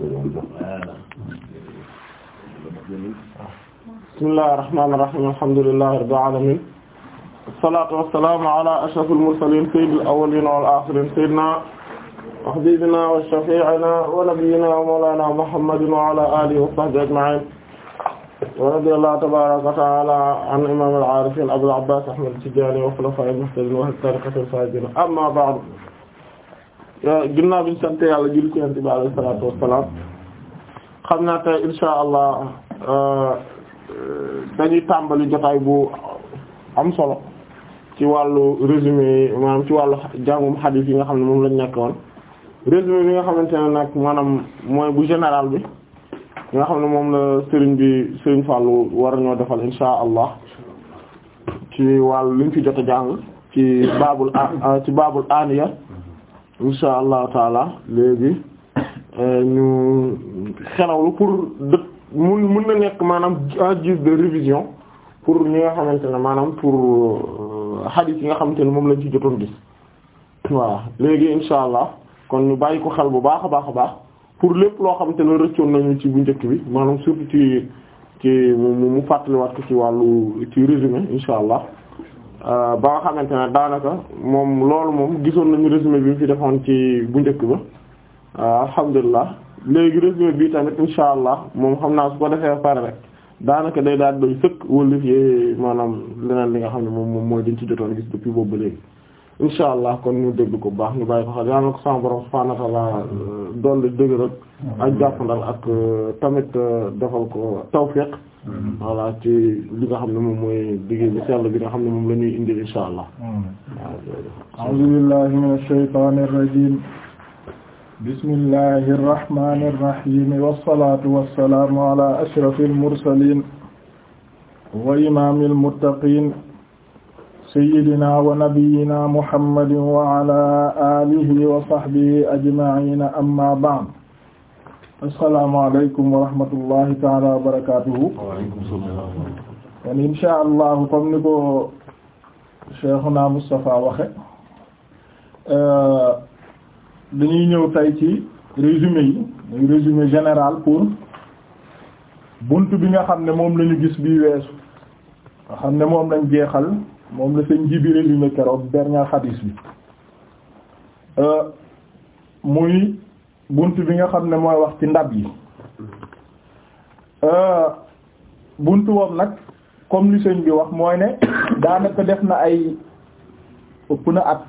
ko doon jox bismillahir rahmanir rahim alhamdulillahi rabbil alamin wassalatu wassalamu ala ashrafil mursalin sayyidil awwalin wal akhirin sayyidina wa habibina wa shafi'ina wa nabiyyina wa mawlana muhammadin wa ala alihi wa sahbihi ajma'in wa radiyallahu tabaraka wa ta'ala an imam al-arifin abul abbas ahmad tijani wa khulafa'il muhtadin wa tariqatil faizin amma ba'd Euh, ginnaaw bi ñu sant yàlla julli ci yonent bi alayhi salaatu wassalaam xam naa tey insha allah euh, dañuy tàmbali jotaay bu am solo ci wàllu résumé maanaam ci wàllu jàngum xadiis yi nga xam ne moom lañ nekk woon résumé bi nga xamante ne nag maanaam mooy bu général bi nga xam ne moom la sëriñ bi sëriñ Fallou war ñoo defal insha allah ci wàll liñ fi jot a jàng ci baabul ci baabul aniya insha allah taala léegi euh, ñu xelawlu pour dëkk mun mun na nekk maanaam en guise de révision pour ñi nga xamante ne maanaam pour euh, hadith yi nga xamante ne moom lañ ci jotoon di voilà léegi insha allah kon ñu bàyyi ko xel bu baax a baax a baax pour lépp loo xamante ne rëccoon nañu ci bu njëkk bi maanaam surtout ci ci mu mu fàttaliwaat ko ci wàllu ci résumé insha allah Euh, ba nga xamante ne daanaka moom loolu moom gisoon na nañu résumé bi fi defoon ci bu njëkk ba euh, alhamdulilah léegi résumé bi tamit insha allah moom xam naa su ko defee pare rek daanaka day daal doy sëkk wala maanaam lenen li nga xam ne moom moom mooy dañ ci jotoon gis depuis boobu léegi. incha allah kon ñu déglu ko bu baax ñu bàyyi ko xel yal na ko sama borom subhaanahu wa ta'aala euh, dolli dëgg rek ak jàppandal ak euh, tamit euh, defal ko tawfiq mm-hmm. voilà ci li nga xam ne moom mooy liggéey bi sell bi nga xam ne moom la ñuy indi incha allah. Mm-hmm. a'uuzu billahi minash shaytaanir rajiim bismillahir rahmaanir rahiim wassalaatu wassalaamu ala ashrafil mursaliin wa imaamil muttaqiin sayyidina wa nabiyyina muhammadin wa alihi wa sahbihi ajma'ina amma ba'd assalaamu alaykum wa rahmatullahi ta'ala wa barakatuhu kon insha allah comme ni ko cheikhuna Moustapha waxe euh, dañuy ñëw tay ci résumé yi muy résumé général pour bunt bi nga xam ne moom lañu gis bii weesu nga xam ne moom lañ jeexal moom la sëñ Jibril li na keroog dernier xadis bi euh, muy bunt bi nga xam ne mooy wax ci ndab yi euh, bunt woom nag comme li sëñ bi wax mooy ne daanaka def na ay ëpp na at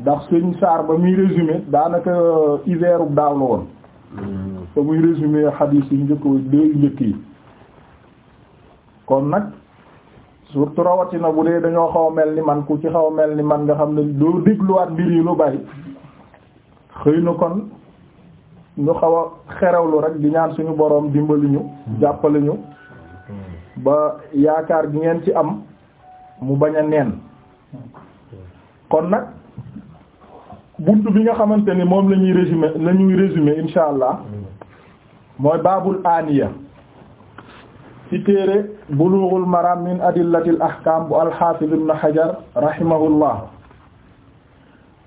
ndax sëñ Saar ba muy résumé daanaka euh, hiver daaw la woon mm. ba muy résumé xadis yi njëkk deux njëkk yi kon nag surtout rawatina bu dee dañoo xaw a mel ni man ku ci xaw a mel ni man nga xam ne doo dégluwaat mbir yi lu bari xëy na kon ñu xaw a lu rek di ñaan suñu boroom dimbali ñu jàppali ñu ba yaakaar gi ngeen ci am mu bañ a neen kon nag bunt bi nga xamante ni moom la ñuy résumé la ñuy résumé insha allah mooy baabul aaniya ci téere bulughul maram min adillatil ahkam bu al-hafiz ibn hajar rahimahullah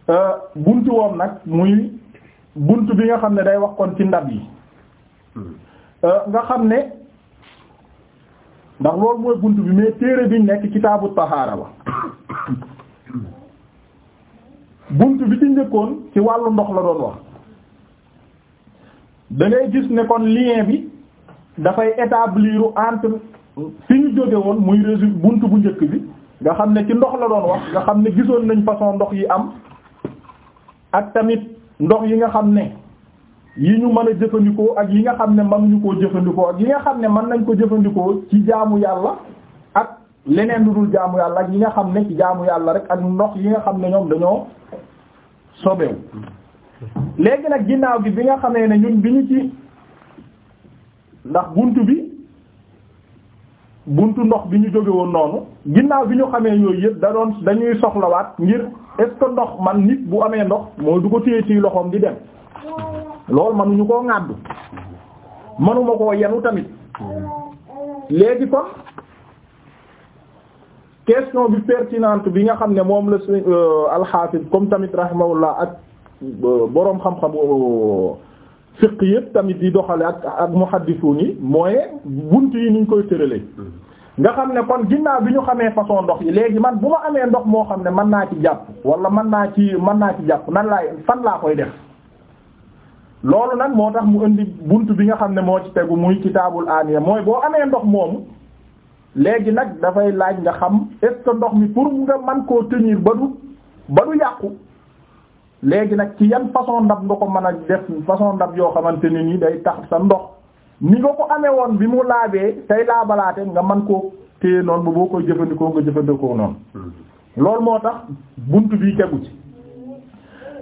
euh, buntu woon nag muy buntu bi nga xam ne day wax kon ci ndab yi euh, nga xam ne ndax loolu mooy buntu bi mais téere biñ nekk kitaabu tahaara la buntu bi ci njëkkoon ci wàllu ndox la doon wax da gis ne kon lien bi dafay établir entre fi ñu jóge woon muy résul bunt bu njëkk bi nga xam ne ci ndox la doon wax nga xam ne gisoon nañ façon ndox yi am ak tamit ndox yi nga xam ne yi ñu mën a jëfandikoo ak yi nga xam ne mën ñu koo jëfandikoo yi nga xam ne mën nañ ko jëfandikoo ci jaamu yàlla ak leneen lu dul jaamu yàlla ak yi nga xam ne ci jaamu yàlla rek ak ndox yi nga xam ne ñoom dañoo sobew léegi nag ginnaaw gi bi nga xamee ne ñun bi ñu ci ndax bunt bi buntu ndox bi ñu jógewoon noonu ginnaaw bi ñu xamee yooyu yëpp da doon dañuy soxlawaat ngir est ndox man nit bu amee ndox mooy du ko téye ci loxoom di dem loolu manuñu koo ŋàddu manuma koo yenu tamit léegi ko question bi pertinente bi nga xam ne moom la euh, alxaafis comme tamit rahimahullah ak euh, boroom xam-xamu fiq yëpp tamit yi doxale ak ak muhaddisuun yi mooy bunt yi niñ koy tëralee mm-hmm. nga xam ne kon ginnaaw bi ñu xamee façon ndox yi léegi man bu ma amee ndox moo xam ne mën naa ci jàpp wala mën naa ci mën naa ci jàpp nan laay fan laa koy def loolu nag moo tax mu indi bunt bi nga xam ne moo ci tegu muy kitaabul aniya mooy boo amee ndox moomu léegi nag dafay laaj nga xam est ndox mi pour nga man koo tenir ba du ba du yàqu léegi nag ci yan façon ndab nga ko mën a def façon ndab yoo xamante ne nii day tax sa ndox ni nga ko amee woon bi mu laabee tey laabalaate nga man koo téye noonu ba boo koy jëfandikoo nga jëfandikoo noonu mm-hmm. loolu moo tax bunt bi tegu ci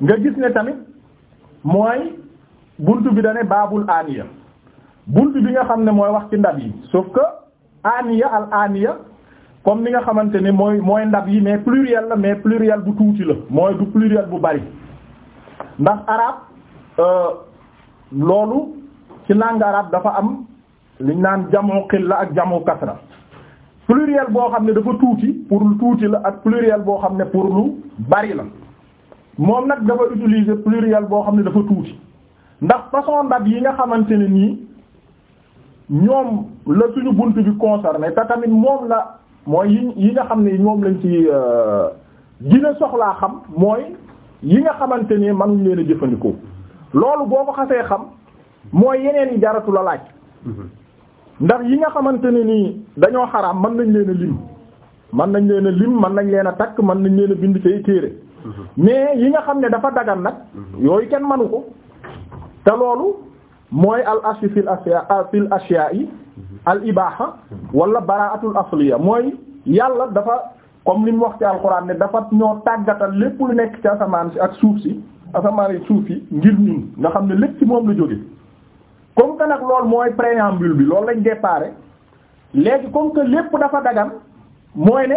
nga gis ne tamit mooy bunt bi dane baabul aniya bunt bi nga xam ne mooy wax ci ndab yi sauf que aniya al aniya comme ni nga xamante ni mooy mooy ndab yi mais pluriel la mais pluriel bu tuuti la mooy du pluriel bu bari ndax arab euh, loolu ci langue arabe dafa am liñ naan jamu la ak jamu kasra pluriel boo xam ne dafa tuuti pour lu tuuti la ak pluriel boo xam ne pour lu bari la moom nag dafa utiliser pluriel boo xam ne dafa tuuti ndax façon ndab yi nga xamante ne nii ñoom la suñu bunt bi concerné te tamit moom la mooy yi yi nga xam ne moom lañ ci euh, gën a soxlaa xam mooy yi nga xamante ne mënuñ leen a jëfandikoo loolu boo ko xasee xam mooy yeneen yi jaratu la laaj ndax yi nga xamante ne nii dañoo xaraam mën nañ leen a lim mën nañ leen a lim mën nañ leen a takk mën nañ leen a bind ci téere mais yi nga xam ne dafa dagan nag yooyu kenn manu ko te loolu mooy al asli fil asya fil asya yi al ibaha wala baraatul asliya mooy yàlla dafa comme li mu wax ci alxuraan ne dafa ñoo tàggatal lépp lu nekk ci asamaan si ak suuf si asamaan yi suuf yi ngir ñun nga xam ne lépp ci moom la jóge comme que nag loolu mooy préambule bi loolu lañ déparé léegi comme que lépp dafa dagan mooy ne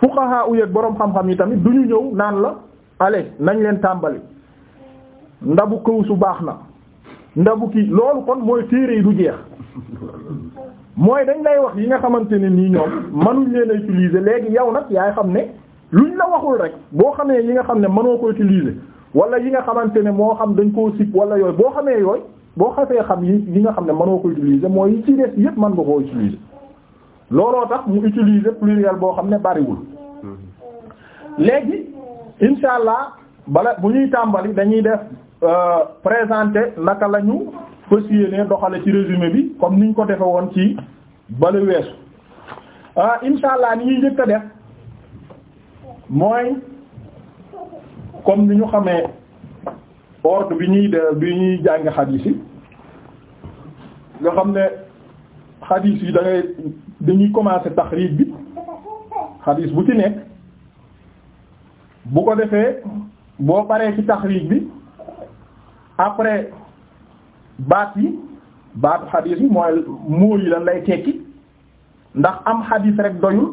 fuqaha u yeeg boroom xam-xam yi tamit du ñu ñëw naan la allez nañ leen tàmbali ndabu këw su baax na ndabu ki loolu kon mooy téere yi du jeex mooy dañ lay wax yi nga xamante ne nii ñoom mënuñ leen a utiliser léegi yow nag yaay xam ne luñ la waxul rek boo xamee yi nga xam ne mënoo ko utiliser wala yi nga xamante ne moo xam dañ koo sib wala yooyu boo xamee yooyu boo xamee xam yi yi nga xam ne mënoo ko utiliser mooy yi ci des yépp man nga koo utiliser looloo tax mu utiliser pluriel boo xam ne bariwul léegi insha allah bala bu ñuy tàmbali dañuy def euh, présenter naka lañu fas yéene doxale ci résumé bi comme ñu ko defe woon ci bale weesu ah insha allah ni ñuy njëkk a def mooy comme ni ñu xamee ordre bi ñuy de bi ñuy jàng xadiis yi nga xam ne xadiis yi da dañuy commencer taxriij bi xadiis bu ci nekk bu ko defee boo paree ci taxriij bi après baat yi baat xadiis yi mooy móol yi lan lay tekki ndax am xadiis rek doyul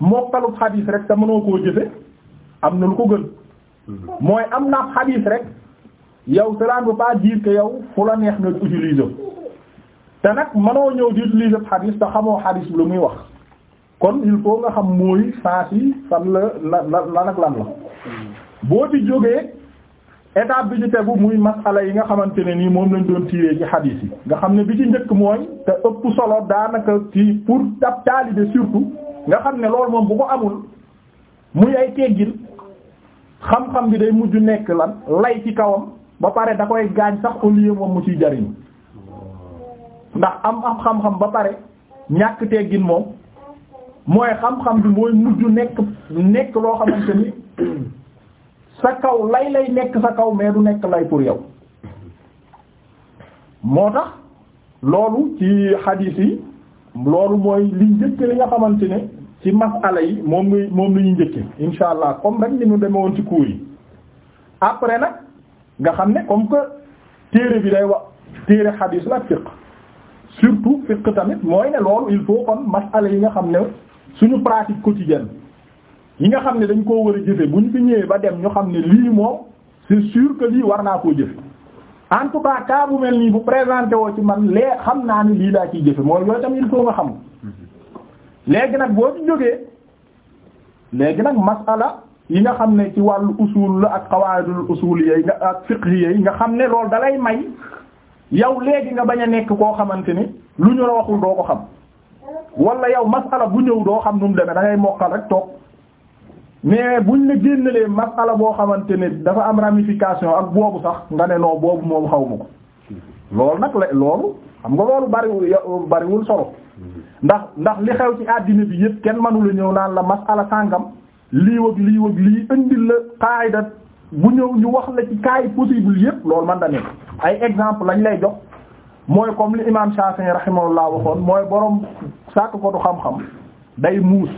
mokkalub xadiis rek te mënoo koo jëfe am na lu ko gën mhm. mooy am na ab xadiis rek yow cela ne veut pas dire que yow fu la neex nga utiliser te nag mënoo ñëw di utiliser xadiis te xamoo xadiis lu muy wax kon il faut nga xam mooy saa si fan la la la nag lan la mhm. boo ci jógee étape bi ñu tegu muy ala yi nga xamante ne nii moom lañ doon tiiree ci xadiis yi nga xam ne bi ci njëkk mooy te ëpp solo daanaka ci pour ab taalibe surtout nga xam ne lool moom bu ko amul muy ay teggin xam-xam bi day mujj nekk lan lay ci kawam ba pare da koy gaañ sax au lieu moom mu ciy jariñ ndax am am xam-xam ba pare ñàkk teggin moom mooy xam-xam bi mooy mujj nekk nekk loo xamante ni sa kaw lay lay nekk sa kaw mais du nekk lay pour yow moo tax loolu ci xadiis yi loolu mooy li njëkk li nga xamante ne ci masala yi moom ngay moom la ñuy njëkke insha allah comme rek ni ñu deme woon ci cours yi après nag nga xam ne comme que téere bi day wax téere xadiis la fiqh surtout fiqh tamit mooy ne loolu il faut kon masala yi nga xam ne suñu pratique quotidienne yi nga xam ne dañ koo war a jëfe buñ fi ñëwee ba dem ñu xam ne lii moo c'est sûr que lii war naa koo jëfe en tout cas cas bu mel nii bu présenté woo ci man lee xam naa ni lii laa ciy jëfe mooy yooyu tam il faut nga xam léegi nag boo ci jógee léegi nag masala yi nga xam ne ci wàllu usul la ak qawaidul usul yi nga ak fiqh yi nga xam ne loolu dalay may yow léegi nga bañ a nekk koo xamante ni lu ñu la waxul doo ko xam wala yow masala bu ñëw doo xam nu mu demee da ngay mais buñ la génnalee masala boo xamante ne dafa am ramification ak boobu sax nga ne non boobu moom xaw ma ko loolu nag la loolu xam nga loolu bariwul bariwul solo ndax ndax li xew ci àddina bi yëpp kenn mënu la ñëw naan la masala sàngam liiw ak liiw ak lii indil la xaayda bu ñëw ñu wax la ci kaay possible yëpp loolu man da nekk ay exemple lañ lay jox mooy comme li imam Shafi'i rahimahullah waxoon mooy borom sàkk ko du xam-xam day muus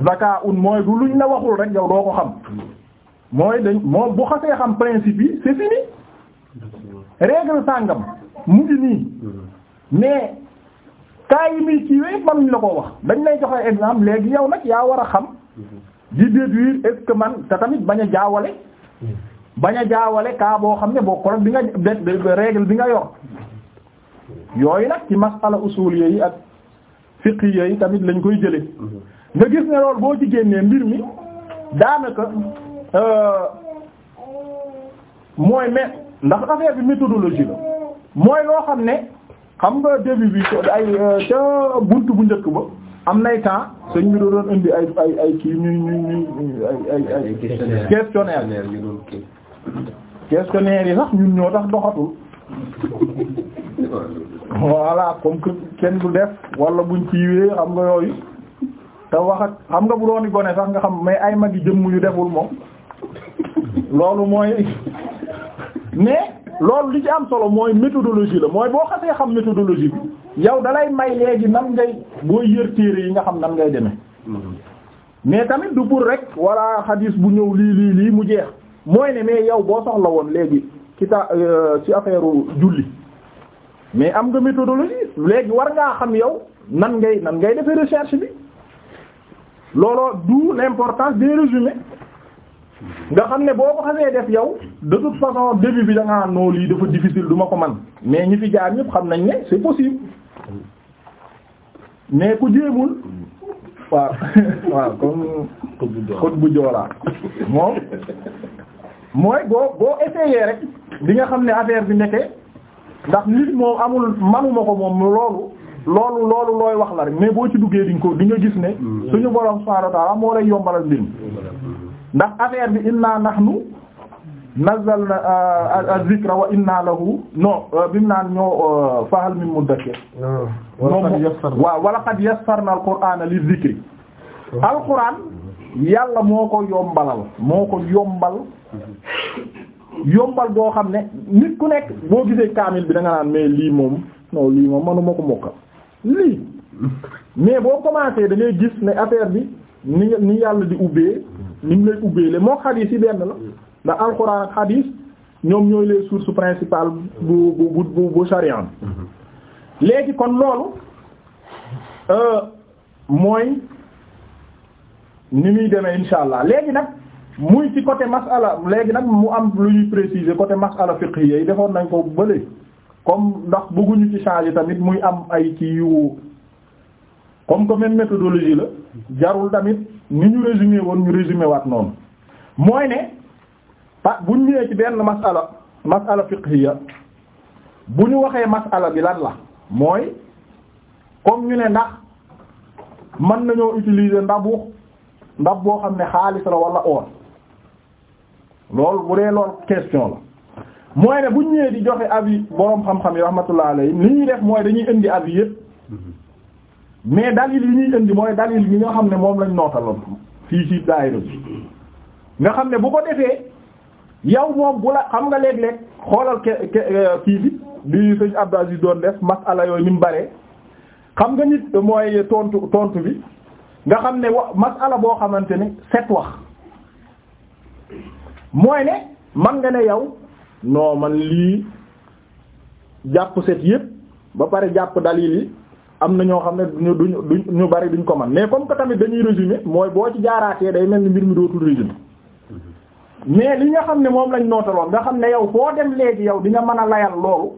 zaka un mooy du luñ la waxul rek yaw doo ko xam mooy dañ moom bu xasee xam principe yi c'est fini règle sàngam mu ngi nii mais cas yi muy kiiwee manuñ la ko wax dañ lay joxe exemple léegi yow nag yaa war a xam di déduire est man tamit bañ a jaawale bañ a jaawale cas boo xam ne boo ko bi nga de règle bi nga yor yooyu nag ci masala usul yi ak fiqh yi tamit lañ koy jëlee nga gis ne loolu boo ci génnee mbir mi daanaka euh, mooy me ndax affaire bi méthodologie la mooy loo xam ne xam nga début bi ay euh, ca buntu bu njëkk ba am nay temps sëñ bi doon indi ay ay ay kii ñuy ñuy ñuy ay ay ay questionnaire questionnaire yi sax ñun ñoo tax doxatul voilà comme que kenn du def wala buñ ciywee xam nga yooyu te wax ak xam nga bu doon gone sax nga xam mais ay mag yi jëmm yu deful moom loolu mooy mais loolu li ci am solo mooy méthodologie la mooy boo xasee xam méthodologie bi yow dalay may léegi nan ngay boo yër téere yi nga xam nan ngay demee mais tamit du pour rek walla xadiis bu ñëw lii lii lii mu jeex mooy ne mais yow boo soxla woon léegi ci ta euh, ci affaire julli mais am nga méthodologie léegi war ngaa xam yow nan ngay nan ngay defee recherche bi looloo d'où l'importance des résumés nga xam ne boo ko xamee def yow de toute façon début bi da ngaa noo lii dafa difficile du ma ko man mais ñu fi jaar ñëpp xam nañ ne c'est possible mais ku jéemul waaw waaw comme xot moom mooy boo boo essayé rek di nga xam ne affaire bi nekke ndax nit moom amul manuma ko moom loolu loolu loolu looy wax la rek mais boo ci duggee diñ ko di gis ne mm. suñu borom subhaanahu wa moo lay yombalal mbir mm. ndax affaire bi inna nahnu nazzalna euh, az-zikra wa inna lahu non euh, bimu naan ñoo euh, fahal min mudakkir ah, waaw wa laqad yassarna al-qur'ana liz-zikri ah. al-qur'an yàlla moo ko yombalal moo ko yombal yombal boo xam ne nit ku nekk boo gisee kaamil bi da nga naan mais lii moom non lii moom manuma ko mokkal lii mais boo commencé da gis ne affaire bi ni ni yàlla di ubbee ni mu lay ubbee le moo xadiis yi benn la ndax alxuraan ak xadiis ñoom ñooy les source principal bu bu bu bu charian léegi kon loolu euh, mooy ni muy demee insha allah léegi nag muy ci côté masala léegi nag mu am lu ñuy préciser côté masala fiqhiyya yi defoon nañ ko bële comme ndax bëgguñu ci changer tamit muy am ay kii yu comme que même la jarul tamit ni ñu résumé woon ñu résumé waat noonu mooy ne pa buñ ñëwee ci benn masala masala fiqhiya bu ñu waxee masala bi lan la mooy comme ñu ne ndax mën nañoo utiliser ndabu ndab boo xam ne xaalis la wala or loolu bu dee lool question la mooy ne bu ñëwee di joxe avis borom xam-xam yi rahmatullah alayhim li ñuy def mooy dañuy indi avis yëpp mais dalil yi ñuy indi mooy dalil yi nga xam ne moom lañ nootaloon fii ci daayira bi nga xam ne bu ko defee yow moom bu la xam nga léeg-léeg xoolal ke- ke- kii bi di sëñ Abdou Aziz doon def masala yooyu ni mu bare xam nga nit mooy tontu tontu bi nga xam ne wa masala boo xamante ne set wax mooy ne man nga ne yow non man lii jàpp set yépp ba pare jàpp dalil yi am na ñoo xam ne duñu duñu duñ ñu bari duñ ko man mais comme que tamit dañuy résumer mooy boo ci jaaraatee day mel ni mbir mi dootul résumer mais li nga xam ne moom lañ nootaloon nga xam ne yow foo dem léegi yow di nga mën a layal loolu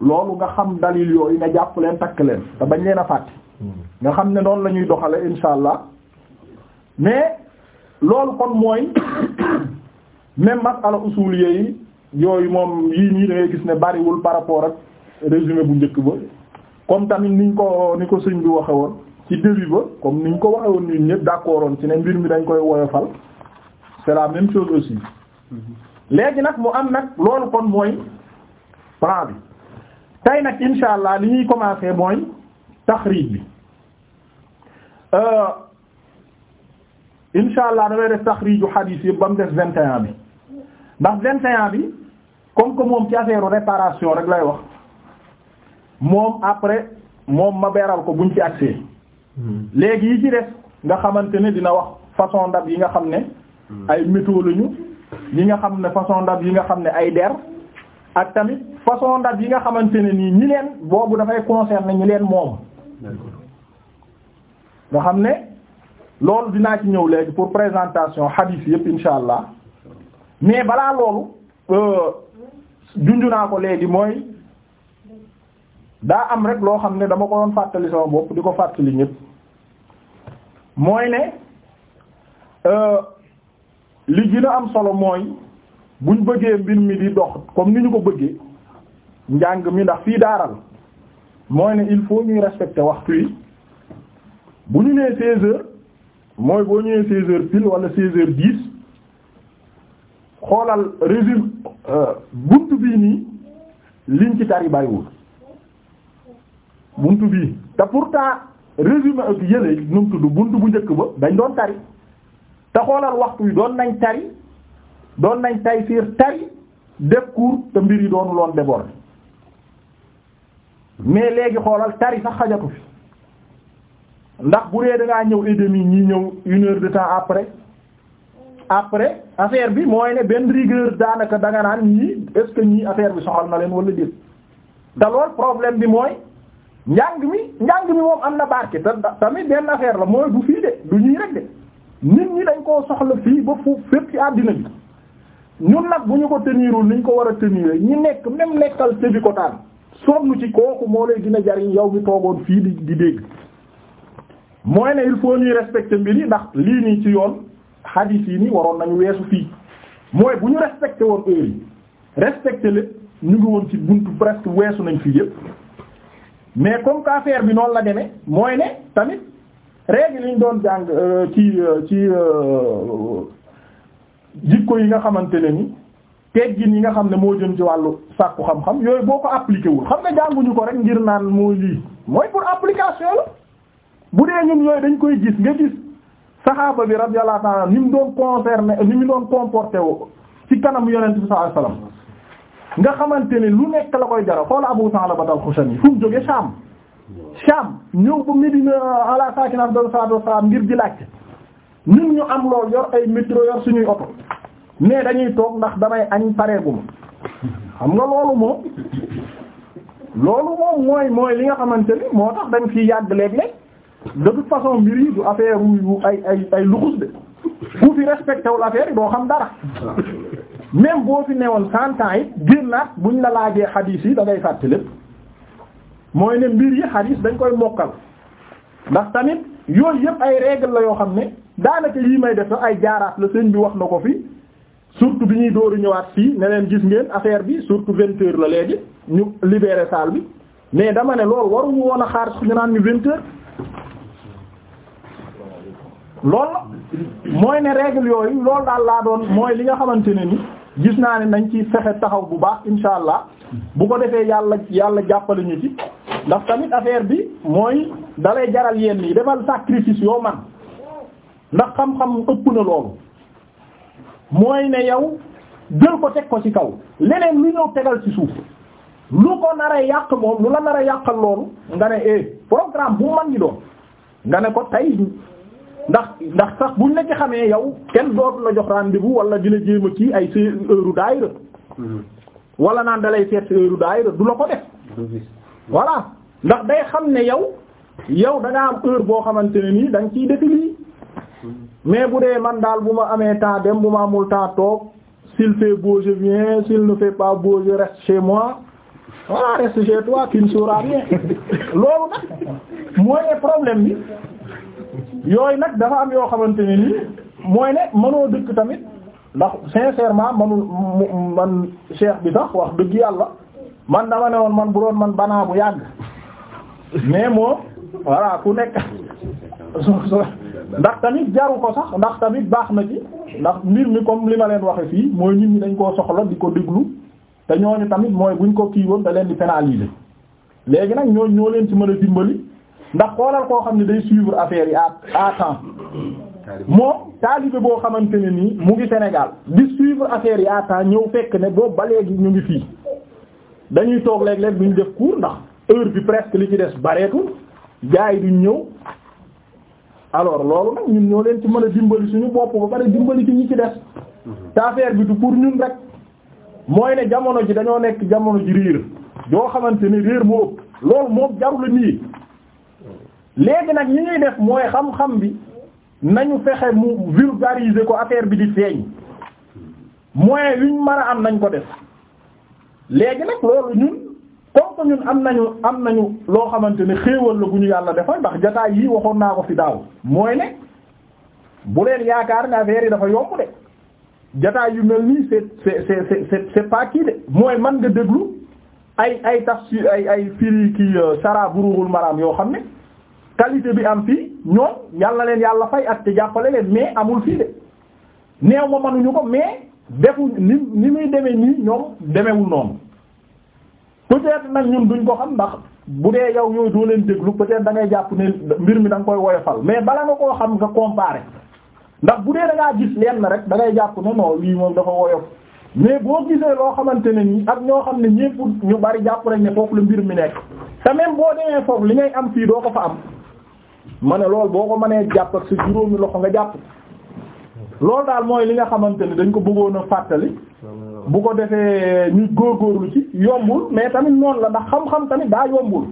loolu nga xam dalil yooyu nga jàpp leen takk leen te bañ leen a fàtte nga xam ne noonu la ñuy doxale insha allah mais loolu kon mooy même masala usuliyé yi yooyu moom yii nii da gis ne bariwul par rapport ak résumé bu njëkk ba comme tamit niñ ko ni ko sëñ bi waxe ci début ba ni niñ ko waxe woon ñun ñëpp d'accord woon ci ne mbir mi dañ koy woyofal c'est la même chose aussi mm-hmm. léegi nag mu am nag loolu kon mooy plan bi tey nag insha allah li ñuy commencer mooy taxriij bi euh, insha allah damay def taxriiju xadiis yi ba mu def vingt et bi ndax vingt et bi comme que moom ci affaire réparation rek lay wax moom après moom ma beral ko buñ ci accès hmm. léegi yi ci des nga xamante ne dina wax façon ndab yi nga xam ne hmm. ay métaux lañu yi nga xam ne façon ndab yi nga xam ne ay der ak tamit façon ndab yi nga xamante ne nii ñi leen boobu dafay concerner ñi leen moom nga xam ne loolu dinaa ci ñëw léegi pour présentation hadith yëpp insha allah mais balaa loolu euh, junju naa ko léegi mooy daa am rek loo xam ne dama ko doon fàttali sama bopp di ko fàttali ñépp mooy ne euh, li gën a am solo mooy buñ bëggee mbir mi di dox comme ni ñu ko bëggee njàng mi ndax fii daaral mooy ne il faut ñuy respecter waxtu yi bu ñu nee seize heures mooy boo ñëwee seize heures pile wala seize heures dix xoolal résumé Euh, bunt bii nii liñ ci tari bàyyiwul buntu bii te pourtant résumé ak yële nu mu tudd buntu bu njëkk ba dañ doon tari te xoolal waxtu yi doon nañ tari doon nañ tay fiir tari def cours te mbir yi doonu loon déborder mais léegi xoolal tari sax xajatu fi ndax bu dee dangaa ñëw et demi ñi ñëw une heure de temps après après affaire bi mooy ne benn rigueur daanaka danga naan ñii est ñii affaire bi soxal na leen wala déet te lool problème bi mooy njàng mi njàng mi moom am na barke te tamit benn affaire la mooy bu fii de du ñuy rek de nit ñi dañ koo soxla fii ba fu fépp ci àddina bi ñun nag bu ñu ko tenirul ni ñu ko war a tenir ñi nekk même nekkal sébi ko taan sonn ci kooku moo lay dina jariñ yow mi toogoon fii di di dégg mooy ne il faut ñuy respecter mbir yi ndax lii nii ci yoon hadith yi nii waroon nañu weesu fii mooy bu ñu respecté woon heure yi respecté lépp ñu ngi woon ci buntu presque weesu nañ fii yëpp mais comme que affaire bi noonu la demee mooy ne tamit règle yi ñu doon jàng euh, ci euh, ci euh, jikko yi nga xamante ne ni teggin yi nga xam ne moo jëm ci wàllu sàkku xam-xam yooyu boo ko appliqué wul xam nga jànguñu ko rek ngir naan mooy lii mooy pour application la bu dee ñun yooyu dañ koy gis nga gis saxaaba bi radiyallahu ta'ala ni mu doon concerné ni mu doon comporté wu si kanam yonent bi sallallahu alayhi wasallam nga xamante ne lu nekk la koy jaral xoola Abu Sa'laba al-Xushani fu mu jóge Sham Sham ñëw ba Medina ala sakin afdal salatu wassalam ngir di laajte ñun ñu am lool yor ay métro yor suñuy oto mais dañuy toog ndax damay añ pareeguma xam nga loolu moom loolu moom mooy mooy li nga xamante ni moo tax dañ fi yàgg léeg-léeg de toute façon mbir yi du affaire yu ay ay ay luxus de ku fi respecté wul yi doo xam dara même boo fi newoon cent ans it génnaat buñ la laajee xadiis yi da ngay fàtte lépp mooy ne mbir yi xadiis dañ koy mokkal ndax tamit yooyu yëpp ay règle la yoo xam ne daanaka yii may def ay jaaraat la sëñ bi wax na ko fi surtout bi ñuy dooru ñëwaat fii ne leen gis ngeen affaire bi surtout vingt la léegi ñu libéré salle bi mais dama ne loolu waruñu woon a xaar suñu naan lool mooy ne règle yooyu loolu daal laa doon mooy li nga xamante ne ni gis naa ne nañ ci fexe taxaw bu baax insha allah bu ko defee yàlla yàlla jàppale ñu ci ndax tamit affaire bi mooy dalay jaral yenn yi defal sacrifice yoo man ndax xam-xam ëpp na loolu mooy ne yow jël ko teg ko ci kaw leneen lu ñëw tegal ci suuf lu ko nar yàq moom lu la nar a yàqal loolu nga ne eh programme bu man di doon nga ne ko tey ndax ndax sax buñ la ci xamee yow kenn dootu la jox rendez-vous wala di la jéem a ay sa heure daayira hmm. wala naan dalay seet sa heure daayira du la ko def voilà ndax day xam ne yow yow da nga am heure boo xamante nii da nga ciy defi hmm. mais bu dee man daal bu ma amee temps dem bu ma amul temps toog s'il fait beau je viens s'il fait pas beau je chez moi voilà reste chez toi tu ne sauras loolu nag mooy problème bi yooyu nag dafa am yoo xamante ni nii mooy ne mënoo dëkk tamit ndax sincèrement manul man cheikh bi sax wax dëgg yàlla man dama ne woon man bu doon man banaa bu yàgg mais moom voilà ku nekk ndax tamit jaru ko sax ndax tamit baax na ci ndax mbir mi comme li ma leen waxe fii mooy nit ñi dañ koo soxla di ko déglu te ñooñu tamit mooy buñ ko kii woon da leen di pénaliser léegi nag ñooñu ñoo leen ci mën a dimbali ndax xoolal koo xam ne day suivre affaire yi à à temps moom taalibe boo xamante ne nii mu ngi Sénégal di suivre affaire yi à temps ñëw fekk ne boobu ba léegi ñu ngi fii dañuy toog léeg-léeg duñ def cours ndax heure bi presque li ci des bareetu gars yi duñ ñëw alors loolu nag ñun ñoo leen ci mën a dimbali suñu bopp ba pare dimbali ki ñi ci des te affaire bi du pour ñun rek mooy ne jamono ji dañoo nekk jamono ji réer yoo xamante ne riir moo ëpp loolu moom la nii léegi nag ñi ñuy def mooy xam-xam bi nañu fexe mu vulgariser ko affaire bi di feeñ moyen yuñ mën a am nañ ko def léegi nag loolu ñun comme ñun am nañu am nañu loo xamante ne xéewal la bu ñu yàlla defal ndax jotaay yii waxoon naa ko fi daaw mooy ne bu leen yaakaar ne affaire yi dafa yomb de jotaay yu mel nii c'est c'est c'est c'est c'est pas kii de mooy man nga déglu ay ay tafsir ay ay firi kii euh, sara burughul maram yoo xam ne. qualité bi am fii ñoom yàlla leen yàlla fay ak te jàppale leen mais amul fii de neew ma mënuñu ko mais defu ni ni muy demee nii ñoom demewul noonu peut-être nag ñun duñ ko xam ndax bu dee yow yooyu doo leen déglu peut-être da ngay jàpp ne mbir mi da nga koy woyofal mais bala nga koo xam nga comparer ndax bu dee da ngaa gis lenn rek da ngay jàpp ne non lii moom dafa woyof mais boo gisee loo xamante ne nii ak ñoo xam ne ñépp ñu bari jàpp rek ne foofu la mbir mi nekk te même boo demee foofu li ngay am fii doo ko fa am. ma ne loolu boo ko mënee jàpp si sa juróomi loxo nga jàpp loolu daal mooy li nga xamante ne dañ ko bëggoon a fàttali bu ko defee ñu góorgóorlu ci yombul mais tamit noonu la ndax xam-xam tamit daa yombul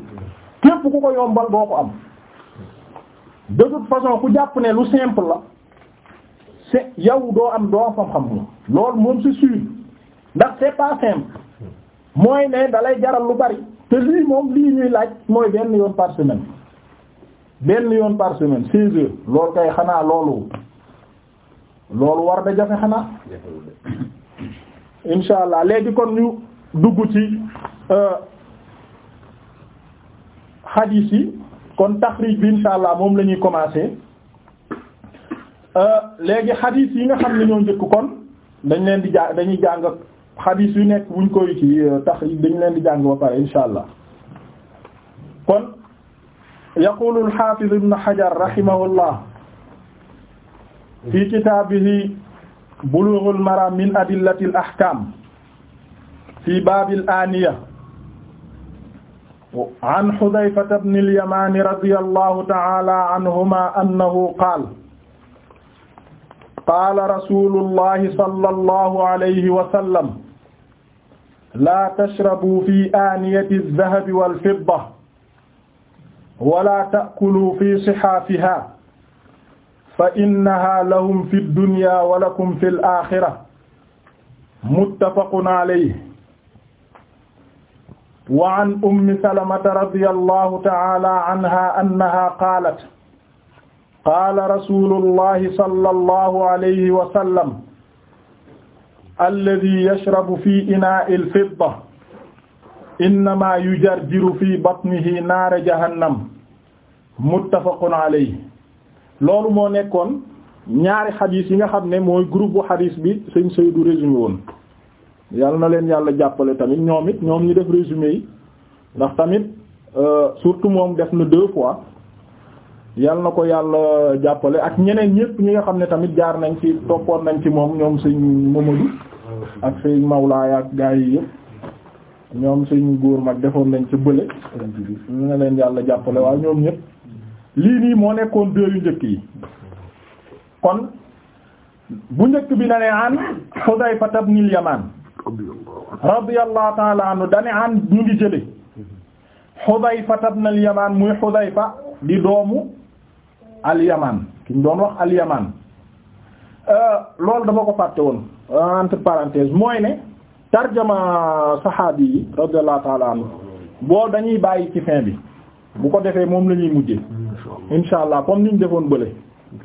képp ku ko yombal boo ko am de toute façon ku jàpp ne lu simple la c'est yow doo am doo am xam-xam loolu moom c'est sûr ndax c'est pas simple mooy ne dalay jaral lu bari te lii moom lii ñuy laaj mooy benn yoon par semaine benn yoon par semaine seize heures loolu kay xanaa loolu loolu war da jafe xanaa insha allah léegi kon ñu dugg ci euh, hadith yi kon taxrij bi insha moom la ñuy commencer euh, léegi hadith yi nga xam ne ñoo njëkk kon dañ leen di jàng dañuy jàng hadith yu nekk buñ koy ci euh, taxrij dañ leen di jàng ba pare insha allah kon yaqulu al-Hafiz ibn Hajar rahimahullah fi kitaabihi Bulugh al-Maram min adillati al-ahkam fi bab al-aniya an Hudhayfata ibn al-Yaman radiyallahu ta'ala anhuma annahu qala qala rasulullahi sallallahu alayhi wa sallam la tashrabu fi aniyati adh-dhahabi wal-fidda wala ta'kulu fi sihaafiha fa innaha lahum fi dunya wa lakum fi al-akhirah muttafaqun alayhi wa an ummi salamata radiyallahu ta'ala anha annaha qaalat qaala rasulullahi sallallahu alayhi wa sallam alladhi yashrabu fi inaa'il fidda innama yujarjiru fi batnihi naara jahannam muttafaqun yi loolu moo nekkoon ñaari xadiis yi nga xam ne mooy groupe bu xadiis bi sëñ Seydou résumé woon yàlla na leen yàlla jàppale tamit ñoom it ñoom ñu def résumé yi ndax tamit euh, surtout moom def na deux fois yàlla na ko yàlla jàppale ak ñeneen ñépp ñi nga xam ne tamit jaar nañ ci toppoon nañ ci moom ñoom sëñ Mamadou ak sëñ Mawlaay ak gaa yi yépp ñoom suñu góor mag defoon nañ ci bële mu ne leen yàlla jàppale waaye ñoom ñëpp lii nii moo nekkoon deux njëkk yi kon bu njëkk bi na ne an Hudayfa ibn al-Yaman radiyallahu ta'ala anhu dane an ñu ngi jële Hudayfa ibn al muy Hudayfa di doomu al-Yaman doon wax al-Yaman euh, loolu dama ko fàtte woon entre mooy ne tarjama saxaabi yi radiyallahu ta'ala anhu boo dañuy bàyyi ci fin bi bu ko defee moom la ñuy mujjee insha allah comme niñ defoon bële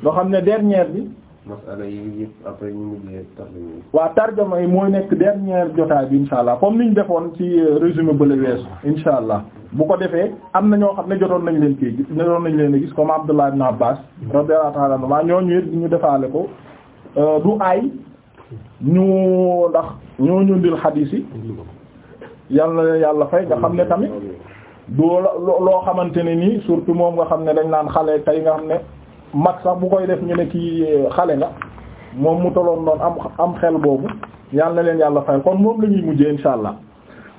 loo xam ne dernière bi masala yi yëpp après ñu mujjee tarjama yi waa tarjama yi mooy nekk dernière jotaay bi insha allah comme ñu defoon ci résumé bële weesu insha allah bu ko defee am na ñoo xam ne jotoon nañu leen kii gis jotoon nañ leen gis comme Abdullah ibn Abbas radiyallahu ta'ala anhu ñoo ñooñu it ñu defaale ko euh, du ay ñu ndax ñoo ñu ndil xadiis yi yàlla na yàlla fay nga xam ne tamit doo loo xamante ne nii surtout moom nga xam ne dañ naan xale tey nga xam ne mag sax bu koy def ñu ne kii xale nga moom mu toloon noonu am am xel boobu yàlla na leen yàlla fay kon moom la ñuy mujjee insha allah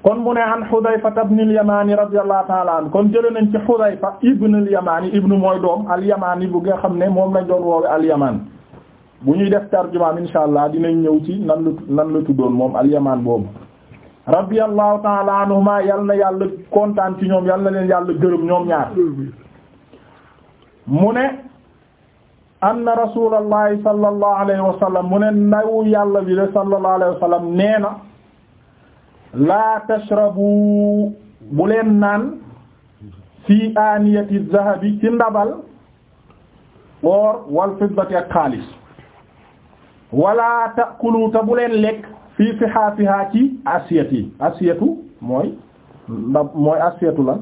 kon mu ne an Xudayfa ibn al-Yamaani radiyallahu ta'ala kon jëlee nañ ci Xudayfa ibn yamaani ibn mooy doom al-Yamaani bu nga xam ne moom lañ doon woowe al-Yamaan bu ñuy def tarjumaam insha allah dinañ ñëw ci nan la nan la tuddoon moom alyamaan boobu radiyallahu taala yal na yàlla kontaan ci ñoom yal na leen yàlla gërëm ñoom ñaar mu ne anna rasulallahi sallallahu alayhi wa mu ne ndaw yàlla bi de sallallahu alayhi wa nee na laa tashrabu bu leen naan fi aaniyati zahabi ci ndabal or wal fiddati ak xaalis wala ta'kulu bu leen lekk fii fihaafihaa ci assiette yi assiette mooy ndax mooy assiette la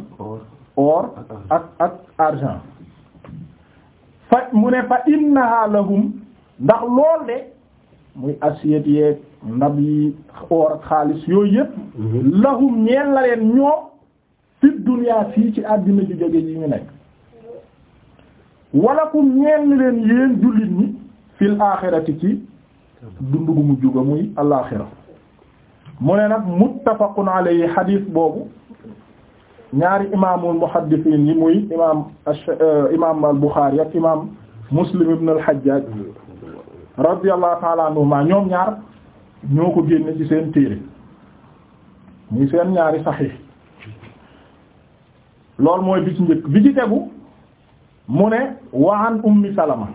or ak ak argent fa mu ne fa innaha lahum ndax lool de muy assiette yeeg ndab yi or ak xaalis yooyu yëpp mhm. lahum ñeel la leen ñoo fi dunya fii ci àddina ju jóge yi ñu nekk walakum ñeel leen yéen jullit ñi fil axirati ci dund gu mujj ga muy alaaxira mu ne nag muttafaqun alayhi xadiis boobu ñaari imaamul muhaddisiin yi muy imaam euh, imaam al Buxaari ak imaam Muslim ibn al Hajjaaj radiyallahu ta'ala anhuma ñoom ñaar ñoo ko génne ci seen téere muy seen ñaari saxiix loolu mooy bi ci njëkk bi ci tegu mu ne wa an ummi salama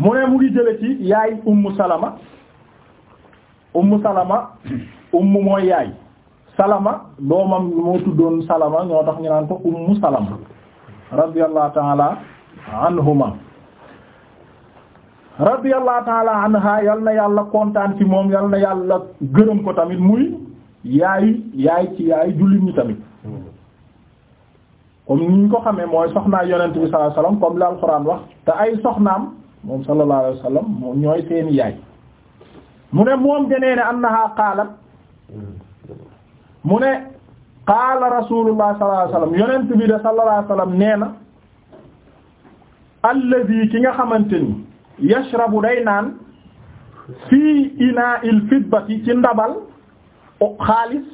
mu ne mu ngi jële ci yaay ummu salama ummu salama ummu mooy yaay salama doomam moo tuddoon salama ñoo tax ñu naan ko ummu salama radiyallahu ta'ala anhuma radiyallahu ta'ala anha yal na yàlla kontaan ci moom yal na yàlla gërëm ko tamit muy yaay yaay ci yaay jullit ñi tamit comme ni ñu ko xamee mooy soxnaa yonent bi sallallahu comme la alxuraan wax te ay soxnaam moom sallallahu alayhi wa sallam ñooy seeni yaay mu ne moom denee ne annaha qaalat mu ne qaala rasulullah sallallahu alayhi wa yonent bi de sallallahu alayhi nee na alladhi ki nga xamante ni yashrabu day naan fii ina il fitbati ci ndabal xaalis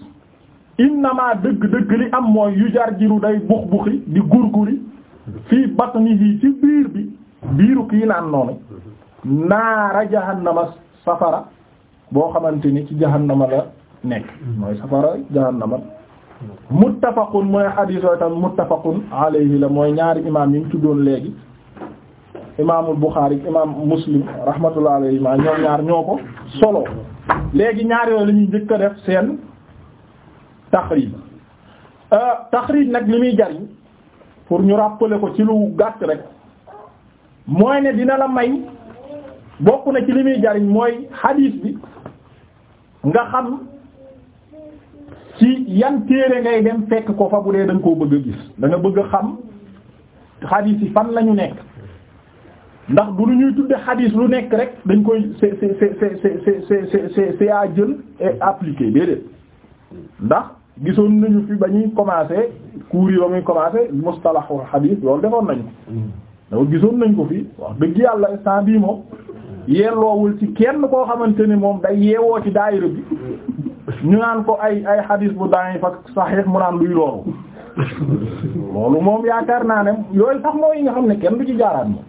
innama dëgg-dëgg li am mooy yu jar jiru day bux buxi di gurguri fii batnihi ci biir bi biiru kii naan noonu naara jahannama safara boo xamante ni ci jahannama la nekk mooy safara jahannama muttafaqun mooy xadiis yooyu tam muttafaqun alayhi la mooy ñaari imaam yi ñu tuddoon léegi imaamul Buxaari imaam Muslim rahmatullahi alayhi ma ñoom ñaar ñoo ko solo léegi ñaar yooyu la ñuy njëkk def seen taxriij euh, taxriij nag li muy jariñ pour ñu rappeler ko ci lu gàtt rek mooy ne dina la may bokk na ci li muy jariñ mooy hadith bi nga xam ci yan téere ngay dem fekk ko fa bu dee da nga koo bëgg a gis da bëgg a xam hadith yi fan lañu nekk ndax du lu ñuy tudde hadith lu nekk rek dañ koy c'est c'est c'est c'est c'est c'est à jël et appliquer déedéet ndax gisoon nañu fi ba ñuy commencer cours yi ba muy commencer mustalahu hadith loolu defoon nañu dafa gisoon nañ ko fii wax dëgg yàlla instant bii moom yelloowul ci kenn koo xamante ni moom day yeewoo ci daayira bi ñu naan ko ay ay xadiis bu da'if ak saxiix mu naan luy loolu loolu moom yaakaar naa ne yooyu sax mooy yi nga xam ne kenn du ci jaaraat moom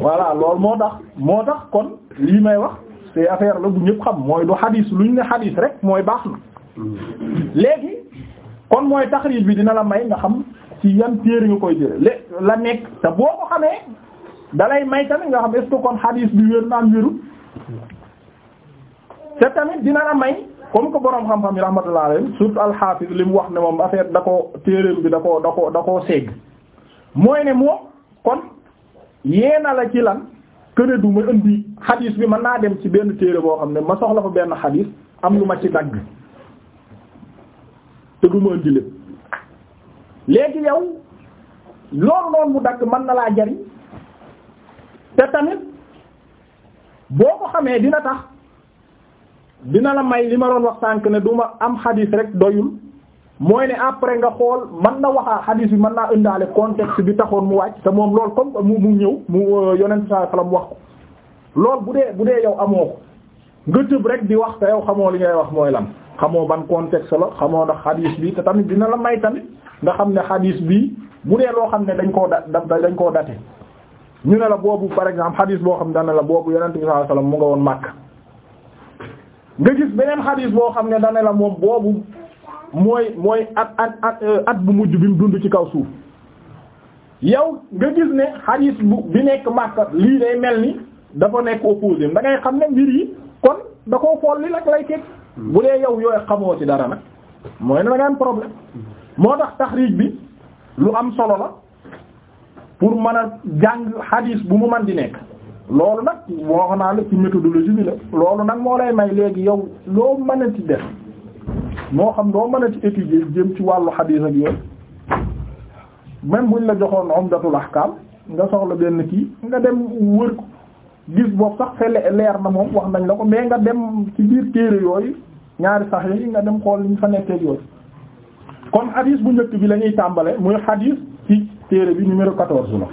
voilà loolu moo tax moo tax kon lii may wax c'est affaire la bu ñëpp xam mooy du xadiis lu ñu ne xadiis rek mooy baax na léegi kon mooy taxriij bi dina la may nga xam ci yan téere nga koy jële la nekk te boo ko xamee dalay may tamit nga xam est-ce que kon xadiis bi wér naan wérul te tamit dina la may comme que borom xam-xam yi rahmatullah alayhi surtout al-Hafiz li mu wax ne moom affaire da ko téereem bi da ko da ko da koo segg mooy ne moom kon yee na la ci lan këne du ma indi xadiis bi man naa dem ci benn téere boo xam ne ma soxla fa benn xadiis am lu ma ci dagg te du ma indi lépp léegi yow loolu noonu mu dagg man na laa jariñ te tamit boo ko xamee dina tax dina la may li ma doon wax sànk ne duma ma am xadiis rek doyul mooy ne après nga xool man na waxaa xadiis bi mën naa indaale contexte bi taxoon mu wàcc te moom loolu comme mu mu ñëw mu euh, yonent saa salaam wax ko loolu bu dee bu dee yow amoo ko nga tëb rek di wax te yow xamoo li ngay wax mooy lam xamoo ban contexte la xamoo ndax xadiis bi te tamit dina la may tamit nga xam ne xadis bii mu dee loo xam ne dañ koo da dañ koo date ñu ne la boobu par exemple xadis boo xam ne dana la boobu yonent bi sallallahu alayhi wasallam woon màkk nga beneen xadis boo xam ne dana la moom boobu mooy mooy at at at euh, at bu mujj bi mu dund ci kaw suuf yow nga gis ne xadis bu bi nekk màkk lii day mel ni dafa nekk opposé da xam ne mbir yi kon da koo fool li lak lay teg hmm. bu dee yow yooy xamoo ci dara nag mooy na da nga am problème moo tax tax taxriij bi lu am solo la pour mën a jàng xadiis bu mu mën di nekk loolu nag wax naa la ci méthodologie bi la loolu nag moo lay may léegi yow loo mën a ci def moo xam loo mën a ci étudier jëm ci wàllu xadiis ak yooyu même buñ la joxoon Umdatul Ahkam nga soxla benn kii nga dem wër ko gis boobu sax fe leer na moom wax nañ la ko mais nga dem ci biir téere yooyu ñaari sax yi nga dem xool liñ fa nekkee yooyu kon hadis bu njëkk bi lañuy tàmbale muy hadis ci téere bi numéro 14 la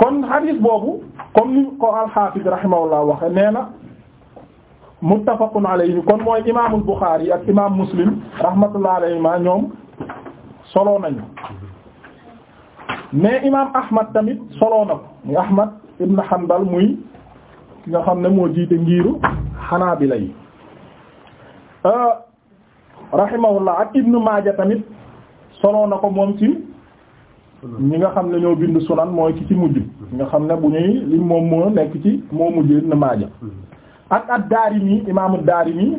kon hadis boobu comme ni ko al-Hafiz waxe nee na muttafaqun alayhi kon mooy imaamul Bukhari ak imaam Muslim rahmatullah alayhima ñoom solo nañu mais imaam Ahmad tamit solo na ko muy Ahmad ibn Hanbal muy ki xam ne moo jiite ngiiru Hanabila yi. Euh, rahimahullah ak Ibn Maaja tamit solo na ko moom ci ñi nga xam ne ñoo bind sunan mooy ki ci mujj nga xam ne bu ñuy li moom moo nekk ci moo mujj Ibn Maaja ak ad-Daarimi imaamu ad-Daarimi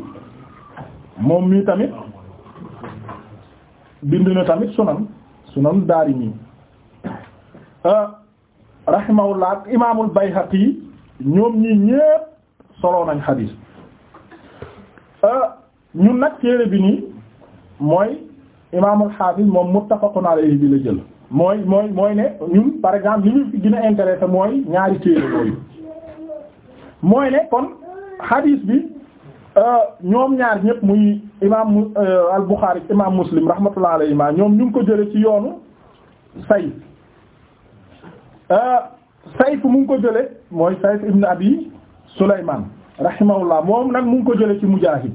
moom mii tamit bind na tamit sunan sunan ad-Daarimi ah, rahimahullah ak imaamul Bayhaqi ñoom ñii ñépp solo nañ xadiis ah, ñun nag téere bi nii mooy imaam al-Hafiz moom muttafaqun alayhi bi la jël mooy mooy mooy ne ñun par exemple li ñu fi gën mooy ñaari téere yooyu mooy ne kon hadith bi euh, ñoom ñaar ñëpp muy imaam euh, al-Bukhari imaam Muslim rahmatullah alayhi ma ñoom ñu ngi ko jële ci yoonu Sayf euh, Sayf mu ko jële mooy Sayf ibn Abi Sulayman rahimahullah moom nag mu ngi ko jële ci Mujaahid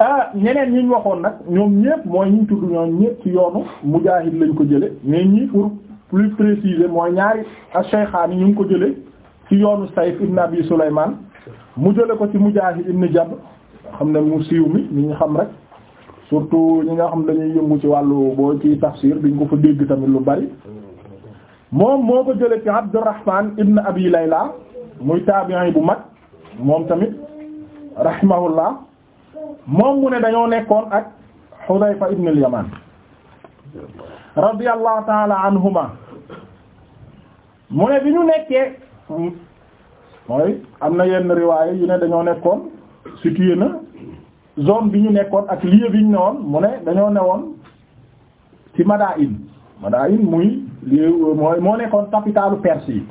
Ah, ñeneen ñi ñu waxoon nag ñoom ñépp mooy ñu tudd ñoom ñépp ci yoonu mujaahid lañ ko jële mais ñi pour plus préciser mooy ñaari ash-shaykhaani ñu ngi ko jële ci yoonu Sayf ibn Abi Sulaymaan mu jële ko ci mujaahid ibn Jabr xam ne mu siiw mi ñi ñu xam rek surtout ñi nga xam dañuy yëngu ci wàllu boo ci tafsir duñ ko fa dégg tamit lu bari moom moo ko jële ci Abdurrahman ibn Abi Layla muy taabi'i bu mag moom tamit rahimahullah moom mu ne dañoo nekkoon ak Hudayfa ibn al-Yaman radiyallahu anhuma mu ne bi ñu nekkee mooy am na yenn riwaaya yu ne dañoo nekkoon situé na zone bi ñu nekkoon ak lieu bi ñu newoon mu ne dañoo newoon ci Madain Madain muy lieu mooy moo nekkoon capitalu Perse yi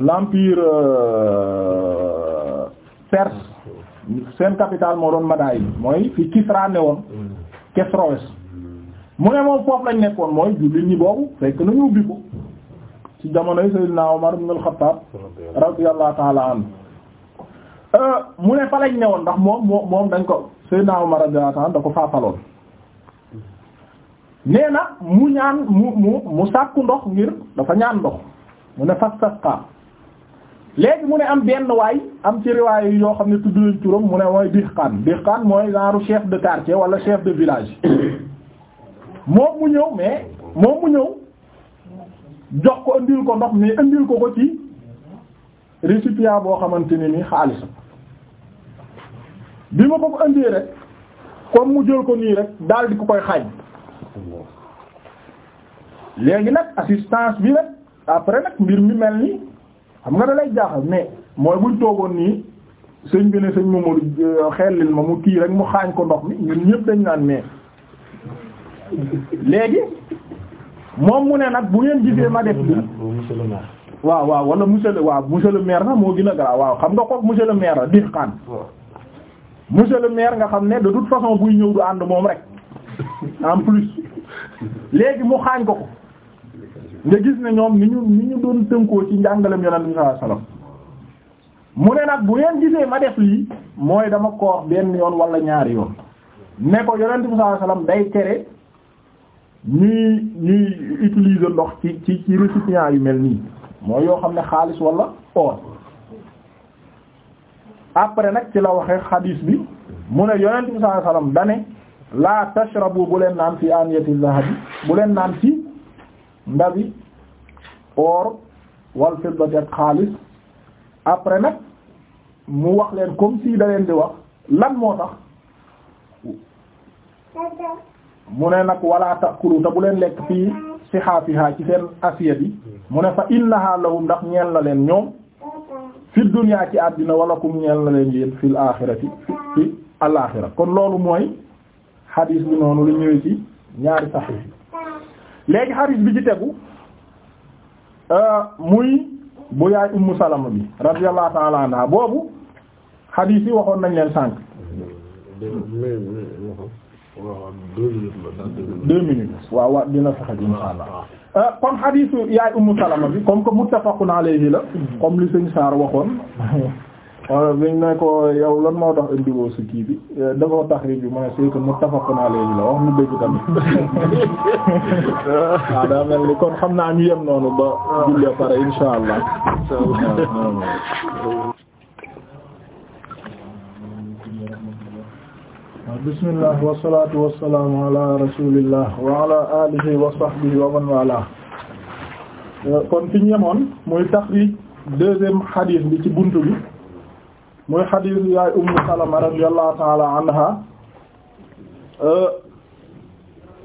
l'empire euh, perse seen capital moo doon madaay mooy fi Kisra ne woon Kesroes mu ne moom foofu lañ nekkoon mooy jullit ñi boobu fekk nañu ubbi ko ci jamonoy Seydina Omar ibn al-Khattab radiyallahu ta'ala anhu euh, mu ne fa ne woon ndax moom moom dañ ko Seydina Omar radiyallahu ta'ala da ko faafaloon nee na mu ñaan mu mu mu sàkku ndox ngir dafa ñaan ndox mu ne fastasqa léegi mu ne am benn waay am ci riwaay yoo xam ne tudd nañ turam mu ne mooy dihqaan dihqaan mooy genre chef de quartier wala chef de village moom mu ñëw mais moom mu ñëw jox ko indil ko ndox mais indil ko ko ci récipient boo xamante ne ni xaalis bi ma ko ko indee rek comme mu jël ko nii rek daal di ko koy xaaj léegi nag assistance bi rek après nag mbir mi mel ni. xam nga dalay lay jaaxal mais mooy buñ toogoon nii sëñ bi ne sëñ Mamadou euh, xellil ma mu kii rek mu xaañ ko ndox mi ñun ñëpp dañ naan mais léegi moom mu neen nag bu ngeen gisee ma def bi waaw waaw wala monsieur le waaw monsieur le maire na moo gin a garaaw waaw xam nga ko monsieur le maire la di xaan monsieur le nga xam ne de toute façon buy ñëw du ànd moom rek en plus léegi mu xaañ ko ko nga gis ne ñoom ni ñu ni ñu doon tënkoo ci njàngalem yonent bi mu ne nag bu ngeen gisee ma def lii mooy dama koor benn yoon wala ñaari yoon ne ko yonent bi day tere ñuy ñuy utiliser ndox ci ci ci yu mel nii mooy yoo xam ne xaalis wala or après nag ci la waxee xadiis bi mu ne yonent bi sallallahu dane la tashrabu boobu leen naan fi aniyati zahabi bu leen naan fi ndabi or wal fiddati ak xaalis après nag mu wax leen comme si da leen di wax lan moo tax mu ne nag wala takulu bu leen lekk fii sihaafiha ci seen assiette yi mu ne fa innaha lahum ndax ñeel na leen ñoom fi dunya ci àddina wala kum ñeel na leen yéen fil axirati fi al axira kon loolu mooy hadis bi noonu lu ñëwee ci ñaari saxiix yi léegi xaris bi ci tegu euh, muy bu yaay ummu salama bi radiyallahu ta'ala anha boobu xadis yi waxoon nañ leen sànq. deux minutes waaw waaw dina fexe insha Allah euh, kon xadisu yaay ummu salama bi comme que naa alayhi la comme li sëñ Sarr waxoon Euh, biñ ne ko yow lan moo tax indiwoo si kii bi euh, dafa tax rib bi ma ne c'est que muttafaqun la wax mu dëgg tamit waaw ah, mel ni kon xam naa ñu yem noonu ba julli pare insha allah bismillah wasalatu wasalaamu ala rasulillah wa ala alihi wa sahbihi wala euh, kon fi ñu yemoon muy taxrij deuxième hadith bi ci bunt bi muy xadiisu yaay ummu salama radiyallahu taala anha euh,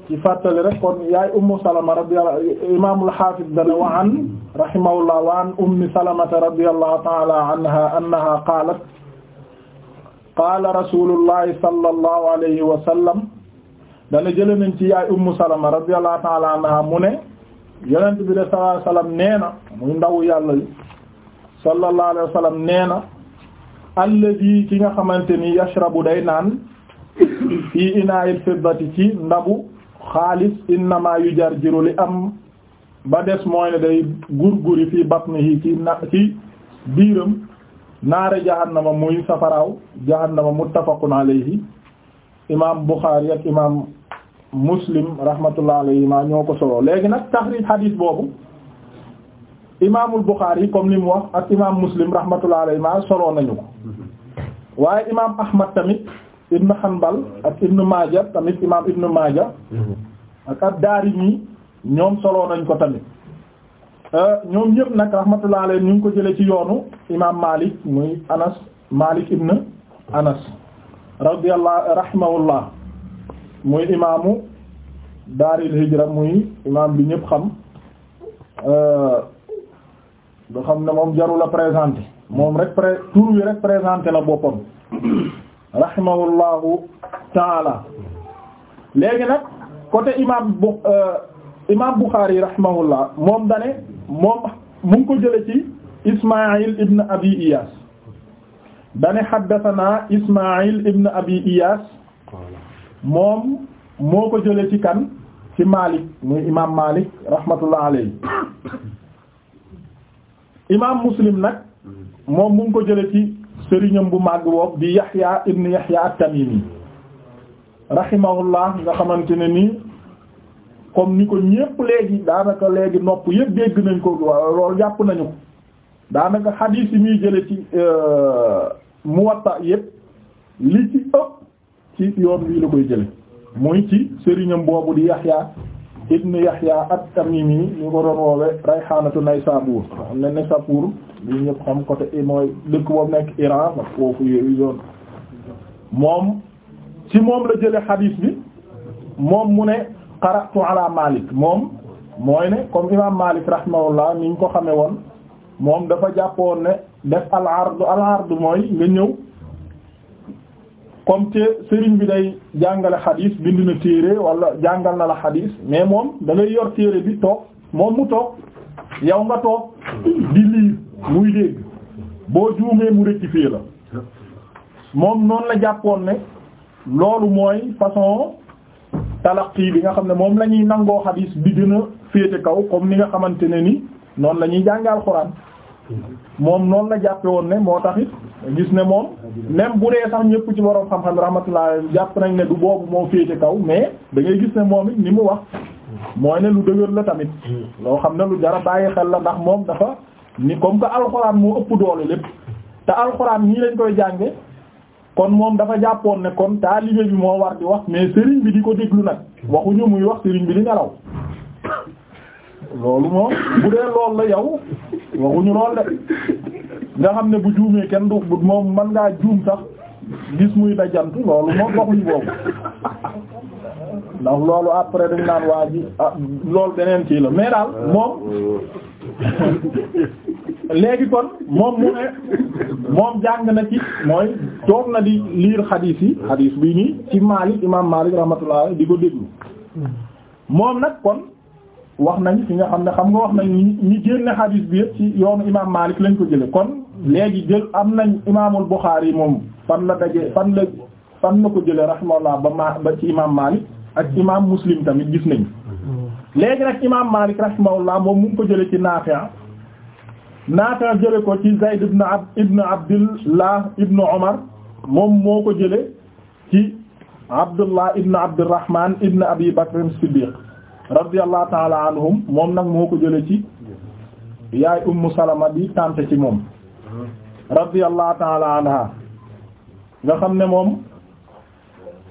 ci fàttali rek kon yaay ummu salama radiyallahu imaamul xaafis dana wa an rahimahullah wa an ummi salamata radiyallahu taala anha annaha qaalat qaala rasulullahi sallallahu alayhi wa sallam dana jële nañ ci yaay ummu salama radiyallahu taala anha mu ne yonent bi de sallallahu alayhi wa sallam nee na muy ndaw yàlla yi sallallahu alayhi wa sallam nee na alladi ki nga xamante ni yashrabu day naan fi inaayil fiddati ci ndabu xaalis innama yu jar jiru li am ba des mooy ne day gurguri fii batnihi ci na ci biiram naare jahannama muy safaraaw jahannama muttafaqun alayhi imaam Bukhari ak imaam Muslim rahmatullah alayhima ñoo ko solo léegi nag taxriij hadith boobu imaamul Bukhari comme li mu wax ak imaam Muslim rahmatullah ma solo nañu ko waaye imaam Ahmad tamit Ibn Hanbal ak Ibn Maaja tamit imaam Ibn Maaja ak ad-Daarimi ñoom solo nañ ko tamit euh, ñoom ñëpp nag rahmatullah alayhi ko jëlee ci yoonu imaam Malik muy Anas Malik Ibn Anas radiyallahu rahimahullah muy imaamu daaril hijra muy imaam bi ñëpp xam euh, nga xam ne moom jarul a présenté. moom rek pré tur wi rek présenté na boppam rahimahullahu taala léegi nag côté imam bu euh, imam Bukhari rahimahullah moom dane moom mu ko jële ci Ismaïl ibn Abi Iyas dane haddathana Ismaïl ibn Abi Iyas moom moo ko jële ci kan ci Malik muy imam Malik rahmatullah alayhi imam Muslim nag moom mu ngi ko jële ci sëriñam bu màgg boobu di Yahya ibn Yahya at-Tamimi rahimahullah nga xamante ne nii comme ni ko ñépp léegi daanaka léegi nopp yépp dégg nañ ko loolu jàpp nañu ko daanaka xadiis yi muy jële ci euh, Muwatta yépp li ci ëpp ci yoon wii la koy jële muy ci sëriñam boobu di Yahya ibn Yahya at-Tamimi ñu ko doon woowe rayhanatu Naysabur xam ne Naysabur li ñëpp xam côté mooy dëkk boobu nekk Iran ba foofu yooyu zone moom ci moom la jële xadiis bi moom mu ne qara'tu ala Malik moom mooy ne comme imam Malik rahimahullah ni ñu ko xame woon moom dafa jàppoon ne def al-ard al-ard mooy nga ñëw comme que sëriñ bi day jàngale xadiis bind na téere wala jàngal na la xadiis mais moom da ngay yor téere bi toog moom mu toog yow nga toog di lire muy dégg boo juumee mu rectifier la moom noonu la jàppoon ne loolu mooy façon talaqi bi nga xam ne moom la ñuy nangoo xadiis bi gën a féete kaw comme ni nga xamante ne ni noonu la ñuy jàngal Alxuraan moom noonu la jàppe woon ne moo tax gis ne moom même bu dee sax ñëpp ci borom xam-xam rahmatullah jàpp nañ ne du boobu moo féete kaw mais da ngay gis ne moom it ni mu wax mooy ne lu dëgër la tamit loo xam ne lu jara bàyyi xel la ndax moom dafa ni comme que alxuraan mu ëpp doole lépp te alxuraan nii lañ koy jànge kon moom dafa jàppoon ne kon taalibe bi moo war di wax mais sëriñ bi di ko déglu nag waxuñu muy wax sëriñ bi di nelaw loolu moom bu dee loolu la yow waxuñu lool de nga xam ne bu juumee kenn du moom mën ngaa juum sax gis muy dajantu loolu moom waxuñu boobu ndax loolu après dañ naan waa ji ah loolu beneen kii la mais daal moom léegi kon moom mu ne moom jàng na ci mooy toog na di liir xadiis yi xadiis bi nii ci Maalik imaam Maalik rahmatullah di ko déglu moom nag kon wax nañ ci nga xam ne xam nga wax nañ ñi ñi génne xadiis bi yëpp ci yoonu imaam Maalik lañ ko jële kon léegi jël am nañ imaamul Buxaari moom fan la daje fan la fan la ko jële rahimahullah ba ma ba ci imaam Maalik ak imaam Muslim tamit gis nañ léegi nag imaam Maalik rahimahullah moom mu ko jële ci Naafi' Naafi' jële ko ci Zayd ibn Abd ibn Abdillah ibn Umar moom moo ko jële ci Abdullah ibn Abdirrahman ibn Abi Bakr as-Siddiq radiyallahu taala anhum moom nag moo ko jële ci yaay ummu salama di tante ci moom radiyallahu taala anha nga xam ne moom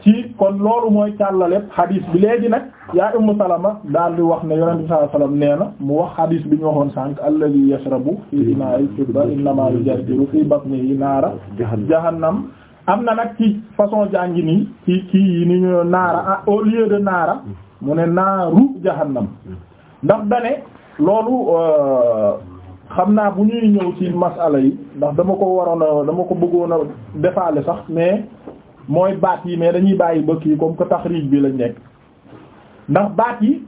ci kon loolu mooy càllale xadiis bi léegi nag yaay ummu salama daal di wax ne yonent bi sallallahu nee na mu wax xadiis bi ñu waxoon sànq alladhi yashrabu fi ina'i fidda innama yujaddiru fi batnihi naara jahannam am na nag ci façon jàngi nii ci kii yi ni ñu naara au lieu de naara mu ne naaru jahannam ndax dane loolu euh, xam naa bu ñuy ñëw ci masala yi ndax dama ko waroon dama ko bëggoon a defaale sax mais mooy baat yi mais dañuy bàyyi bëkk yi comme tax taxriij bi lañ nekk ndax baat yi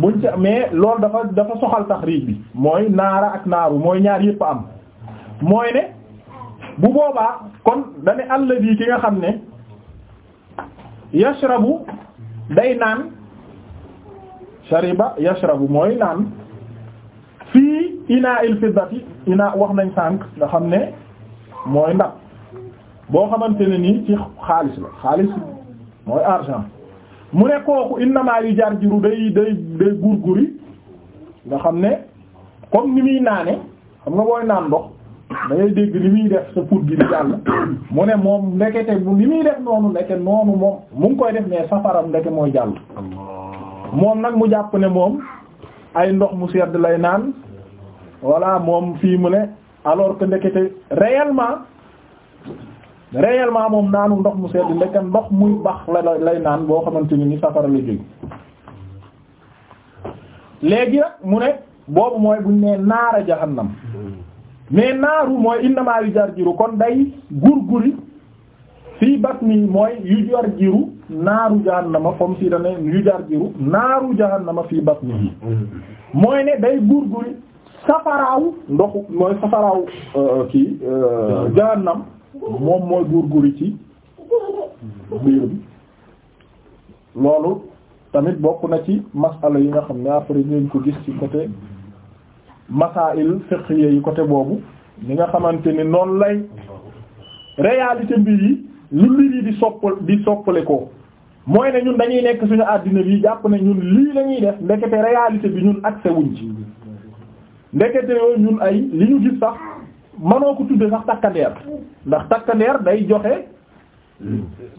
buñ ca mais loolu dafa dafa soxal taxriij bi mooy naara ak naaru mooy ñaar yëpp am mooy ne bu boobaa kon dane alladi ki nga xam ne yashrabu day naan shariba yashrabu mooy naan fii inaa il fiddati ina wax nañ sànq nga xam ne mooy ndab boo xamante ne nii ci xaalis la xaalis mooy argent mu ne kooku innama yu jar jiru day day day gurguri nga xam ne comme ni muy naane xam nga booy naan ndox da ngay dégg li muy def sa put bi di jàll mu ne moom ndekete bu li muy def noonu ndeke noonu moom mu ngi koy def mais safaram ndeke mooy jàll moom nag mu jàpp ne moom ay ndox mu sedd lay naan voilà moom fii mu ne alors que ndekete réellement réellement moom naanu ndox mu sedd ndeke ndox muy bax la lay naan boo xamante ni ni safara la jóge léegi nag mu ne boobu mooy buñ ne naara jahannam hmm. mais naaru mooy innamaa yu jar jiru kon day gurguri fii batni mooy yu jar jiru naaru jahannama comme si dane yu jar jiru naaru jahannama fii batni yi mooy ne day gurguri safaraaw ndoxu mooy safaraaw euh, kii euh, jahannam moom mooy gurguri ci biir bi loolu tamit bokk na ci masala yi nga xam ne après ngeen ko gis ci côté masail fiqhiyya yi côté boobu li nga xamante ni noonu lay réalité mbir yi lu mbir yi di soppal di soppale ko mooy ne ñun dañuy nekk suñu àddina bi jàpp ne ñun lii la ñuy def ndekete réalité bi ñun accès wuñ ci ndekete yooyu ñun ay li ñu gis sax mënoo ko tudde sax takkandeer ndax takkandeer day joxe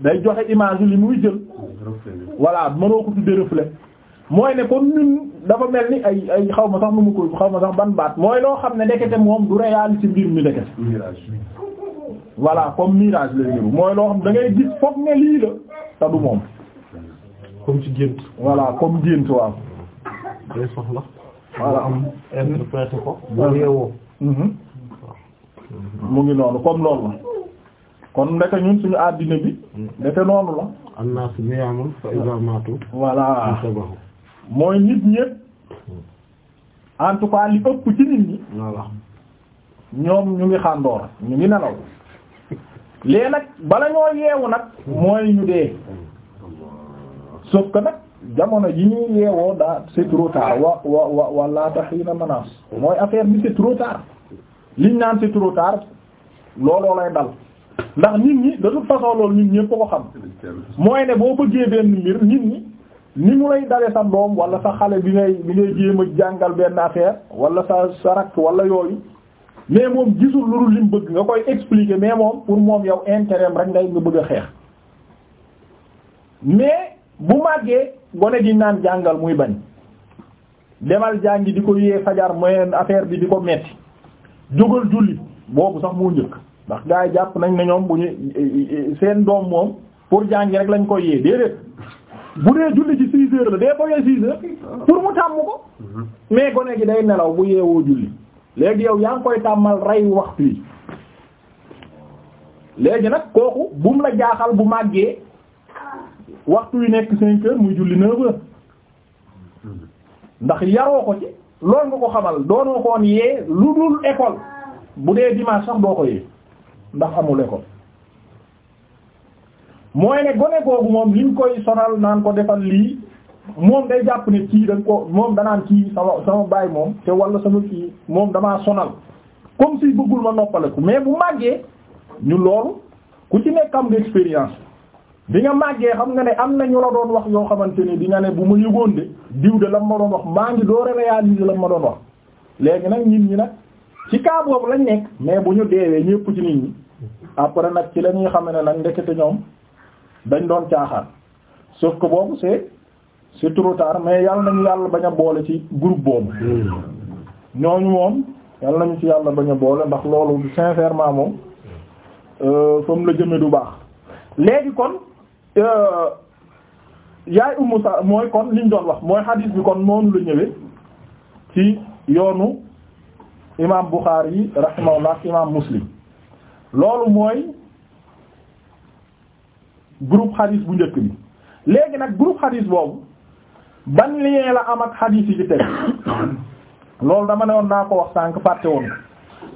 day joxe image li muy jël voilà mënoo ko tudde reflet mooy ne kon ñun dafa mel ni ay ay xaw ma sax nu mu koy xaw ma sax ban baat mooy loo xam ne ndekete moom du réalité mbir mi ndekete voilà comme mirage lay niru mooy loo xam da ngay gis foog ne lii la te moom comme ci gént voilà comme gént waaw day soxla voilà am mhm. mu ngi noonu comme loolu la kon ndeke ñun suñu àddina bi mm. ndeke noonu la am naa suñu yaamul fa mooy nit ñépp en tout cas li ëpp ci nit ñi ñoom ñu ngi xàndoor ñu ngi nelaw léegi nag bala ñoo yeewu nag mooy ñu dee sauf que nag jamono yi ñu yeewoo daa c'est trop tard wa wa wa wala taxiina mooy affaire bi c'est trop liñ naan c'est trop looloo lay dal ndax nit ñi de toute façon loolu nit ñépp ko xam mooy ne boo bëggee benn mbir nit ñi ni mu lay dale sa doom wala sa xale bi ngay bi ngay jéem a jàngal benn affaire wala sa sa rakk wala yooyu mais moom gisul lu dul lim bëgg nga koy expliquer mais moom pour moom yow intérêt rek ngay nga bëgg a xeex mais bu màggee gone gi naan jàngal muy bañ demal jàngi di ko yee fajar moyen affaire bi di ko metti jógal julli boobu sax moo njëkk ndax gaa yi jàpp nañ ne ñoom bu ñu seen doom moom pour jàngi rek lañ koy yee déedéet bu dee julli ci six heures la dee boyee six heures pour mu tàmm ko mhm. mais gone gi day nelaw bu yeewoo julli léegi yow yaa ngi koy tàmmal rey waxtu yi léegi nag kooku bum la jaaxal bu màggee waxtu yi nekk cinq heures muy julli neuf heures ndax yaroo ko ci loolu nga ko xamal doonoo koon yee lu dul école bu dee dimanche sax doo ko yee ndax amul école mooy ne gone googu moom liñ koy sonal naan ko defal lii moom day jàpp ne kii dañ ko moom danaan kii sama sama baay moom te wala sama kii moom damaa sonal comme si bëggul ma noppaleku mais bu màggee ñu loolu ku ci nekk am nga expérience bi nga màggee xam nga ne am na ñu la doon wax yoo xamante ni di nga ne bu ma yëgoon de diw de la ma doon wax maa ngi door a réaliser la ma doon wax léegi nag nit ñi nag ci cas boobu lañ nekk mais bu ñu ñëpp ci nit ñi après nag ci la ñuy xam ne nag ndekete ñoom. dañ doon caaxaan sauf que boobu c'est c'est trop tard mais yàlla nañu yàlla bañ a boole ci groupe boobu ñooñu moom yàlla nañu ci yàlla bañ a boole ndax loolu sincèrement moom fam euh, la jëme du baax léegi kon euh, yaay Ummu Salama mooy kon liñ doon wax mooy xadiis bi kon noonu la ñëwee ci yoonu imam Bukhari rahimahullah imam Muslim loolu mooy group xadiis bu njëkk bi léegi nag groupe xadiis boobu ban lien la am ak xadiis yi ci teg loolu dama ne woon naa ko wax sànq fàtte woon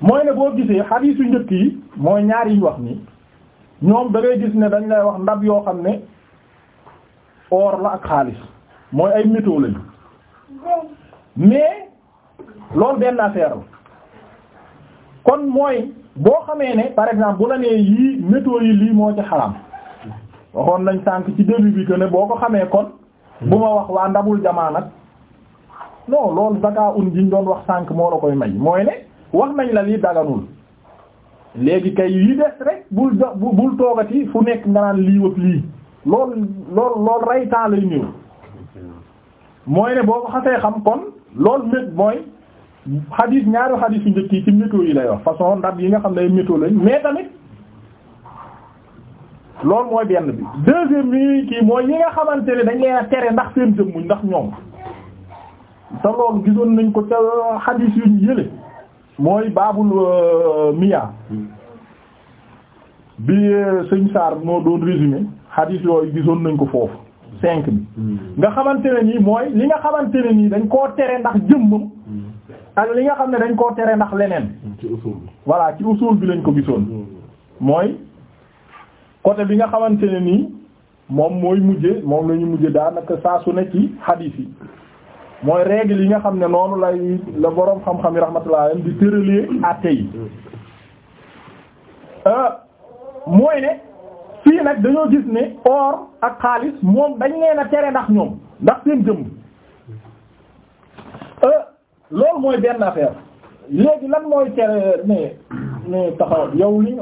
mooy ne boo gisee xadiis yu njëkk yi mooy ñaari yi wax nii ñoom da ngay gis ne dañ lay wax ndab yoo xam ne or la ak xaalis mooy ay métaux lañu mais loolu benn affaire la kon mooy boo xamee ne par exemple bu la nee yii métaux yi lii moo ci xaraam waxoon nañ sànk ci début bi que ne boo ko xamee kon bu ma wax waa ndabul jamaa nag non loolu zakaa un jiñ doon wax sànk moo la koy may mooy ne wax nañ la lii daganul léegi kay yi des rek bul bul toogati fu nekk nga naan lii wëpp lii lool loolu loolu reytaan lay ñëw mooy ne boo ko xasee xam kon lool mét mooy xadiis ñaari xadiis yu njëkk yi ci météo yi lay wax façon ndab yi nga xam ne météo lañ mais tamit loolu mooy benn bi deuxième bi kii mooy yi nga xamante ne dañ leen a tere ndax seen jëmmuñ ndax ñoom te loolu gisoon nañ ko ca xadiis yu ñu yële mooy baabul euh, miyaa bi euh, sëñ Sarr moo doon résumé xadiis yooyu gisoon nañ ko foofu cinq bi hmm. nga xamante ne nii mooy li nga xamante ne nii dañ koo tere ndax jëmmam hmm. ak li nga xam ne dañ koo tere ndax leneen hmm. voilà ci usul bi lañ ko gisoon mooy côté bi nga xamante ne nii moom mooy mujje moom la ñu mujje daanaka saa su ne ci xadiis yi mooy règle yi nga xam ne noonu lay la boroom xam-xam yi rahmatullah di tëralee àtte yi euh, mooy ne fii nag dañoo gis ne or ak xaalis moom dañ leen a tere ndax ñoom ndax seen jëmm euh, loolu mooy benn affaire léegi lan mooy tere ne mais taxawal yow li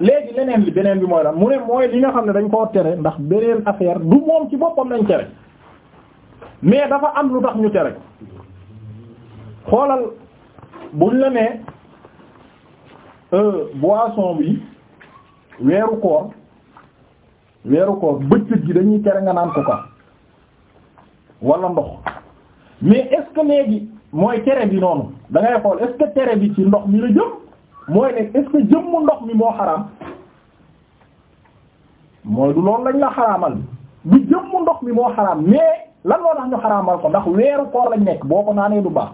léegi leneen li beneen bi mooy lan mu ne mooy li nga xam ne dañ koo tere ndax beneen affaire du moom ci boppam nañ tere mais dafa am lu tax ñu tere xoolal buñ la nee euh, boisson bi weeru koor weeru koor bëccëg gi dañuy tere nga naan coca wala ndox mais est-ce que léegi mooy tere bi noonu dangay xool est-ce tere bi ci ndox mi la jëm mooy ne est-ce ndox mi moo xaraam mooy du loolu lañ la xaraamal bi jëmmu ndox mi moo xaraam mais lan moo tax ñu xaraamal ko ndax weeru koor lañ nekk boo ko naanee du baax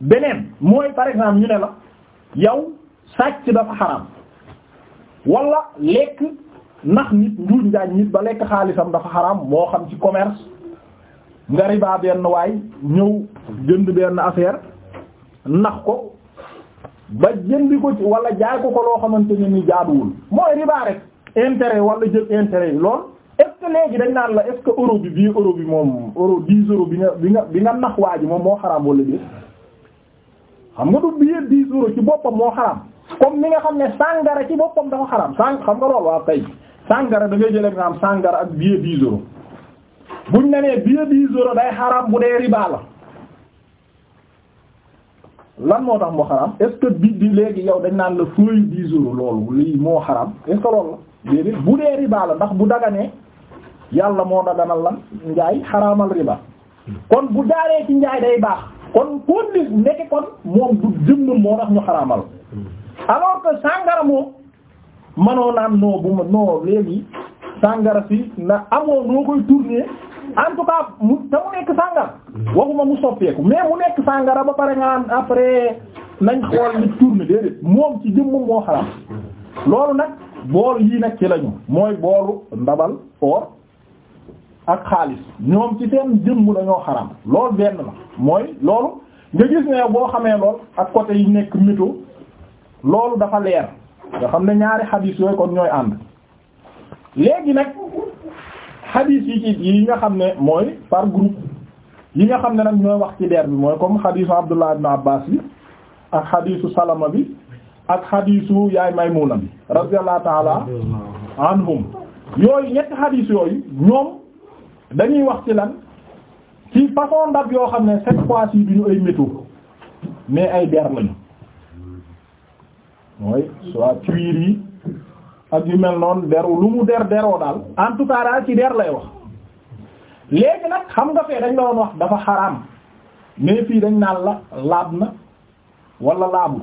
beneen mooy par exemple ñu ne la yow sàcc dafa xaraam wala lekk ndax nit njuuj njaañ nit ba lekk xaalisam dafa xaraam moo xam ci commerce nga ribaa benn waay ñëw jënd benn affaire ndax ko ba jëndi ko ci wala jaay ko ko loo xamante ne ni jaaduwul mooy riba rek intérêt wala jël intérêt yi lool est-ce que léegi dañ naan la est-ce que euro bi bii euro bi moom euro 10 bi nga bi nga bi nga nax waa ji moom moo xaraam wala déet xam nga du billet 10 euros ci boppam moo xaraam comme mi nga xam ne sangara ci boppam dafa xaraam sang xam nga loolu waa tey sangara da ngay jël exemple sangara ak billet 10 euros bu ne nee billet 10 euros day xaraam bu dee riba lan moo tax moo xaram est bi di léegi yow dañ naan la feuille dix euros loolu lii moo xaram est ce la bu dee riba la ndax bu daganee yàlla moo daganal lan njaay xaraamal riba kon bu jaaree ci njaay day baax kon kon li kon moom du jëmm moo tax ñu xaraamal alors que sàngara moom manoo naan noo bu ma noo léegi sàngara si na amoo noo koy tourner en tout cas mu te mu nekk sàngara waxuma mu soppeeku mais mu nekk sàngara ba pare nga naan après nañ xool nit tourne déedéet moom ci jëmmum moo xaram loolu nag bool yii nag ci lañu mooy boolu ndabal or ak xaalis ñoom ci seen jëmm dañoo xaram lool benn la mooy loolu nga gis ne boo xamee lool ak côté yi nekk météo loolu dafa leer nga xam ne ñaari xadiis yooyu kon ñooy ànd léegi nag xadiis yi ci yi nga xam ne mooy par groupe yi nga xam ne nag ñooy wax ci der bi mooy comme xadiisu Abdullah ibn Abbas bi ak xadiisu Salama bi ak xadiisu yaay Maymuna bi radiyallahu ta'ala anhum yooyu ñetti xadiis yooyu ñoom dañuy wax ci lan ci façon ndab yoo xam ne cette fois-ci duñu ay métaux mais ay der lañu mooy soit cuir yi ak yu mel noonu deru lu mu der deroo daal en tout cas daal ci der lay wax léegi nag xam nga fee dañ la doon wax dafa xaraam mais fii dañ naan la laab na walla laabu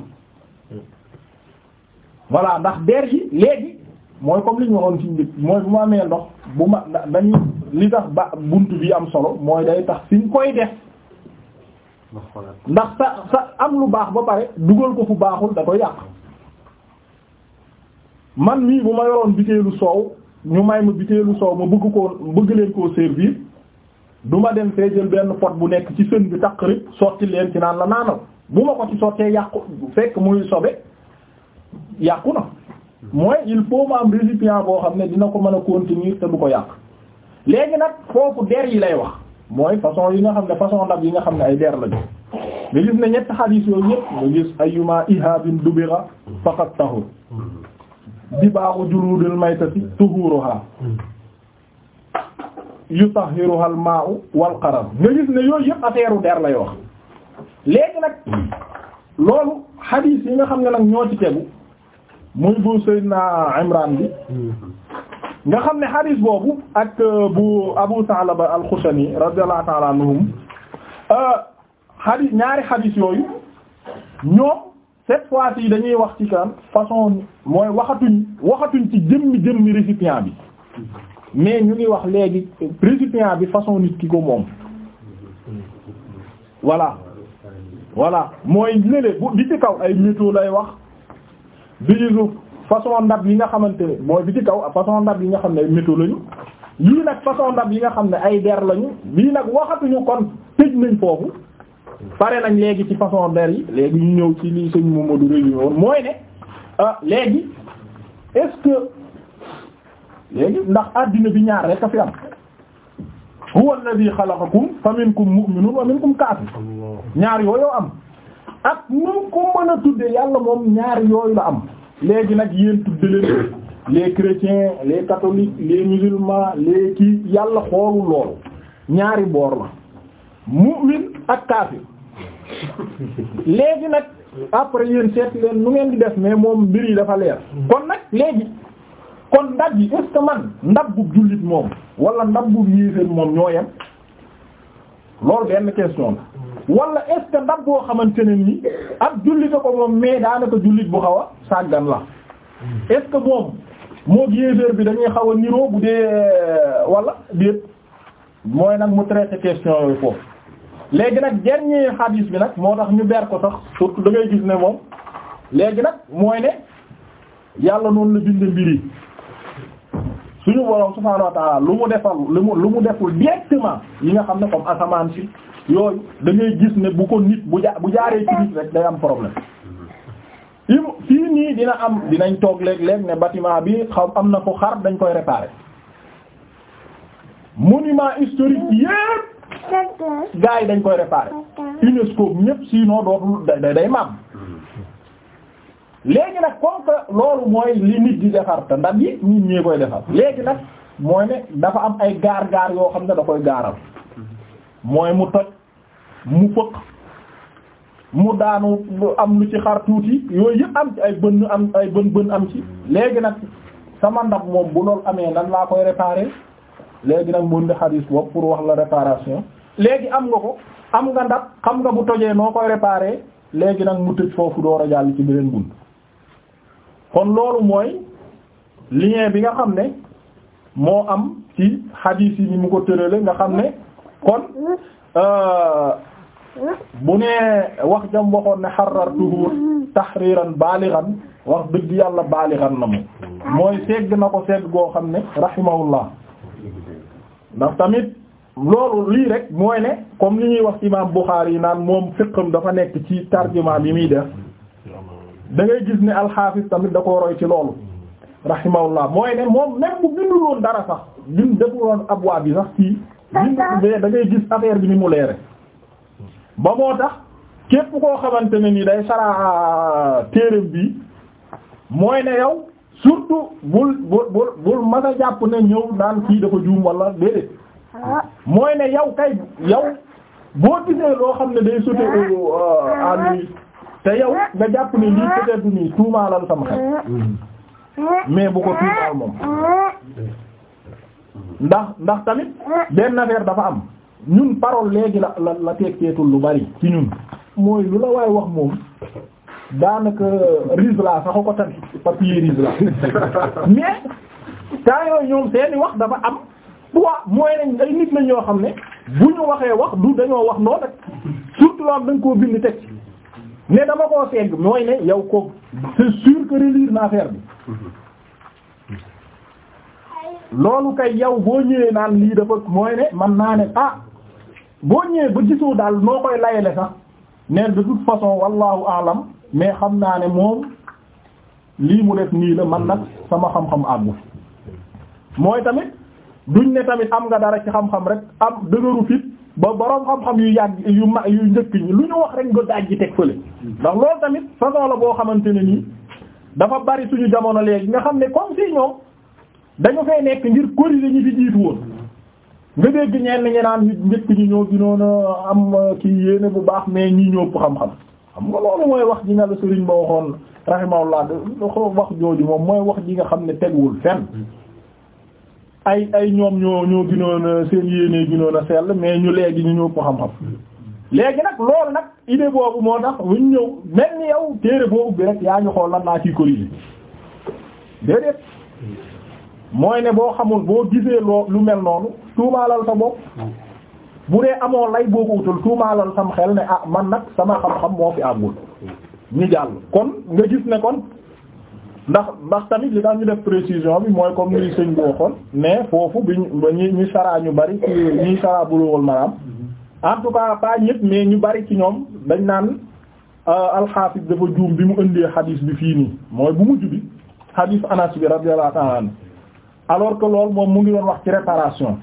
voilà ndax der yi léegi mooy comme li ñu waxoon ci njëkk mooy bu ma amee ndox bu ma dañuy li tax ba buntu bi am solo mooy day tax fi ñu koy def ndax sa sa am lu baax ba pare dugal ko fu baaxul da koy yàq man mii bu ma yoroon biteelu soow ñu may ma biteelu soow ma bëgg koo bëgg leen koo servir duma dem fee jël benn pot bu nekk ci sën bi taq rib sotti leen ci la naanal bu ma ko ci sottee yàqu fekk muy sobe yàqu na mooy il faut ma am boo xam ne dina ko mën a continuer te du ko yàq léegi nag foofu der yi lay wax mooy façon yi nga xam ne façon ndab yi nga xam ne ay der lañu nga gis ne ñett xadiis yooyu ñëpp nga gis ayuma ihabin dubira faqat tahur di baaxu juludil maytati tuhuruha yutahhiruha al ma'u wal nga gis ne yooyu yëpp affaire der lay wax léegi nag loolu hadith yi nga xam ne nag ñoo ci tegu muy bu Seydina Imran bi nga xam ne hadith boobu ak euh, bu Abu Sa'laba al-Khushani radiyallahu ta'ala anhum hadith euh, ñaari hadith yooyu ñoom cette fois dañuy wax ci kan façon mooy waxatuñ waxatuñ ci jëmmi jëmmi récipient bi mais ñu ngi wax léegi récipient bi façon nit ki ko moom voilà voilà mooy lële bu di ci kaw ay métaux lay wax bi ci suuf façon ndab yi nga xamante ne mooy bi ci kaw façon ndab yi nga xam ne ay métaux lañu lii nag façon ndab yi nga xam ne ay der lañu lii nag waxatuñu kon tëj nañ foofu pare nañ léegi ci façon ber yi léegi ñu ñëw ci lii sëñ Momadou réunion woon mooy ne ah léegi est que léegi ndax addina bi ñaar rek a fi am huwa alladhi khalaqakum faminkum mu'minun wa minkum kaafir ñaar yooyu am ak nu ko mën a tudde yàlla moom ñaar yooyu la am léegi nag yéen tudde leen les chrétiens les catholiques les musulmans les yàlla xoolul loolu ñaari boor la mu'min ak kaafir léegi nag après yéen seet leen mu ngeen di def mais moom mbir yi dafa leer kon nag léegi kon ndab yi est man ndab bu jullit moom wala ndab bu yéeféer moom ñoo yem loolu benn question la wala est ndab boo xamante ne ni ak jullit a ko moom mais daanaka jullit bu xaw a sàggan la est-ce moom moo yéeféer bi dañuy xaw a niroo bu dee walla déet mooy nag mu traité question yooyu foofu léegi nag dernier hadis bi nag moo tax ñu ber ko sax surtout da gis ne moom léegi nag mooy ne yàlla noonu la binde mbiri suñu borom subhaanahu wa ta'ala lu mu defal lu mu lu mu deful directement yi nga xam ne comme asamaan si yooyu da ngay gis ne bu ko nit bu bu jaaree ci nit rek day am problème fii fii nii dina am dinañ toog léeg-léeg ne batiment bi xaw am na ko xar dañ koy réparer monument historique yépp gaa yi dañ koy repare UNESCO ñëpp sinon dootul day maam léegi nag comme que loolu mooy li nit di defar te ndab yi nit ñee koy defar léegi nag mooy ne dafa am ay gaar-gaar yoo xam ne da koy gaaral mooy mu toj mu fëq mu daanu am lu ci xar tuuti yooyu yëpp am ci ay bën am ay bën bën am ci léegi nag sama ndab moom bu loolu amee nan laa koy réparer léegi nag mu indi xadiis boobu pour wax la réparation léegi am nga ko am nga ndax xam nga bu tojee noo koy réparer léegi nag mu tëj foofu door a jàll ci beneen bunt kon loolu mooy lien bi nga xam ne moo am ci xadiis yi ni mu ko tërale nga xam ne kon euh, bu nee wax jam waxoon ne xarartuhu tahriran balighan wax dëgg yàlla balighan na mu mooy segg na ko segg goo xam ne rahimahullah ndax tamit loolu lii rek mooy ne comme li ñuy wax ci imaam Buxaari yi naan moom fiqam dafa nekk ci tarjuma bi muy def dangay gis ne alxaafis tamit da ko roy ci loolu rahimahullah mooy ne moom même bu bindul woon dara sax bind defuloon abwaa bi sax fii bind da ngay gis affaire bi ni mu leere ba moo tax képp koo xamante ne ni day sara téereem bi mooy ne yow surtout bul bul bul bul mën a jàpp ne ñëw naan kii dafa juum wala déedéet ah. mooy ne yow kay yow boo gisee loo xam ne day sauter euh, te yow nga jàpp ne lii peut-être nii tuumaalal sama xel mais bu ko tuumaal moom ndax ndax tamit benn affaire dafa am ñun parole léegi la la la teekteetul lu bari ci ñun mooy lu la waay wax moom daanaka risla sax ko tamit papier risla mais temps yooyu ñoom seeni wax dafa am poids mooy nañ ay nit lañ ñoo xam ne bu ñu waxee wax du dañoo wax noonu rek surtout loolu dañ koo bind teg mais dama koo segg mooy ne yow ko c'est sûr que relire na affaire bi loolu kay yow boo ñëwee naan lii dafa mooy ne man naa ne ah boo ñëwee ba gisoo daal noo koy layele sax neen de toute façon wallahu alam mais xam naa ne moom lii mu def nii la man nag sama xam-xam àggu mooy tamit duñ ne tamit am nga dara ci xam-xam rek am dëgëru fit ba borom xam-xam yu yàgg yu ma yu njëkk ñi lu ñu wax rek nga daaj teg fële ndax loolu tamit façon la boo xamante ne nii dafa bari suñu jamono léegi nga xam ne comme si ñoom dañu fay nekk ngir corriger ñi fi jiitu woon nga dégg ñenn ñi naan nit njëkk ñi ñoo ginoon a am kii yéene bu baax mais ñii ñoo ëpp xam-xam xam nga loolu mooy wax ji nga la sëriñ ba waxoon rahimahullah wax jooju moom mooy wax ji nga xam ne teguwul fenn ay ay ñoom ñoo ñoo gënoon seen yéene gënoon a sell mais ñu léegi ñu ñëw ko xam léegi nag loolu nag boobu moo tax buñ ñëw mel ni yow téere boobu bi rek yaa ñu xool lan laa ciy corriger déedéet mooy ne boo xamul boo gisee loo lu mel noonu tuubaalal sa bopp bu dee amoo lay boo ko wutal tuumaalal sam xel ne ah man nag sama xam-xam moo fi àggul ñu jàll kon nga gis ne kon ndax ndax tamit li tax ñu def présision bi mooy comme ni sëñ boo xool mais foofu bi ñu ñu saraa ñu bari ci ñuy saraa bulowal maanaam en tout cas pas mais ñu bari ci ñoom dañ naan euh, alxaafis dafa juum bi mu indee xadiis bi fii nii mooy bu mujj bi xadiis anas bi radiyallahu ta'ala alors que loolu moom mu ngi doon wax ci réparation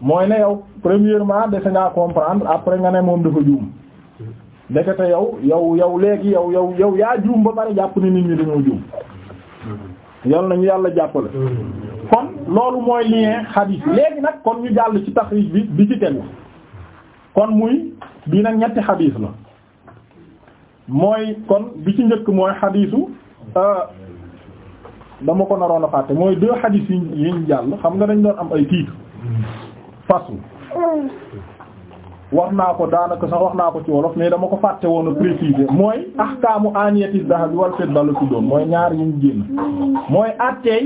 mooy ne yow premièrement defe ngaa comprendre après nga ne moom dafa juum ndekete yow yow yow léegi yow yow yow yaa juum ba pare jàpp ni nit ñi dañoo juum yal nañu yàlla jàppale kon loolu mooy lien xadiis léegi nag kon ñu jàll ci taxriij bi bi ci tegu kon muy bii nag ñetti xadiis la mooy kon bi ci njëkk mooy xadiisu euh, dama ko naroon a fàtte mooy deux xadiis yi ñu jàll xam nga dañ doon am ay titre fasl wax naa ko daanaka sax wax naa ko ci wolof mais dama ko fàtte woon a préciser mooy ahkaamu aniyati dhahab wal fidda la tuddoon mooy ñaar ñu génn mooy àtteey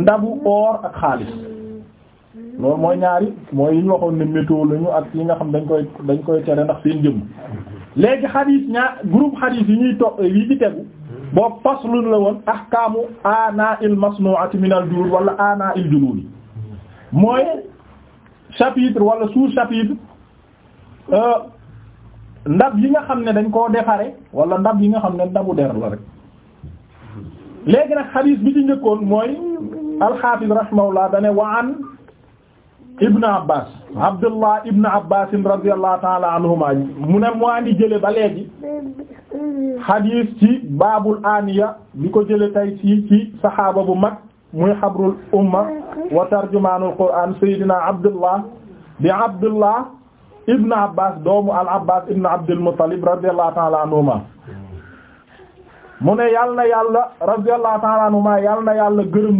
ndabu or ak xaalis loolu mooy ñaari mooy yi ñu waxoon ne météo lañu ak yi nga xam dañ koy dañ koy tere ndax seen jëmm léegi xadiis ñaar groupe xadiis yi ñuy to yi ci tegu boobu faslun la woon ahkaamu ana il masnu'ati min al jurul wala ana il julul mooy chapitre wala sous-chapitre euh, ndab yi nga xam ne dañ koo defare wala ndab yi nga xam ne ndabu der la rek léegi nag xadiis bi ci njëkkoon mooy alxaafis rahimahullah dane wa an ibn abbas abdullah ibn abbas radiallahu taala anhuma mu ne mu andi jële ba léegi xadiis ci baabul aniya bi ko jële tay ci ci saxaaba bu mag muy xabrul umma wa tarjumaanul qur'aan sayyidina abdullah di abdullah ibn abbas doomu al abbas ibn abdul muttalib radiyallahu ta'ala anhuma mu ne yàlla na yàlla radiyallahu ta'ala anhuma yàlla na yàlla gërëm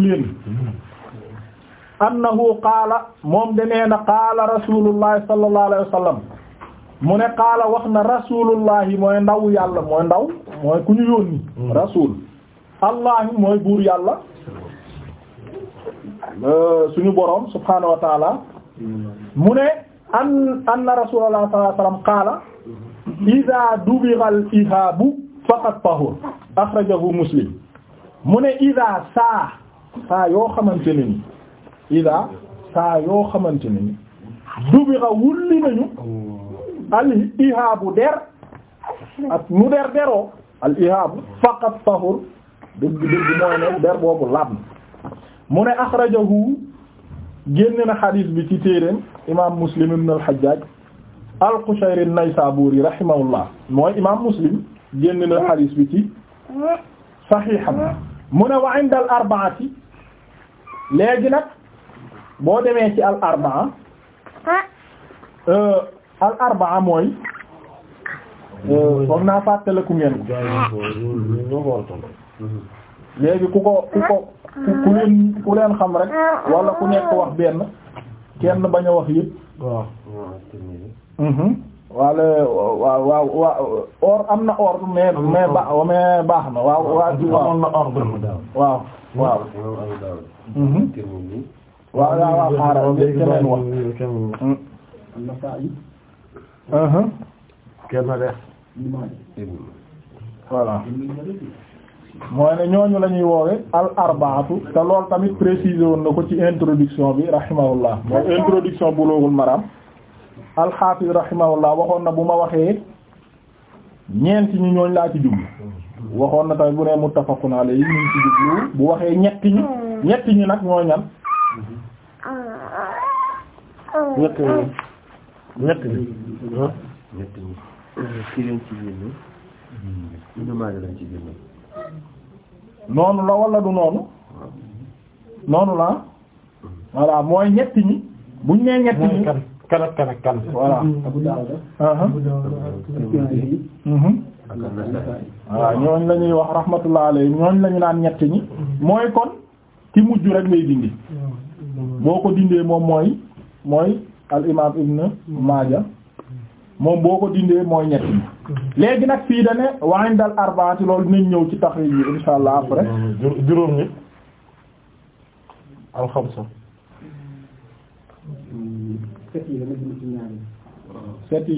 moom de nee na qaala rasulullahi sallallahu alayhi wa sallam mu wax na rasulullahi mooy ndaw yàlla mooy ndaw Euh, suñu borom subhaanahu wa taala mu ne an anna rasulullah sallallahu alayhi wasallam qaala iza dubigha al-ihabu faqad tahur akhrajahu muslim mu ne iza saa saa yoo xamante ne ni iza saa yoo xamante ne ni dubigha wulli nañu al ihabu der ak mu der deroo al ihabu faqad tahur dëgg dëgg mooy ne der boobu laab na mu ne axrajahu génn na xadis bi ci téeréem imaam muslim ibn al-Hajjaj al-Qushayri an-Naysaburi mooy imaam muslim génne na xadis bi ci saxiixam mu ne wa inda al léegi nag boo demee ci al-arba'a euh, al-arba'a mooy euh, foog naa fàttaliku ngeen léegi ku ko ku ko ku leen ku leen xam rek wala ku nekk wax benn kenn bañ a wax yëpp waaw mhm. wala waaw waaw waaw or am na ordre mais mais ba mais baax na waaw waaw amoon na ordre waaw waaw mhm. waaw waaw waaw xaaral keneen wax mhm. voilà mooy ne ñooñu la ñuy woowe al arbaatu te lool tamit préciser woon na ko ci introduction bi rahimahullah mooy introduction Bulughul Maram al hafiz rahimahullah waxoon na bu ma waxee ñeenti ñi ñooñ laa ci jublu waxoon na tamit bu ne muttafaqun alayhi ñu ci jublu bu waxee ñetti ñi ñetti ñi nag ñoo ñan ci génne ñu maag leen ci génne noonu la wala du noonu noonu la voilà mooy ñetti ñi buñ nee ñetti ñi kan ak kan kan voilà Abu Dawud uh-huh. Abu uh-huh. ñooñ la ñuy wax rahmatullah alayhi ñooñ la naan ñetti ñi mooy kon ci mujj rek lay dindi boo ko dindee moom mooy mooy al imam ibn Maaja moom boo ko dindee mooy ñett yi mm-hmm. léegi nag fii da ne waaye dal arbaati loolu dinañ ñëw ci taxriij yi insha allah après. juróom ñi alxamsa. set yi dama dindi ci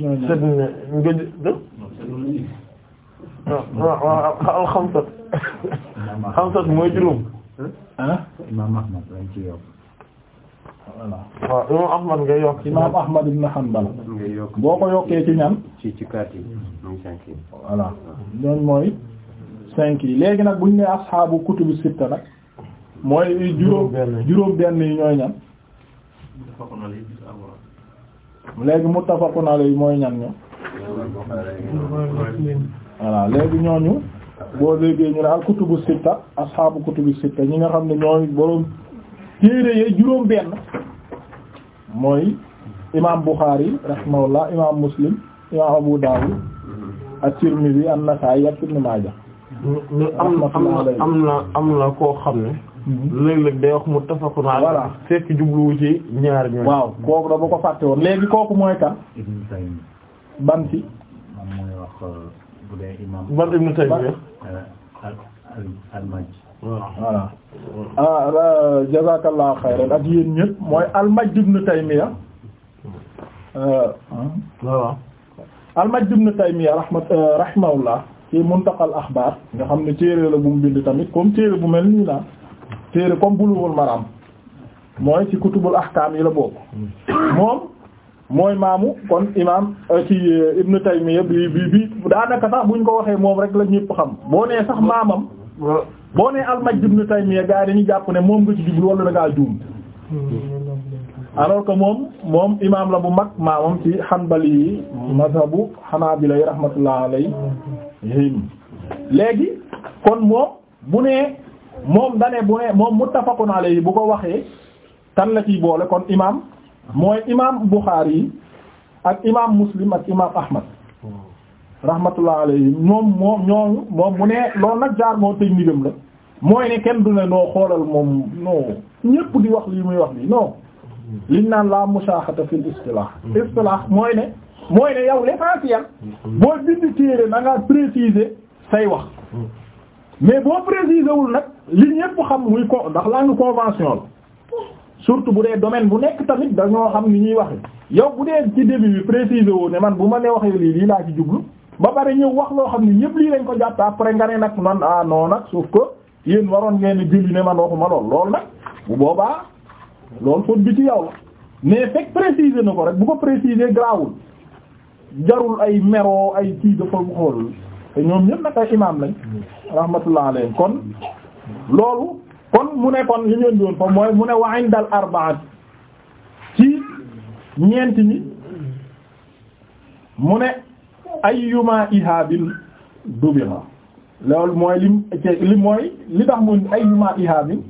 ñaar mooy juróom. ah. waaw imam Ahmad ngay yokk imam Ahmad ibn Hanbal boo ko yokkee ci ñan ci ci quatre yi voilà ñooñ mooy cinq yi léegi nag buñ ne asxaabu kutubu sitta nag mooy juróom juróom benn yi ñooy ñan léegi muttafaqun alayhi mooy ñan ño voilà léegi ñooñu boo léegi ñu ne al kutubu sitta asxaabu kutubu sitta ñi nga xam ne ñooy boroom téere yee juróom benn mooy imaam Bukhari rahimahullah imaam Muslim imaam Abu Dawud at-Tirmidhi an-Nasa'i ak Ibn Majah mais am na am na am na am na koo xam ne mhm. léeg-léeg day wax muttafaqun alayhi voilà fekk jubluwu ci ñaar ñoom waaw kooku da ba ko fàtte woon léegi kooku mooy kan Ibn Taymiyya ban ci ban Ibn Taymiyya voilà ah jazakallah xayran ak yéen ñëpp mooy al-Majd Taymiya euh, voilà al-Majd Taymiya rahmat euh, ci Muntaqa al nga xam ne téere la bu mu bind tamit comme téere bu mel nii la téere comme Bulughul Maram mooy ci kutubul ahkaam yi la bokk moom mooy maamu kon imaam euh, ci Ibn Taymiyya bi bi bi daanaka sax buñ ko waxee moom rek la ñëpp xam boo nee sax maamam boo nee al-Majd ibn Taymiyya gars yi dañuy jàpp ne moom nga ci jublu wala juum alors que moom moom imaam la bu mag maamam ci Hanbali yi mazhabu Hanabila yi rahmatullah alayhim léegi kon moom bu nee moom da bu nee moom muttafaqun alayhi bu ko waxee tan la ciy boole kon imaam mooy imaam Bukhari yi ak imaam Muslim ak imaam Ahmad rahmatullah alayhim ñoom moom ñooñu moom mu ne loolu nag jaar moo technique am la mooy ne kenn du ne noo xoolal moom non ñépp di wax lii muy wax lii no liñ naan laa mushaaxata fil istilah istilah mooy ne mooy ne yow l'essentiel boo bind téere na nga préciser say wax mais boo préciser wul nag li ñépp xam muy ko ndax laa ngi convention la surtout bu dee domaine bu nekk tamit dañoo xam ni ñuy wax waxe yow bu dee ci début bi préciser woo ne man bu ma ne waxee lii laa ci jublu ba pare ñëw wax loo xam ne ñëpp lii lañ ko jàpp après nga ne nag nan ah non nag sauf que yéen waroon ngeen julli ne man waxuma lool lool nag bu boobaa loolu faute ci yow la mais fekk préciser na ko rek bu ko préciser grawul jarul ay mero ay kii dafa xool te ñoom ñëpp nag ay imaam lañ rahmatullah alayhim kon loolu kon mu ne kon li ñu doon fa mooy mu ne wa indal arbaat ci ñeenti ñi mu ne ayyuma ihaabin dubira loolu mooy lim li mooy li tax mu ayyuma ihaabin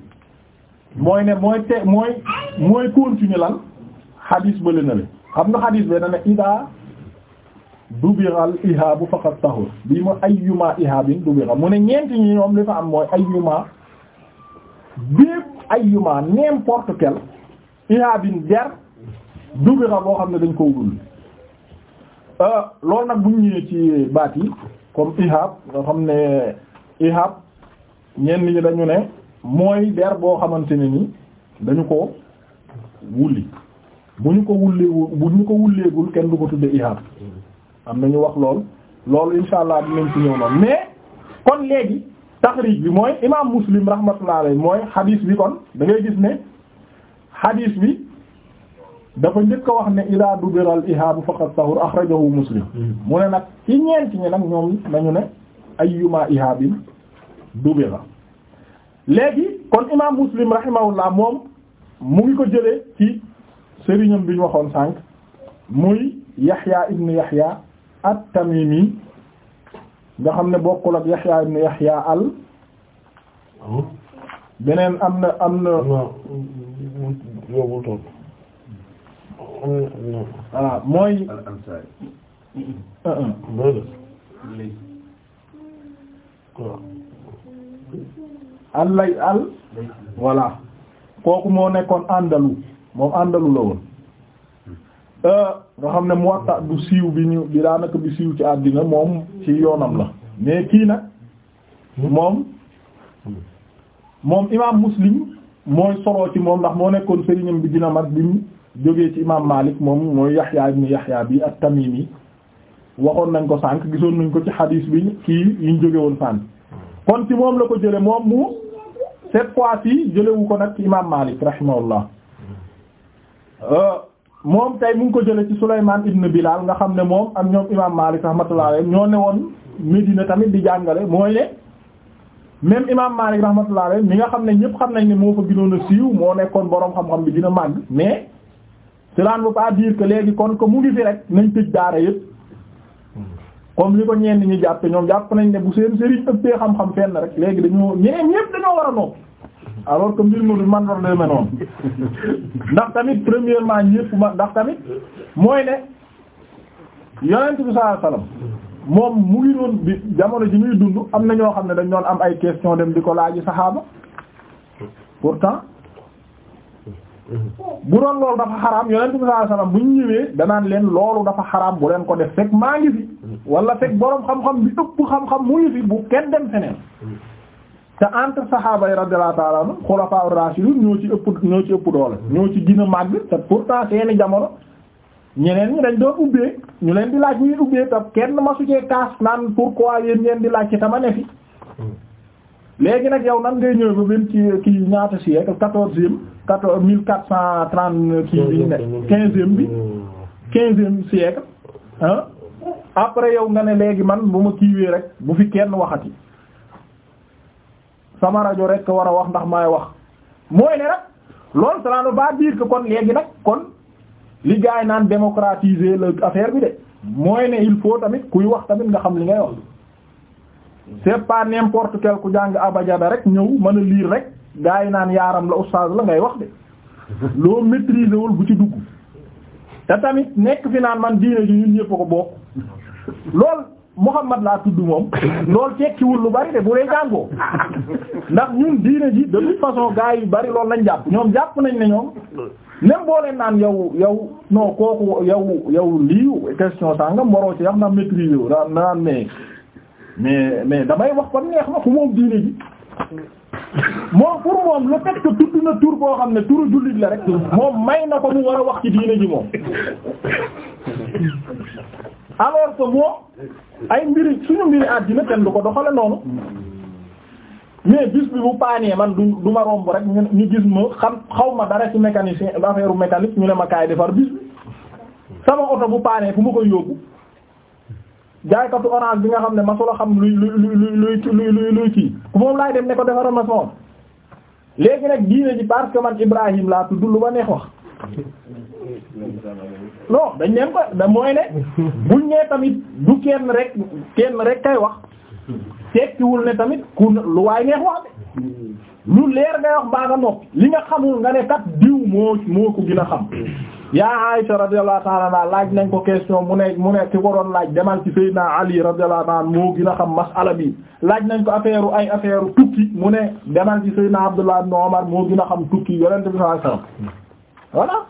mooy ne mooy te mooy mooy continuer lan xadiis ba lënale xam nga xadiis be na ne idaa dubiral ihaabu faqat tahur bii mooy ayyuma ihaabin dubira mu ne ñeenti ñi ñoom li fa am mooy ayyuma bépp ayyuma n'importe quel ihaabin der dubira boo xam ne dañ ko wul Euh, loolu nag bu ñu ci baat yi comme ihab nga xam ne ihab ñenn ñi dañu ne mooy der boo xamante ne ni dañu ko wulli bu ñu ko wulleewul bu ñu ko wulleegul kenn du ko tudde ihab am na ñu wax lool loolu insha allah dinañ ci ñëw noonu mais kon léegi taxriij bi mooy imaam muslim rahmatullah alayhi mooy hadith bi kon da ngay gis ne hadith bi. dafa njëkk wax ne ila dubira al ihaabu faqad sahur akhrajahu muslim mu ne nag ci ñeenti ñi nag ñoom dañu ne ayyuma ihaabin dubira léegi kon imam muslim rahimahullah moom mu ngi ko jële ci sëriñam bi waxoon sànq muy yaxya ibn yaxya at-tamimi nga xam ne bokkul ak yaxya ibn yaxya al beneen am na am na voilà mooy. al lay al kooku moo nekkoon àndalu moom àndalu la woon euh, nga xam ne Muwatta bu siiw bi ñu bi daanaka bi siiw ci àddina moom ci yoonam la mais kii nag moom moom imaam Muslim mooy soroo ci moom ndax moo nekkoon sëriñam bi dina mag bi jóge ci imam Malik moom mooy Yahya ibn Yahya bi at-Tamimi waxoon nañ ko sànq gisoon nañ ko ci xadiis bi kii yiñ jóge woon sànq kon ci moom la ko jële moom mu cette fois-ci jëlewu ko nag ci imam Malik rahimahullah euh, moom tey mu ko jële ci Sulaymaan ibn Bilaal nga xam ne moom ak ñoom imam Malik rahmatullah alayhi ñoo ne woon Médina tamit di jàngale mooy ne même imam Malik rahmatullah alayhi mi nga xam ne ñëpp xam nañ ne moo fa gënoon a siiw moo nekkoon boroom xam mais cela bu veut biir dire léegi kon ko mu ngi fi rek nañ tëj daara yëpp comme li ko ñenn ñi jàppe ñoom jàpp nañ ne bu seen sëriñ ëppee xam-xam fenn rek léegi dañoo ñeneen ñëpp dañoo war a noppi alors que mbir mi man doon demee noonu ndax tamit premièrement ñëpp ma ndax tamit mooy ne yonent bi sallallahu alayhi moom mu ngi doon bi jamono ji muy dund am na ñoo xam ne dañ doon am ay question dem di ko laaji saxaaba pourtant bu doon loolu dafa xaraam yonent bi sallallahu alayhi wasallam bu ñu ñëwee danaan leen loolu dafa xaram bu leen ko def fekk maa ngi fi wala fekk boroom xam-xam bi ëpp xam-xam mu ngi fi bu kenn dem feneen te entre saxaaba yi radiyallahu ta'ala anhum xulafaa ar-rashidun ñoo ci ëpp ñoo ci ëpp doole ñoo ci gën a màgg te pourtant seeni jamono ñeneen ñi dañ doon ubbee ñu leen di laaj ñuy ubbee te kenn masu cee kaas naan pourquoi yéen ngeen di laaj ci tama ne fi hmm. léegi nag yow nan ngay ñëw ba benn ci kii ñaata siècle quatorzième quatorze mille quatre cent trente kii biñ ne quinzième bi quinzième siècle ah après yow nga ne léegi man bu ma kiiwee rek bu fi kenn waxati sama rajo rek war a wax ndax may wax mooy ne nag loolu ça ne veut pas dire kon léegi nag kon li gaay naan démocratiser le affaire bi de mooy ne il faut tamit kuy wax tamit nga xam li ngay wax c'est pas n'importe ku jàng abajada rek ñëw mën a liir rek gaa yi naan yaaram la oustaz la ngay wax de loo maîtriser wul bu ci dugg te tamit nekk fi naan man diine ji ñun ñëpp ko bokk lool Muhammad laa tudd moom lool tekkiwul lu bari de bu dee ndax ñun diine ji de toute façon gaa yu bari loolu lañ jàpp ñoom jàpp nañ ne ñoom même boo leen naan yow yow non kooku yow yow lii question sàngam waroo ci yam na maîtriser wu daan naan mais mais mais damay wax kon neex ma ku moom diine ji moom pour moom le fait que tudd na tur boo xam ne turu jullit la rek moom may na ko mu war a wax ci diine ji moom alors que moom ay mbiri suñu mbiri àddina kenn du ko doxale noonu mais bi bu paanee man du du ma romb rek ñu gis ma xam xaw ma dara ci mécanicien affaire mécanique ñu ne ma kaay defar bis bi sama oto bu paanee fu ma koy yóbbu jaaykatu orange bi nga xam ne ma masula xam luy luy luy luy luy kii moom laay dem ne ko defaral ma sama léegi nag diine ji parce que man Ibrahim laa tudd lu ma neex wax non dañ leen ko da mooy ne buñ nee tamit du kenn rek kenn rek kay wax tekkiwul ne tamit ku lu waaye neex wax lu leer ngay wax baa nga noppi li nga xamul nga ne kat diw moo moo ko gën a xam yaa Aisha radiyallahu ta'ala anha laaj nañ ko question mu ne mu ne ki ko doon laaj demal ci Seydina Ali radiyallahu anhu moo gën a xam masala bi laaj nañ ko affaire ay affaire tukki mu ne demal ci Seydina Abdullah ibn Umar moo gën a xam tukki yonent bi sallallahu alayhi wasallam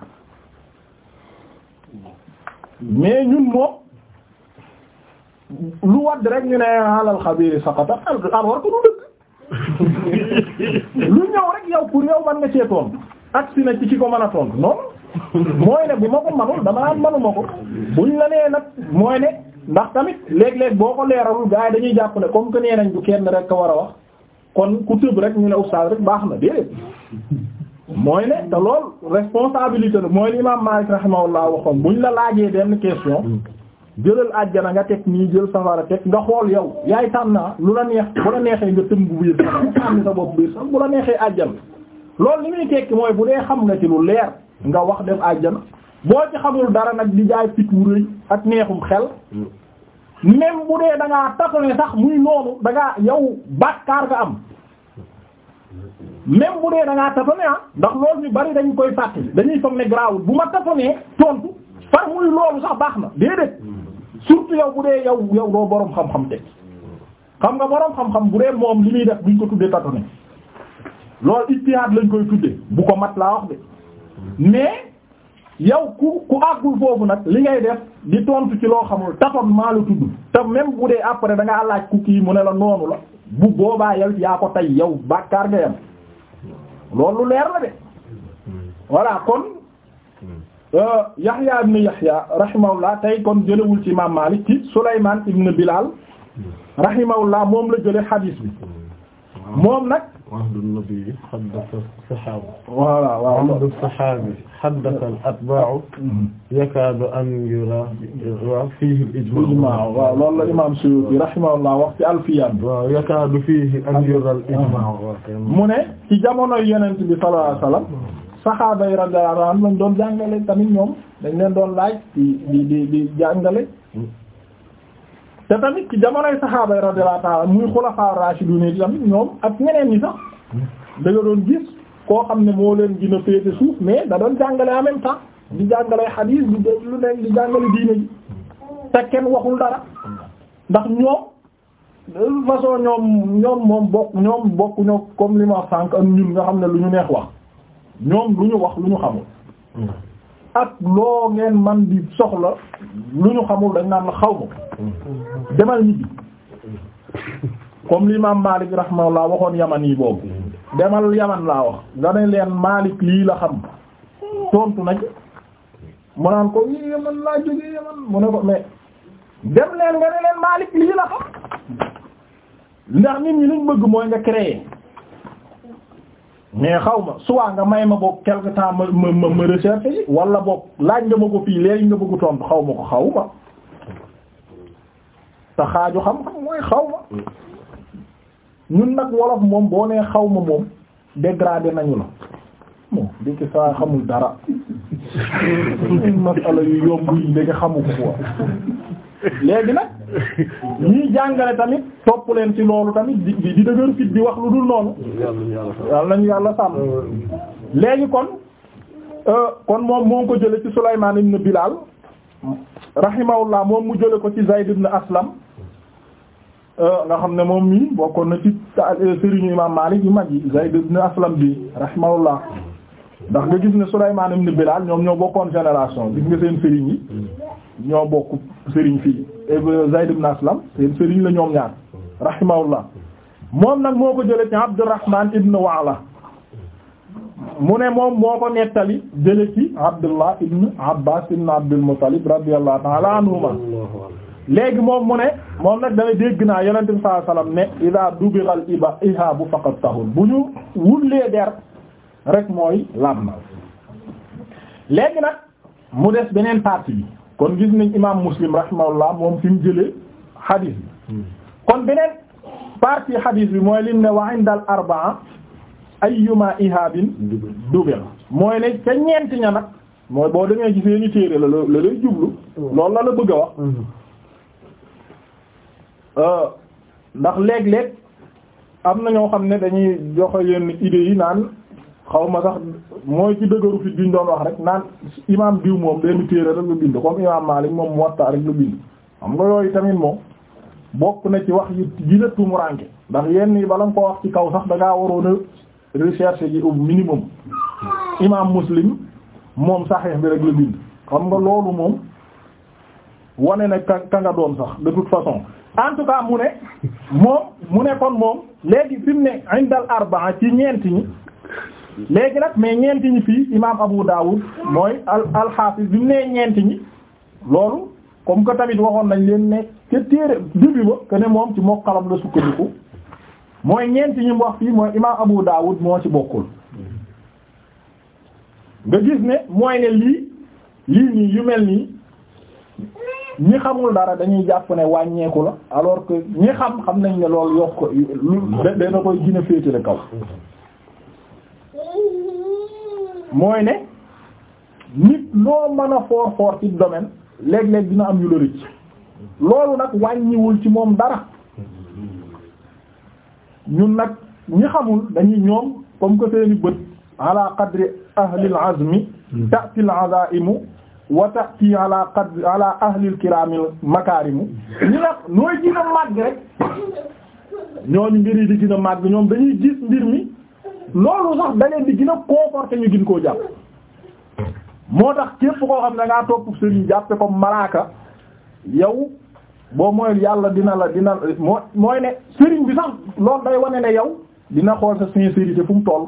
ñun moom lu wadd rek ñu ne alal xabiri saqata alors que du dëgg lu ñëw rek yow pour yow mën nga cee toon agsi na ci ko mën a toon noonu mooy ne bu ma ko manul dama naan manuma ko buñ la nee nag mooy ne ndax tamit léeg-léeg boo ko leeralul gars yi dañuy jàpp ne comme que nee nañ du kenn rek ko war a wax kon ku tëb rek ñu ne oustaz rek baax na déedéet mooy ne te lool responsabilité la mooy li imaam Maalik rahimahullah waxoon ñu la laajee benn question jëlal àjjana nga teg nii jël safara teg nga xool yow yaay tànn naa lu la neex bu la neexee nga tëmb biir safara nga tànn sa bopp biir sax bu la neexee àjjana loolu li muy bu dee xam nga ci lu nga wax dem àjjana boo ci xamul dara nag di jaay fit wu rëy ak neexum xel même bu dee da ngaa tasone sax muy noonu da ngaa yow bàkkaar nga am même bu dee da ngaa tasone ah ndax loolu ñu bari dañ koy fàtte dañuy foog ne grawul bu ma tasonee tontu far muy loolu sax baax na déedéet surtout yow bu dee yow yow doo boroom xam-xam teg xam nga boroom xam-xam bu dee moom li muy def duñ ko tuddee tasone loolu ittihaad lañ koy tuddee bu ko mat laa wax de mais yow ku ku àggul foofu nag li ngay def di tontu ci loo xamul taton maa la tudd te bu dee après da ngaa laaj ku kii mu ne la noonu la bu boobaa yow yaa ko tey yow bàkkaar nga yam loolu leer la de voilà kon euh, Yahya ibn Yahya rahimahullah tey kon jëlewul ci imam Malik ci Sulayman ibn Bilal rahimahullah moom la jële hadis bi moom nag ahdu nabi haddasa saxaabi. voilà waaw ahdu saxaabi haddasa al-atbaa'u. yakaadu an yuraa fiihi al-ijmaa'. waaw loolu la imaam Suyuuti rahimahullah wax ci Alfiya. waaw yakaadu fiihi an yuraa al-ijmaa'. mu ne ci jamonoy Yonent bi sallallahu alayhi wa sallam. saxaaba yi radiyallahu anhum lañ doon jàngale tamit ñoom dañ leen doon laaj di di di jàngale. Mm. te tamit ci jamonoy saxaaba yi radiyallahu ta'ala muy xulafaa raashidun yi tamit ñoom ak ñeneen yi sax da nga gis koo xam ne moo leen gën a féete suuf mais da doon jàngale en même temps di jàngale xadiis di dégg lu nekk di jàngale diine ji te kenn waxul dara ndax ñoom de façon ñoom ñoom moom bokk ñoom bokk ñoo comme li ma sànq ak ñun nga xam ne lu ñu neex wax ñoom lu ñu wax lu ñu xamul. ak loo ngeen man di soxla lu ñu xamul dañ naan la xaw ma demal ñibbi comme l'imam Malik rahimahullah waxoon yaman yi boobu demal yaman laa wax nga ne leen Malik lii la xam tontu nag mu naan ko yi yaman laa jógee yaman mu ne ko mais dem leen nga ne leen Malik lii la xam ndax nit ñi luñ bëgg mooy nga créer mais xaw ma soit nga may ma boog quelque temps ma ma ma recherche yi wala boog laaj nga ma ko fii léegi nga bëgg tontu xaw ma ko xaw ma te xaaju xam-xam mooy xaw ma nag wolof moom boo nee xaw ma moom dégradé nañu la moom di saa xamul dara masala yu yomb yi léegi xamu ko léegi nag ñii jàngale tamit topp leen ci loolu tamit di di dëgër fit di wax lu dul noonu yàlla nañu yàlla sàmm léegi kon euh, kon moom moo ko jële ci Sulaymaan ibn Bilaal rahimahullah moom mu jële ko ci Zayd ibn Aslam euh, nga xam ne moom mii bokkoon na ci euh, sëriñu imaam Maalik mag yi Zayd ibn Aslam bi rahimahullah ndax nga gis ne Sulaymaan ibn Bilaal ñoom ñoo bokkoon génération gis nga seen sëriñ yi ñoo bokk sëriñ fii eh, Zayd ibn Aslam seen sëriñ la ñoom ñaar rahimahullah moom nag moo ko jële ci Abdurrahman ibn Wa'la mu ne moom moo ko nettali jële ci Abdullah ibn Abbas ibn Abdul Muttalib radiyallahu ta'ala anhuma léegi moom mu ne moom nag dana dégg naa yonente bi sallallahu alayhi wasallam ne ida dubiral iba ihaabu faqat tahul bu ñu wullee der rek mooy laab léegi nag mu des beneen partie bi kon gis nañ imaam muslim rahimahullah moom fi mu jëlee hadith bi hmm. kon beneen partie hadith bi mooy lim ne wa indal arbaa ayyuma ihabin dubir mooy ne ca ñeent ña nag mooy boo demee ci seeni téere la la lay hmm. la la bëgg a wax hmm. euh, ndax léeg-léeg am na ñoo xam ne dañuy joxe yenn idées yi naan xaw ma sax mooy ci dëgëru fi biñ doon wax rek naan imaam diw moom benn téere rek lu bind comme imaam Maalik moom Muwatta rek lu bind xam nga yooyu tamit moom bokk na ci wax yi gën a ndax yenn yi bala nga ko wax ci kaw sax da ngaa waroon a recherche ji au minimum imaam Muslim moom Sahih bi rek lu bind xam nga loolu moom wane nag ka ka nga doon sax de toute façon en tout cas mu ne moom mu ne kon moom léegi fi mu ne indal arba'a ci ñeenti ñi léegi nag mais ñeenti ñi fii imaam Abu Dawud mooy al alxaafis bi ñu nee ñeenti ñi loolu comme que tamit waxoon nañ leen ne ca téere début ba que ne moom ci mokkalam la sukkandiku mooy ñeenti ñi mu wax fii mooy imaam Abu Dawud moo ci bokkul. nga gis ne mooy ne lii lii nii yu mel nii ñi xamul dara dañuy jàpp ne wàññeeku la alors que ñi xam xam nañ ne lool yokk lu da da koy gën a féetale kaw. mooy ne nit loo mën a foor foor ci domaine léeg-léeg dina am yu la loolu nag wàññiwul ci moom dara ñun nag ñi xamul dañuy ñoom comme que seeni bët ala qadri ahlil al azaimu wa ta'ti ala qadri ala ahlil kiramil makarimu ñi nooy gën màgg rek ñooñu mbir yi di gën màgg ñoom dañuy gis mbir mi loolu sax da leen di gën a conforter ñu gin koo jàpp moo tax képp koo xam ne ngaa topp sëriñ jàppe comme malaaka yow boo mooy yàlla dina la dina moo mooy ne sëriñ bi sax loolu day wane ne yow dina xool sa sincérité fu mu toll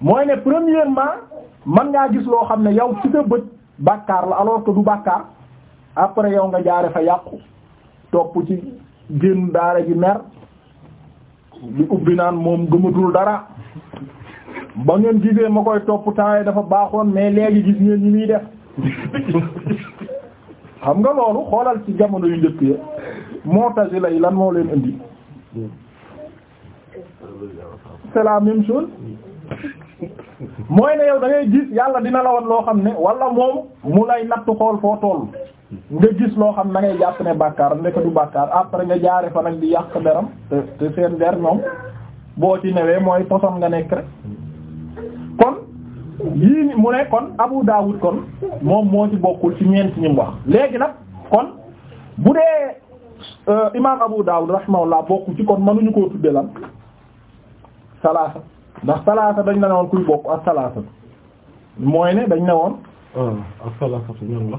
mooy ne premièrement man ngaa gis loo xam ne yow ci sa bët bàkkaar la alors que du bàkkaar après yow nga jaare fa yàqu topp ci génn daara ji mer li ubbi naan moom gëmatul dara ba ngeen gisee ma koy topp temps dafa baaxoon mais léegi gis ngeen ñi muy def xam nga loolu xoolal ci jamono yu njëkk yi Mu'tazila yi lan moo leen indi c'est la même chose mooy ne yow da ngay gis yàlla dina la woon loo xam ne wala moom mu lay natt xool foo toll nga gis loo xam na ngay jàpp ne bàkkaar nekk du bàkkaar après nga jaare fa nag di yàq deram te te seen der ñoom boo ci newee mooy poson nga nekk rek kon yii ni mu ne kon Abu Dawud kon moom moo ci bokkul ci ñeent ñi mu léegi nag kon bu dee euh, imaam Abu Dawud rahimahullah bokkul ci kon mënuñu koo tudde lan salaasa ndax salaasa dañ la ne woon kuy bokk ak salaasa mooy ne dañ ne woon ah, ak salaasa ñoom la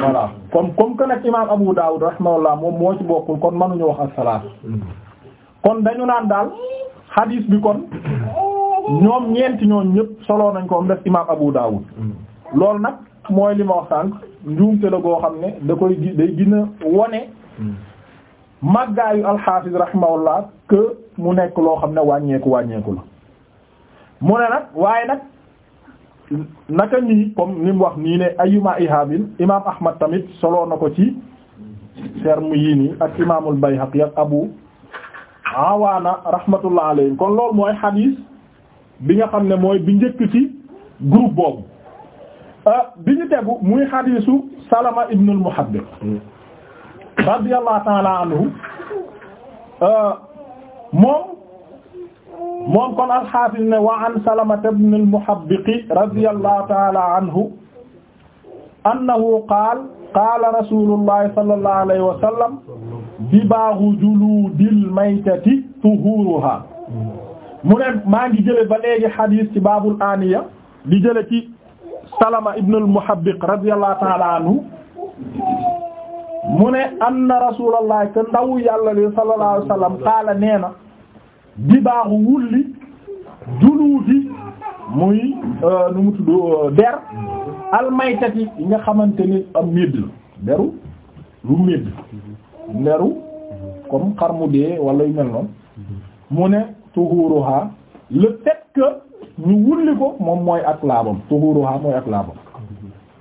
voilà comme comme que nag imaam Abu Dawud rahimahullah moom moo ci bokkul kon mënuñu wax as-salaat kon dañu naan daal hadith bi kon ñoom ñeenti ñoom ñëpp solo nañ ko am def imaam Abu Dawud loolu nag mooy li ma wax njuumte la goo xam ne da koy day gën a wone màggaayu alxaafis rahimahullah que mu nekk loo xam ne wàññeeku wàññeeku la mu ne nag waaye nag naka nii comme ni mu wax nii ne ayuma ihabin imam ahmad tamit solo na ko ci terme yii nii ak imamul bayhaqi ak abu awaana rahmatullah alayhi kon loolu mooy hadis bi nga xam ne mooy bi njëkk ci group boobu euh, bi ñu tegu muy hadisu salama ibnul muhabbib hmm. radiyallahu ta'ala anhu euh, moom moom kon alxaafis ne wa an salamata ibn al-muhabbiqi radiyallahu taala anhu annahu qaal qaala rasulullahi sallallahu alayhi wa sallam dibaahu juluudil maytati tuhuruha mu ne maa ngi jële ba léegi xadiis ci baabul aaniya di jële ci salama ibn al-muhabbiq radiyallahu taala anhu mu ne anna rasulullahi te ndaw yàlla li sallallahu alayhi wa sallam qaala nee na di baaxu wulli juluuti muy euh, nu mu tudd euh, der almaytati yi nga xamante ni am médd la deru lu médd deru comme xar mu dee wala yu mel noonu mu ne tuhuruha le fait que ñu wulli ko moom mooy ak laabam tuhuruha mooy ak laabam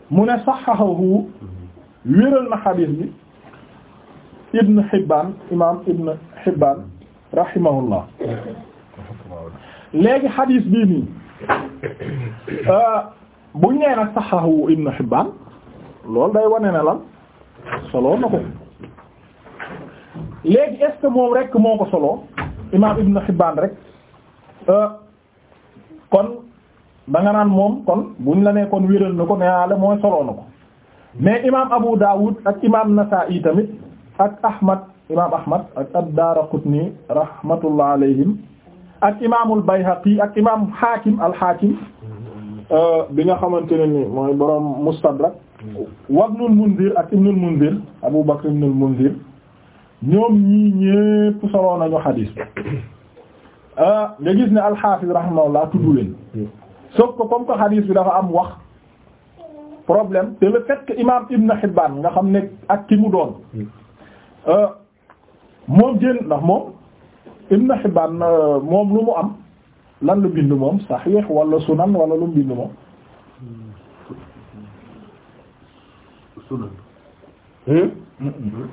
mu ne saxahu wéral na xadiis bi ibn Hibbaan imaam ibn Hibbaan rahimahullah léegi xadiis bii nii euh, buñ nee nag saxahu Ibn Hibbaan loolu day wone ne lan solo na ko léegi est-ce que moom rek moo ko solo imaam Ibn Hibbaan rek euh, kon da naan moom kon buñ la nee kon wéral na ko ne ah, mooy solo na ko mais imaam Abu Daawud ak imaam Nasaa'i tamit ak Ahmad imaam Ahmad ak ad-Daaraqutni rahmatullah alayhim ak imaamul Bayhaqi ak imaam Hakim al-Hakim mm-hmm. euh, bi nga xamante ne ni mooy borom Mustadrak wa Ibnul Munzir ak Ibnul Munzir Abu Bakr Ibnul Munzir ñoom ñii ñépp solo nañu xadiis euh, nga gis ne al-Hafiz rahimahullah tudd leen mm-hmm. sauf que comme que xadiis bi dafa am wax problème te le fait que imaam Ibn Hibban nga xam ne ak ki mu doon. Mm-hmm. Euh, moom génn ndax moom Ibn Hibbaan euh, moom lu mu am lan lu bind moom saxiix wala sunan wala lu mu bind moom sunan hmm?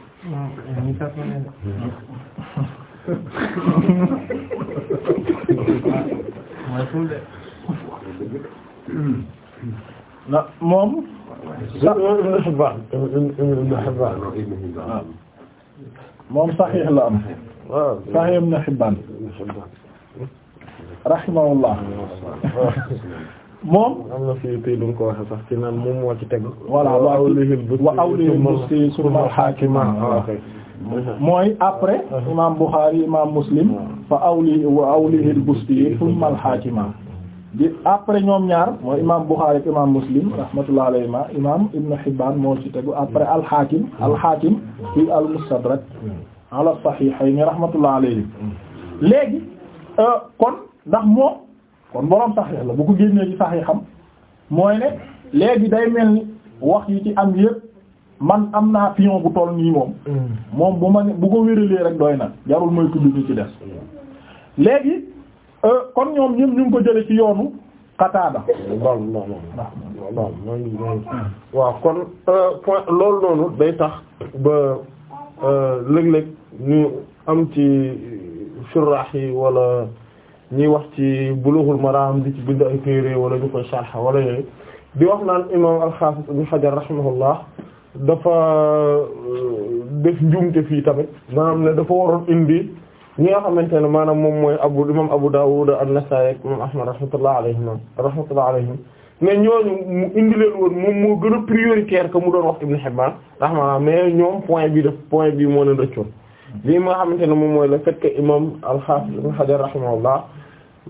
ah. moom saxiix la am saxiix ibn Hibbaan rahimahullah moom am na fii tey lu mu ko waxee sax ci naan moom moo ci teg voilà wa awlihil wa awlihil busti summa al-haakima ah, mooy après ah. imam Bukhari imam Muslim fa awli wa awlihil busti summa al-haakima bi après ñoom ñaar mooy imam Bukhari ak imam Muslim rahmatullah alayhima imam Ibn Hibban moo ci tegu après hmm. al-Hakim hmm. al-Hakim fi al-Mustadrak hmm. ala sahihayn rahmatullah alayhim léegi euh, kon ndax moom kon borom sahih la bu ko génnee ci sahiham mooy ne léegi day mel ni wax yi ci am yépp man am naa pion bu toll nii moom moom bu ma ne bu ko wéralee rek doy na jarul mooy tudd ñu ci des léegi Euh, kon ñoom ñoom ñu ko jële ci yoonu Qataada lool lool waaw kon euh, loolu noonu day tax ba euh, léeg-léeg ñu am ci suraax yi walla ñuy wax ci Bulughul Maram di ci bind ay téere wala ñu koy sarx wala yooyu di wax naan imam al-Hafiz Ibn Hajar rahimahullah dafa def njuumte fii tamit maanaam ne dafa waroon indi ñi nga xamante ne maanaam moom mooy abu imam Abu Dawud an-Nasa'i ak imam Ahmad rahmatullah alayhim rahmatullah alayhim mais ñooñu mu indi leen woon moom moo gën a prioritaire que mu doon wax Ibn Hibban rahmatullah mais ñoom point bi def point bi moo leen rëccoon lii nga xamante ne moom mooy la fait que imam al-Hafiz Ibn Hajar rahimahullah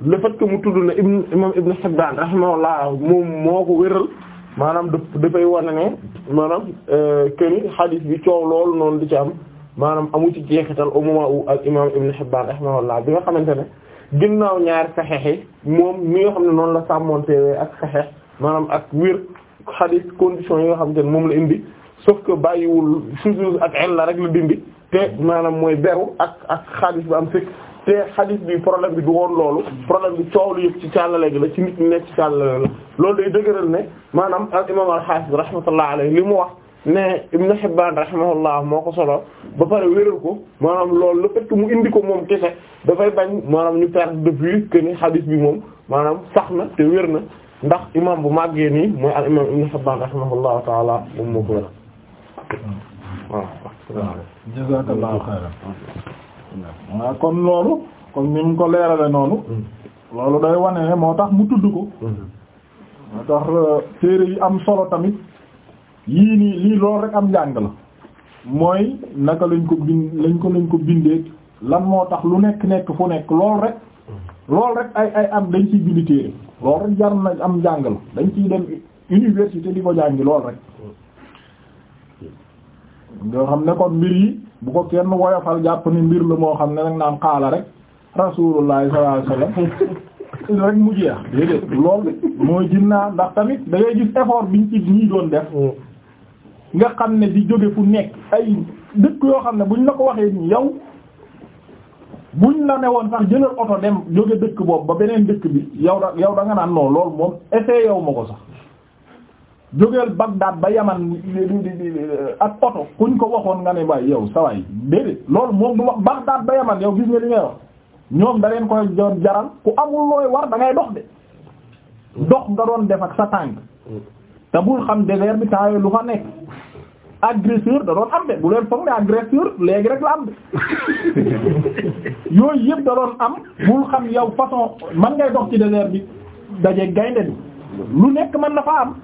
le mu tudd na ibn imam Ibn Hibban rahimahullah moom moo ko wéral maanaam dafay wane ne maanaam këni euh, hadith bi coow loolu noonu di ci am maanaam amu ci jeexital au moment où al imam Ibn Hibban rahimahullah bi nga xamante ne ginnaaw ñaari saxeex yi moom mi nga xam ne noonu la sàmmonteewee ak saxeex maanaam ak wér xadis condition yi nga xamante ne moom la indi sauf que bàyyiwul sujuz ak la rek la dindi te maanaam mooy beru ak ak xadis bu am fekk te xadis bi problème bi du woon loolu problème bi coow lu yëpp ci càllale gi la ci nit ñi nekk càllale la loolu day dëgëral ne maanaam al imam al-Hafiz rahmatullah alayhi li mu wax ne Ibn Hibbaan rahimahullah moo ko solo ba pare wéral ko maanaam lool le fait mu indi ko moom kese dafay bañ maanaam ñu perdre de vue que ni hadith bi moom maanaam sax na te wér na ndax imam bu màggee ni mooy al imam Ibn Hibbaan rahimahullah taala moom moo ko wéral waaw kon loolu kon ni mu ko leerale noonu loolu day wane ne moo tax mu tudd ko mm-hmm. moo tax euh, am solo tamit yii nii lii lool rek am jàng la mooy naka lañ ko bind lañ ko lañ ko bindee lan moo tax lu nekk nekk fu nekk lool rek lool rek ay ay am dañ ciy bind téere loolu rek jar na am njàng la dañ ciy dem université di ko jàngi lool rek nga xam ne mbir yi bu ko kenn woyofal jàpp ni mbir la moo xam ne nag naan xaala rek rasulullah sallallahu alayhi wasallam rek mu jeex déedéet loolu mooy ginnaaw ndax tamit da ngay gis effort biñ ci ñii nga xam ne di jóge fu nekk ay dëkk yoo xam ne bu ñu la ko waxee nii yow buñ la ne woon sax jëlal oto dem jóge dëkk boobu ba beneen dëkk bi yow da yow da nga naan non loolu moom essayé yow ma ko sax jógeel Bagdad ba Yaman ak oto kuñ ko waxoon nga ne waaye yow sawaay déedéet loolu moom du wax Bagdad ba Yaman yow gis nga li ngay wax ñoom da koy jaral ku amul looy war dangay dox de dox nga doon def ak sa tànk te bul xam désert bi temps lu fa nekk agresseur da doon am de bu leen foog ne agresseur léegi rek la am de yooyu yëpp da doon am bul xam yow façon man ngay dox ci désert bi daje gaynde bi lu nekk mën na fa am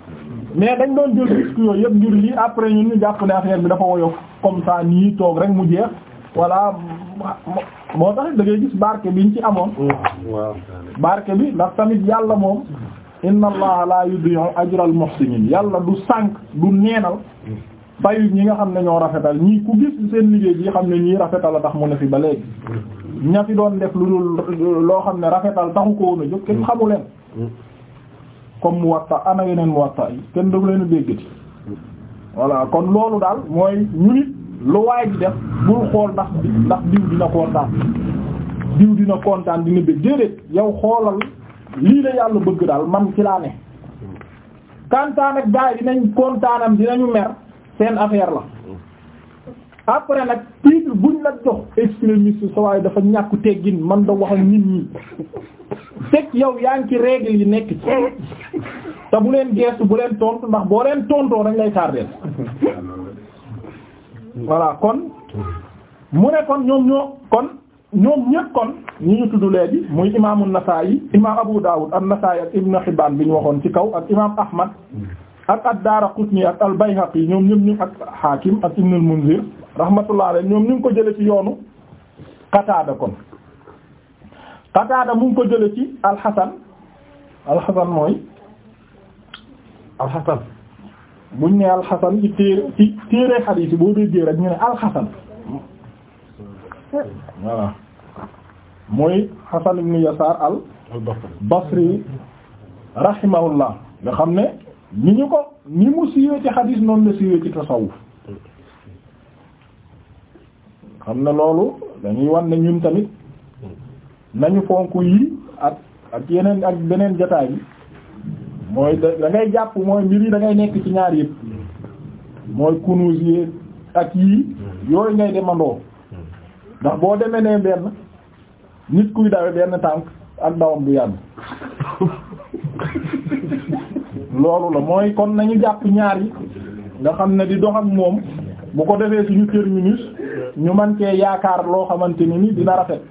mais dañ doon jël risque yooyu yëpp ngir lii après ñun ñu jàpp ne affaire bi dafa woyof comme ça nii toog rek mu jeex voilà moo tax da ngay gis barke biñ ci amoon. Mm, barke bi ndax tamit yàlla moom. inna allaha la yudi'u ajral muhsinin yàlla du sànq du neenal fayu ñi nga xam ne ñoo rafetal ñi ku gis seen liggéey bi xam ne ñii rafetal a tax mu ne fi ba léegi ña fi doon def lu dul loo xam ne rafetal taxu ko woon a jóg kenn xamu leen comme mu watta ana yeneen watta yi kenn daf leen a déggati voilà kon loolu daal mooy ñu nit lu waay ji def bul xool ndax ndax diw dina kontaan dina kontaan dina bëgg yow xoolal lii de yàlla bëgg daal man ci laa ne ak gars dinañ kontaanam dinañu mer seen affaire la après nag titre buñ la jox extrémiste sa waaye dafa ñàkku teggin man da wax ak nit ñi fekk yow yaa ngi ci règle yi nekk ci te bu leen geestu bu leen tontu ndax boo leen tontoo dañ lay tardeel voilà kon mu ne kon ñoom ñoo kon ñoom ñëpp kon ñi ñu tudd léegi muy imaamu Nasaa'i imaam Abu Dawud an-Nasaa'i ak Ibn Hibbaan bi ñu waxoon ci kaw ak imaam Ahmad ak ad-Daaraqutni ak al-Bayhaqi ñoom ñëpp ñu ak Haakim ak Ibn al rahmatullah alayhi ñoom ñu ngi ko jële ci yoonu Qataada kon Qataada mu ngi ko jële ci al-Hasan al-Hasan mooy al-Hasan buñ ne al-Hasan ci téere ci téere hadiis boo déggee ñu ne al-Hasan voilà mooy Hasan ibn Yasaar al Basri rahimahullah nga xam ne ni ñu ko ni mu siiwee ci xadiis noonu la siiwee ci tasawuf xam ne loolu dañuy wan ne ñun tamit nañu fonk yi ak ak yeneen ak beneen jotaay bi mooy da ngay jàpp mooy mbir yi da ngay nekk ci ñaar yëpp mooy kunuus yi ak yii yooyu ngay demandoo ndax boo demee ne benn nit kuy dawe benn tànk ak dawam du yàgg loolu la mooy kon nañu jàpp ñaari nga xam ne di dox moom bu ko defee suñu terminus ñu man cee yaakaar loo xamante ni nii dina rafet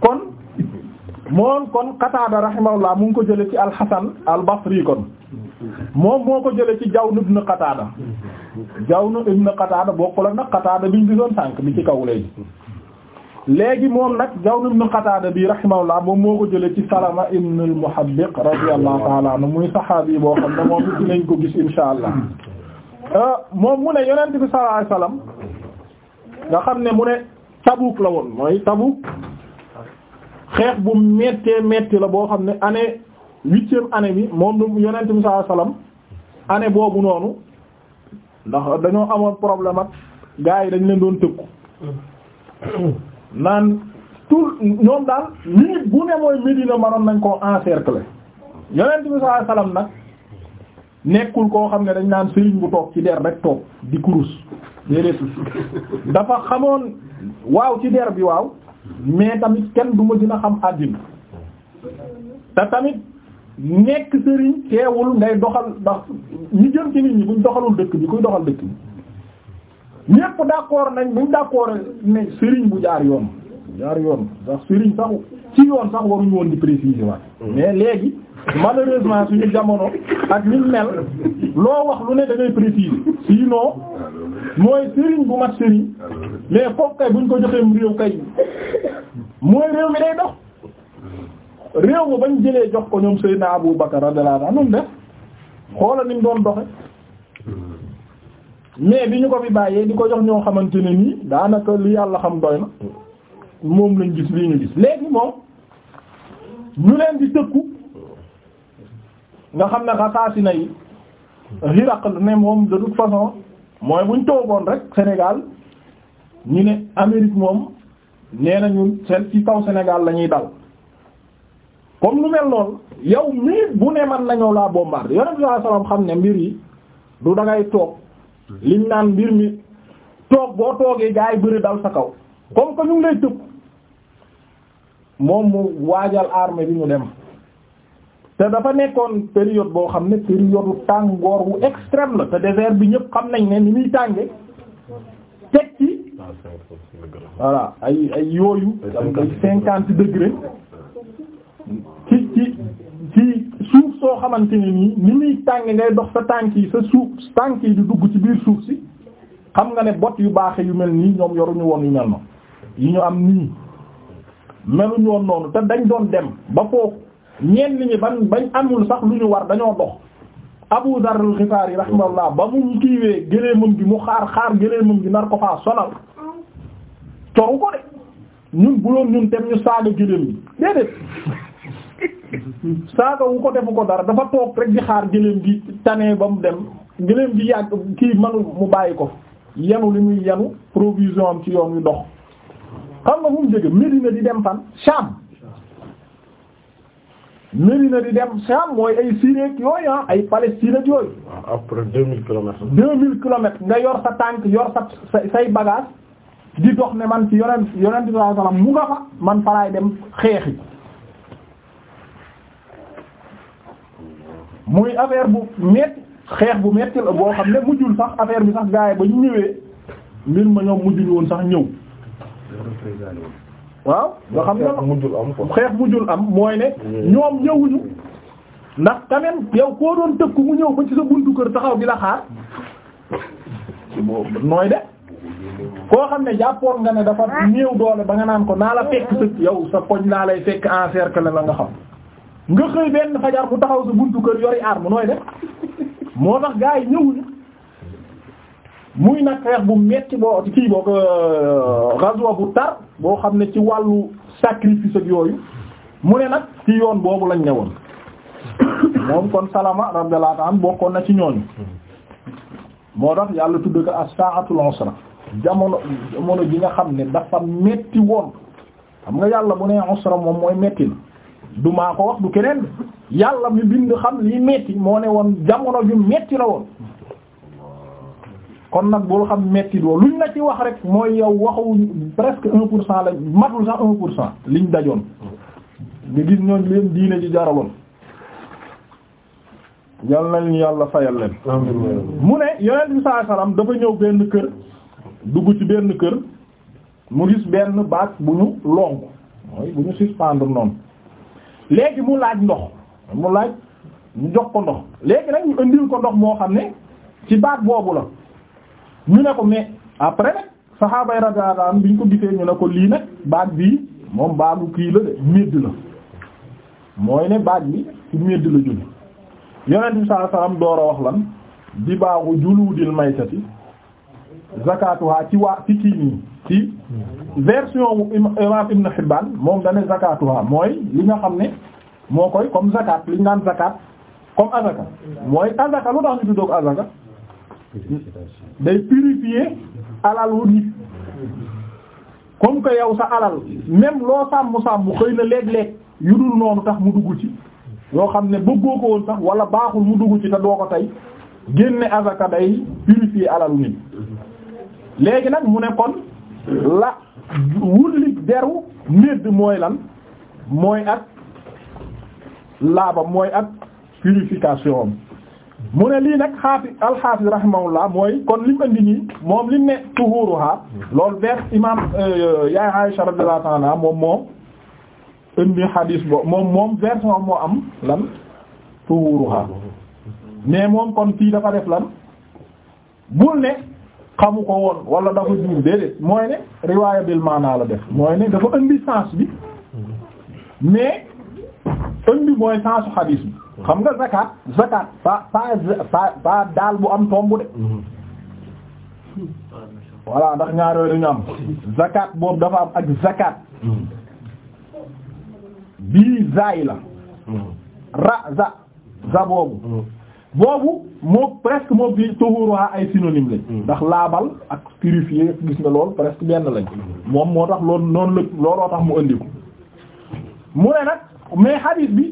kon moom kon Qataada rahimahullah mu ngi ko jële ci al-Hasan al-Basri kon moom moo ko jële ci jaw Jawn ibn Qataada Jawn ibn Qataada bokkul ak nag Qataada biñ gisoon tànk bi ci kaw léegi léegi moom nag jaw Zayd bii Qatada bi rahimahullah moom moo ko jëlee ci Salama ibn al-Muhabbiq radiyallahu ta'ala anhu muy saxaabi yi boo xam ne moom it dinañ ko gis insha allah euh, moom mu ne yonent bi sallallahu alayhi nga xam ne mu ne Tabuk la woon mooy Tabuk xeex bu méttee métti la boo xam ne année huitième année bi moom yonent bi sallallahu alayhi wasallam année boobu noonu ndax dañoo amoon problème ak gars yi dañ leen doon tëkku naan tout ñoom daal minute bu ne mooy Médina manoon nañ koo encercler yonent bi sallallahu alayhi wasallam nag nekkul koo xam ne dañ naan sëriñ bu toog ci der rek toog di kurus déedéet dafa xamoon waaw ci der bi waaw mais tamit kenn du ma gën a xam àddina da tamit nekk sëriñ teewul ngay doxal ndax ñu jëm ci nit ñi buñ doxalul dëkk bi kuy doxal dëkk bi ñépp d'accord nañ buñ d'accord ne sëriñ bu jaar yoon jaar yoon ndax sëriñ sax ci yoon sax waruñu woon di préciser waat mm-hmm. mais léegi malheureusement suñu jamono ak ni mel loo wax lu ne da ngay préciser sinon mooy sëriñ bu mat sëriñ mais foofu kay buñ ko joxeem réew kay mooy réew mi day dox réew mi bañ jëlee jox ko ñoom Seydina Abou Bakar radiyallahu anhu de xoola ni mu doon mais bi ñu ko fi bàyyee di ko jox ñoo xamante ne nii daanaka li yàlla xam doy na moom lañ gis lii ñu gis léegi moom ñu leen di tëkku nga xam ne xasaasi na yi Hiraq ne moom de toute façon mooy buñ toogoon rek Sénégal ñu ne Amérique moom nee nañu ñun seen kaw Sénégal la ñuy dal comme lu mel lool yow mii bu ne man nañoo laa bombarder yonent bi sallallahu alayhi xam ne mbir yi du dangay toog liñ naan mbir mi toog boo toogee gaa yi bëri dal sa kaw comme que ñu lay tëb moom mu waajal armée bi ñu dem te dafa nekkoon période boo xam ne période tàngoor bu extrême la te désert bi ñëpp xam nañ ne ni muy tànge teg ci voilà ay ay yooyu am ay cinquante degré ci ci ci suuf soo xamante ne nii ni muy tàng ngay dox sa tànk yi sa suuf tànk yi di dugg ci biir suuf si xam nga ne bot yu baaxe yu mel nii ñoom yoruñu woon yu mel noonu yi ñu am nii meluñu woon noonu te dañ doon dem ba foofu ñenn ñi ban bañ amul sax lu ñu war dañoo dox Abu Dharr al-Ghifari rahimahullah ba mu kiiwee gëléemam gi mu xaar xaar gëléemam gi nar ko faa sonal coru ko de ñun bu doon ñun dem ñu saaga gëléem gi déedéet saaga wu ko defu ko dara dafa toog rek di xaar gëléem gi tanee ba mu dem gëléem gi yàgg kii manul mu bàyyi ko yanu li muy yanu provision am ci yoon wi dox xam nga mu jóge Medina di dem fan Sham Medina di dem Sham mooy ay Syrie yooyu ah ay Palestine ak yooyu. après ah, deux mille kilomètres. deux mille nga yor sa tànk yor sa say bagage di dox ne man ci yonent yonent bi sallallahu mu nga fa man faraay dem xeexi muy affaire bu metti xeex bu metti la boo xam ne mujjul sax affaire bi sax gaay ba ñu ñëwee mbir ma ñoom mujjuñu woon sax ñëw waaw nga xam ne xeex mujjul am mooy ne ñoom ñëwuñu ndax quand même yow koo doon tëkku mu ñëw ba ci sa buntu kër taxaw di la xaar nooy de koo xam ne jàppoon nga ne dafa ah. néew doole ba nga naan ko naa la fekk sa yow sa poñ laa lay fekk encercle la nga xam nga xëy benn fajar bu taxaw sa buntu kër yori arme nooy def moo tax gaa yi ñëwuñu muy nag xeex bu metti boo kii boo euh, gazwa bu tar boo xam ne ci wàllu sacrifice ak yooyu mu ne nag ci yoon boobu lañ ne woon moom kon salama radiyallahu anhu bokkoon na ci ñooñu moo tax yàlla tudd ko as-sa'atul usra jamono jamono ji nga xam ne dafa metti woon xam nga yàlla bu nee usra moom mooy metti na du maa ko wax du keneen yàlla mi bind xam li metti moo ne woon jamono ju metti la woon kon nag bul xam metti doo luñ la ci wax rek mooy yow waxu presque un pour cent la matul sax un pour cent liñ dajoon nga gis ñooñ leen diine ji jaraloon yal nañ yàlla fayal leen mu ne yonent bi saa dafa ñëw benn kër dugg ci benn kër mu gis benn baag bu ñu lonk mooy bu ñu suspendre noonu léegi mu laaj ndox mu laaj mu jox ko ndox léegi nag ñu indil ko ndox moo xam ne ci baat boobu la ñu ne ko mais après nag saxaabay radiyallahu bi ñu ko gisee ñu ne ko lii nag baat bi moom baatu kii la de medd la mooy ne baat bi ci medd la jóge yonent bi sallallahu door a wax lan di di juluudil maytati zakatuha ci waa ci kii nii ci version imam Ibn moom dane zakatuha mooy li nga xam ne moo koy comme zakat li ñu naan zakat comme azaka mooy azaka lu tax ñu tuddoog azaka day purifier alal wu nit comme que yow sa alal même loo sàmm sàmm xëy na léeg-léeg yu dul noonu tax mu dugg ci yoo xam ne bëggoo ko woon sax wala baaxul mu dugg ci te doo ko tey génne azaka day purifier alalu nit léegi nag mu ne kon la wulli deru médd mooy lan mooy ak laaba mooy ak purification mu ne lii nag xaafi alxaafi rahimahullah mooy kon li mu andi nii moom li mu ne tuhuruha loolu vers imam euh, yaay Aisha radiyallahu ta'ala anha moom moom indi hadis bo moom moom version moo am lan tuhuruha mais moom kon fii dafa def lan bul ne xamu ko woon wala dafa juum déedéet mooy ne riwaaya bil maanaa la def mooy ne dafa indi sens bi mais indi mooy sensu xadiis bi xam nga zakat zakat pas pas pas daal bu am tomb de voilà ndax ñaar yooyu dañu am zakat boobu dafa am ak zakat bii zaay la ra za za boobu boobu moo presque moo bi tuhuruha ay synonyme lañ hmm. ndax laabal ak purifier gis na lool presque benn lañ moom moo tax loolu noon la looloo tax mu indi ko mu ne nag mais hadith bi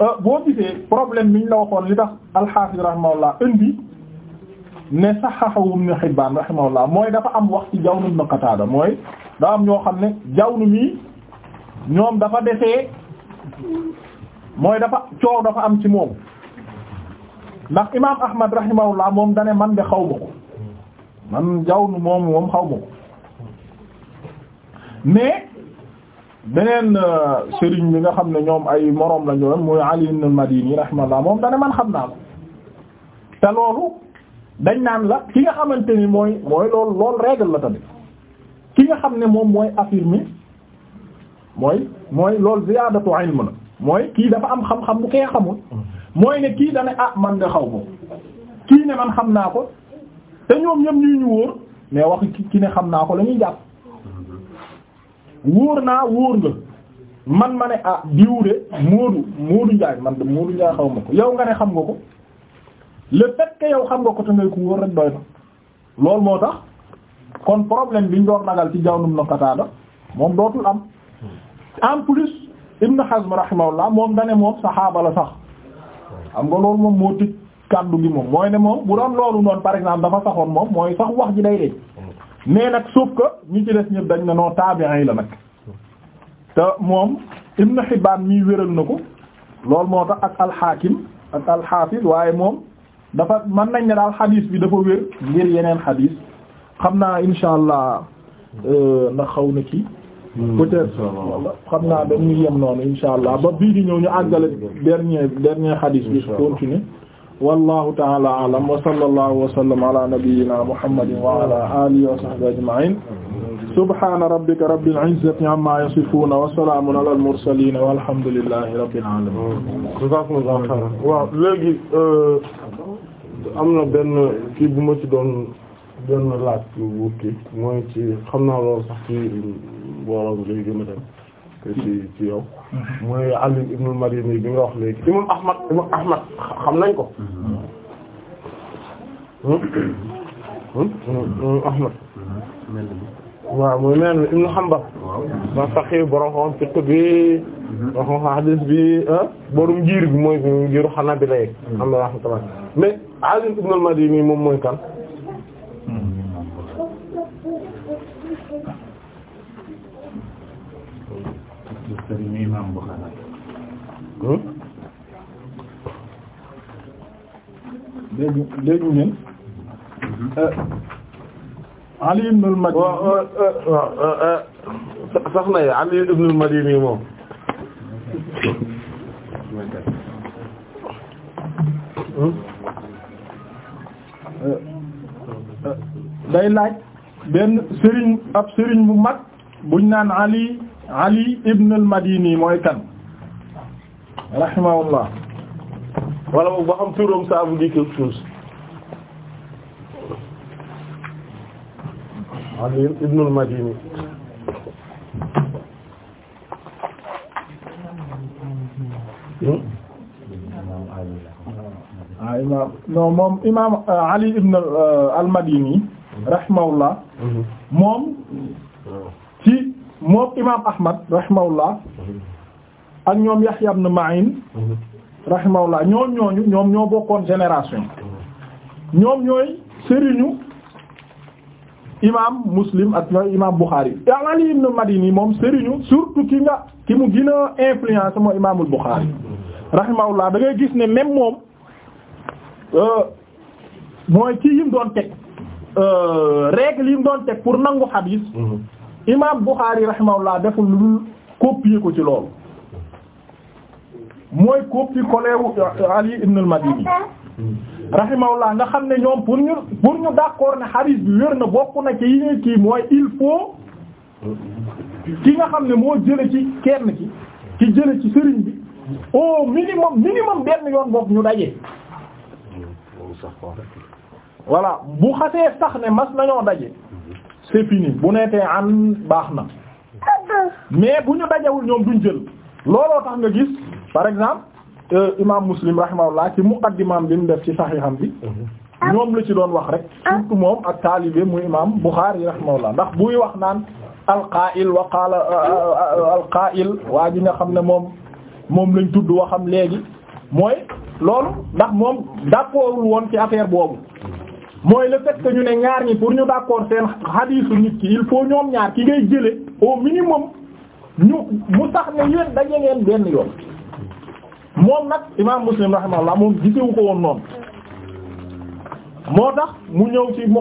euh, boo gisee problème bi ñu la waxoon li tax al-Hafiz rahimahullah indi ne sahahu Ibn Hibban rahimahullah mooy dafa am wax ci Jawn ibn Qatada mooy daa am ñoo xam ne Jawn mii ñoom dafa desee mooy dafa coow dafa am ci moom ndax imaam Ahmad rahimahullah moom dane man de xaw ma ko man jawnu moom moom xaw ma ko mais beneen euh, sëriñ bi nga xam ne ñoom ay moroom la woon muy Ali ibn al-Madini moom dane man xam naa ko te loolu dañ naan la ki nga xamante ni mooy mooy loolu loolu règle la tamit ki nga xam ne moom mooy affirmer mooy mooy loolu ziyaadatu ilm la mooy kii dafa am xam-xam bu kee xamul mooy ne kii dane ah man nga xaw ma kii ne man xam naa ko te ñoom ñoom ñuy ñu wóor mais wax ki ne xam naa ko la ñuy jàpp wóor naa wóor nga man ma ne ah diw de Moodu Moodu Njaay man de Moodu Njaay xaw ma ko yow nga ne xam nga ko le fait yow xam nga ko te ngay ko wóor rek doy na loolu moo tax kon problème bi ñu doon nagal ci jawnum na kataada moom dootul am en plus Ibn Hazm rahimahullah moom dane moom saxaaba la sax xam nga loolu moom moo tëj kàddu gi moom mooy ne moom bu doon loolu noonu par exemple dafa saxoon moom mooy sax wax ji day deñ mais nag sauf que ñi ci des ñëpp dañ na noon taabi'in yi la nag te moom Ibn Hibbaan mii wéral na ko lool moo tax ak al-Haakim ak al-Haafiz waaye moom dafa man nañ ne daal xadiis bi dafa wér ngir yeneen xadiis xam naa insha allah euh, ndax xaw na kii Hmm. peut-être xam naa dañuy yem noonu insha allah ba bii di ñëw ñu àggale dernier dernier hadith bi continuer wallahu ta'ala a'lam wa sallallahu wa sallam ala nabiyyina muhammadin wa ala alihi wa sahbihi ajma'in subhana rabbika rabbil izzati amma yasifun wa salamun ala al mursalin walhamdulillahi rabbil alamin waaw léegi euh, am na benn kii bu ma ci doon benn laaj bu kii mooy ci xam naa loolu sax ci booloo ngi lay gën a dem ci ci yow mooy Ali ibn madini bi nga wax léegi imam Ahmad imam Ahmad xam nañ ko Ahmad waaw mooy mel ni Ibn Hanbal ma saxi borom xam fiqh bi waxoon hadith bi ah, borom njiir bi mooy njiiru Hanabila mm-hmm. am na rahmatullah mais Ali ibn al-Madini moom mooy kan imam Bukhari léegi hmm? léegi ñun euh, Ali ibn al oh, oh, oh, moom hmm? euh, euh, day laaj benn sëriñ ab sëriñ bu mag buñ naan Ali ali ibn al-madini mooy kan rahimahullah wala boog ba xam turam ça vous dit quelque chose ali ibn al-madini hmm? ah imaam non moom imaam euh, ali ibn euh, al-madini rahimahullah hmm. moom moom imaam Ahmad rahimahullah ak ñoom Yahya ibn Ma'in rahimahullah ñoom ñooñu ñoom ñoo bokkoon génération ñoom ñooy sëriñu imaam Muslim ak imaam Bukhari Ali ibn Madini moom sëriñu surtout ki nga ki mu gën a influence moo imaamul Bukhari rahimahullah da ngay gis ne même moom euh, mooy ci yim doon teg euh, règle yim doon teg pour nangu xadiis imaam Bukhari rahimahullah deful lu dul copier ko ci loolu mooy copier collé wu euh, Ali ibn madini rahimahullah nga xam ne ñoom pour ñu pour ñu d'accord ne xarit bi wér na bokk na ci yi ñuy kii mooy il faut ki nga xam ne moo jële ci kenn ci ki jële ci sëriñ bi au minimum minimum benn yoon bokk ñu daje. voilà bu xasee sax ne mas nañoo daje c'est fini bu nekkee an baax na mais bu ñu dajawul ñoom duñ jël looloo tax nga gis par exemple euh, imam muslim rahimahullah ci muqaddimaam bi mu def ci saxiixam bi ñoom la ci doon wax rek surtout moom ak taalibe muy imam Bukhari rahimahullah ndax buy wax naan alqaa'il wa qaala euh, euh, alqaa'il waa ji nga xam ne moom moom lañ tudd waxam léegi mooy loolu ndax moom d'accordul woon ci affaire boobu mooy le fait que ñu ne ñaar ñi pour ñu d'accord seen xadiisu nit ki il faut ñoom ñaar ki ngay jële au minimum ñu mu tax ne yéen daje ngeen benn yoon moom nag imaam Muslim rahimahullah moom gisewu ko woon noonu moo tax mu ñëw ci ma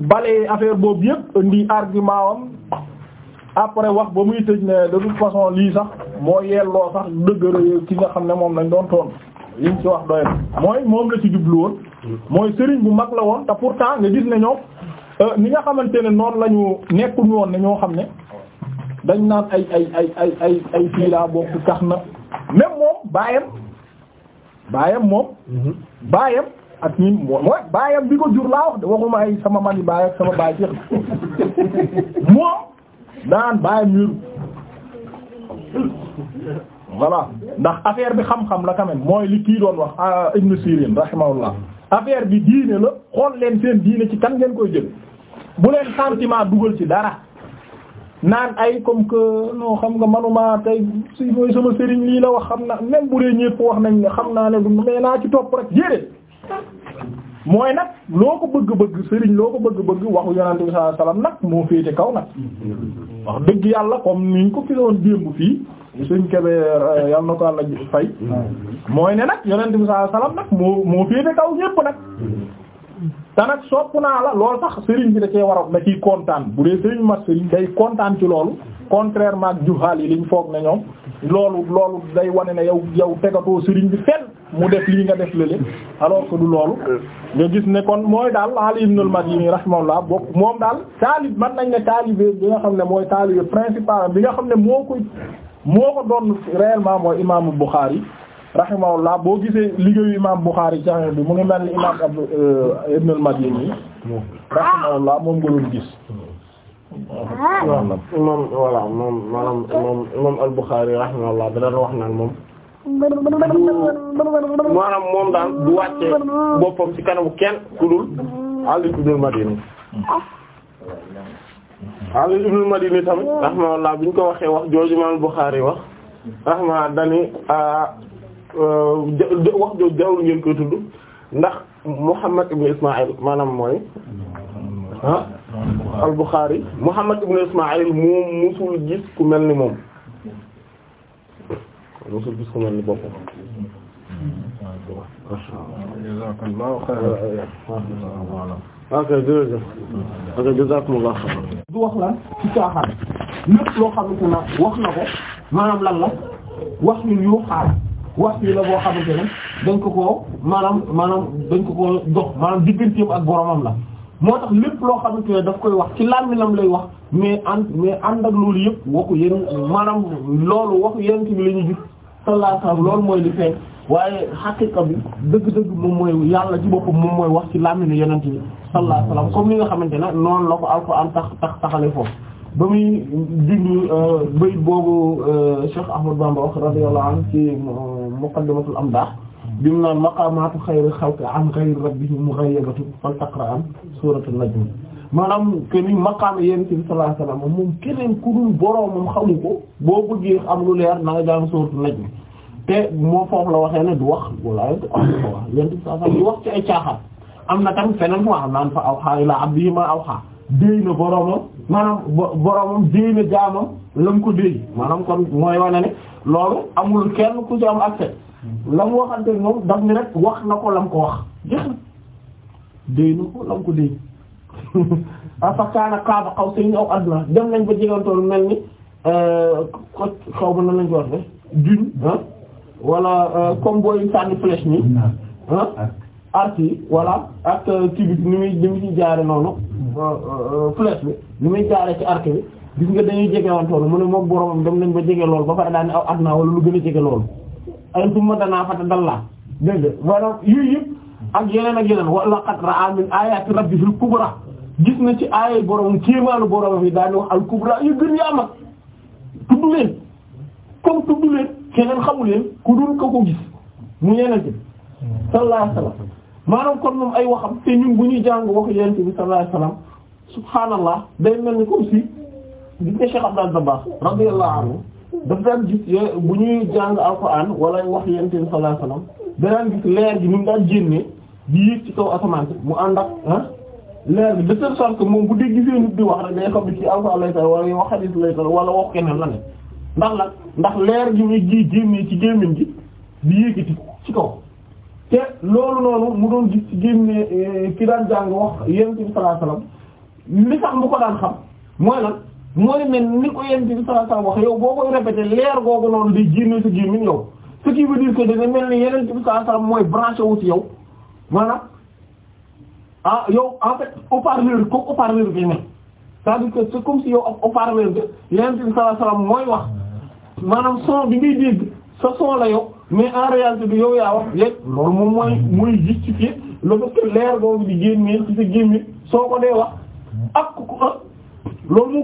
balee affaire boobu yëpp indi argument am après wax ba muy tëj ne de toute façon lii sax moo yelloo sax dëgërëyee ki nga xam ne moom lañ doon toon liñ ci wax doy mooy moom la ci jublu woon mooy sëriñ bu mag la woon te pourtant nga gis ne ñoom euh, ni nga xamante ne noonu lañu ñu nekkuñu woon ne ñoo xam ne dañ naan ay ay ay ay ay ay fii laa bokk tax na même moom baayam baayam moom mhm. baayam ak ñi mooy baayam bi ko jur laa wax de waxuma ay sama man yi baay ak sama baay ci moom daan baayam ñëru voilà ndax affaire bi xam-xam la quand mooy li kii doon wax ah, Ibn Sirin rahimahullah affaire bi diine la xool leen seen diine ci kan ngeen koy jël bu leen sentiment dugal ci dara naan ay comme que non xam nga manuma tey si mooy sama sëriñ lii la wax xam na même bu dee ñëpp wax nañ ne xam naa ne mais naa ci topp rek jéedéet mooy nag loo ko bëgg-bëgg sëriñ loo ko bëgg-bëgg waxu yonente bi sallallahu alayhi nag moo féete kaw nag dëgg yàlla comme ni ñu ko fi doon démb fii suñ kebe euh, yàlla na ko àlla fay mooy ne nag yonente bi sallallahu nag moo moo féete kaw ñépp nag te nag sopp naa la lool sax sëriñ bi da cee war a kontaan bu dee sëriñ mat sëriñ day kontaan ci loolu contrairement ak juhaal yi liñ foog ne ñoom loolu loolu day wane ne yow yow tegatoo sëriñ bi fenn mu def lii nga def lële alors ko du loolu nga gis ne kon mooy daal Ali ibn al-Madini rahimahullah bokk moom daal taalib mën nañ ne taalibe bi nga xam ne mooy taalibe principal bi nga xam ne moo koy moo ko doon réellement mooy imaamu Bukhari rahimahullah boo gisee liggéeyu imam Bukhari jaxe bi mu ngi mel ni imam Abd euh, ibn al-Madini rahimahullah moom nga doon gis moom voilà moom maanaam moom moom al-Bukhari rahimahullah da doon wax naan moom maanaam moom daal du wàcce boppam ci kanamu kenn ku dul Ali ibn Madini Ali ibn Madini tamit rahimahullah bi ñu ko waxee wax jooju maanaam Bukhari wax rahma dani ah, euh, wax jooju jarul ngeen koy tudd ndax Muhammad ibn Ismaïl maanaam mooy ah al Bukhari Muhammad ibn Ismaïl moom musul gis ku mel ni moom musul gis ku mel ni boppam jazakallahu khayran ok jërëjëf ok jazakumullahu khayran du wax lan ci caaxaan lépp loo xamante na wax na ko maanaam lan la wax yu yu xaar wax yi la boo xamante ne dañ ko ko maanaam maanaam dañ ko ko dox maanaam digganteem ak boromam la moo tax lépp loo xamante ne daf koy wax ci làmmiñam lay wax mais ànd mais ànd ak loolu yëpp waxu yéen maanaam loolu waxu yéen ci bi la ñuy loolu mooy li feeñ waaye xaqiqa bi dëgg-dëgg moom mooy yàlla ci boppam moom mooy wax ci làmmiñu yonent bi sallallahu alayhi wasallam comme li nga xamante ne noonu la ko alxuraan tax tax taxale foofu ba muy dindi euh, bayit boobu euh, Cheikh Ahmad Bamba wax radiyallahu anhu ci euh, am amdah bi mu naan maqaamaatu xayri xalqi an xayri rabbihim mughayyabatu fal taqra am suuratu najm maanaam que ni maqaam yonent bi sallallahu alayhi wa sallam moom keneen ku ko boo bëggee am na nga jàng suuratu najm te moo la am lu wax yonent bi sallallahu alayhi wa sallam du wax ci ay caaxaan am na tam feneen wax naan fa awhaa ilaa abdihi maa awhaa déy na boroomam maanaam boroomam déy na jaamam la ko déy maanaam kon mooy wane ne loolu amul kenn ku ci am accès. la mu waxante moom daf ni rek wax na ko lam ko wax jeex na déy na ko lam ko déy afakaana kaaba xaw sëñ aw adna dem nañ ba jegantoon mel ni euh, ko xaw ma na lañ ko wax de juñ ah. wala euh, comme booy sànni flèche ni ah. ah. arc yi voilà ak euh, tibi ni muy ni mu ci jaare noonu hmm. flèche bi ni muy jaare ci arc bi gis nga dañuy jegewantoon mu ne moom boromam dem nañ ba jege lool ba pare daal ne aw adna wala lu gën a jege loolu ay summa danaa fata dallaa dégg maanaam yooyu yëpp ak yeneen ak yeneen wa laqad ra'a min ayati rabbihil kubra gis na ci aayay borom kéemaanu borom yi daañu wax al kubra yu gën yaa mag tudd leen comme tudd leen keneen xamu leen ku dul ko ko gis mu yeneen ci sallallahu alayhi wasallam maanaam kon moom ay waxam te ñun bu ñuy jàng waxu yeneen ci bi sallallahu alayhi wasallam subhaanallah day mel ni comme si gis nga Cheikh Abdel Dabakh radiyallahu anhu dafa daan gis bu ñuy jàng alxuraan wala wax yonent bi sallallahu alayhi wasallam da daan gis leer gi ni daan génnee di yéeg ci kaw asamaan si mu ànd ak ah leer gi dafa telle sorte que moom bu dee di wax rek day xam ne ci alxuraan lay wala wax hadith lay tal la ne ndax la ndax leer gi muy ji génnee ci gémmiñ gi di yéegati ci kaw te loolu noonu mu doon gis ci génne eh, ki daan jàng wax yonent bi sallallahu alayhi wasallam li sax ko daan xam mooy lan. mooy mel ni ko yéen bi sallallahu alayhi wasallam wax yow boo koy répété leer googu noonu di génn si gémmiñ yow ce qui veut dire que dana mel ni yeneen bi sallallahu alayhi wasallam mooy branché wu ci yow maanaam ah yow en fait haut-parleur comme haut-parleur bi ko c'est-à-dire si yow ak haut-parleur bi yeneen bi sallallahu mooy wax maanaam son bi ngay dégg sa son la yow mais en réalité bi yow yaa wax léegi loolu moom mooy mooy justifié le fait leer googu di génnee ci sa gémmiñ soo ko dee wax ak loolu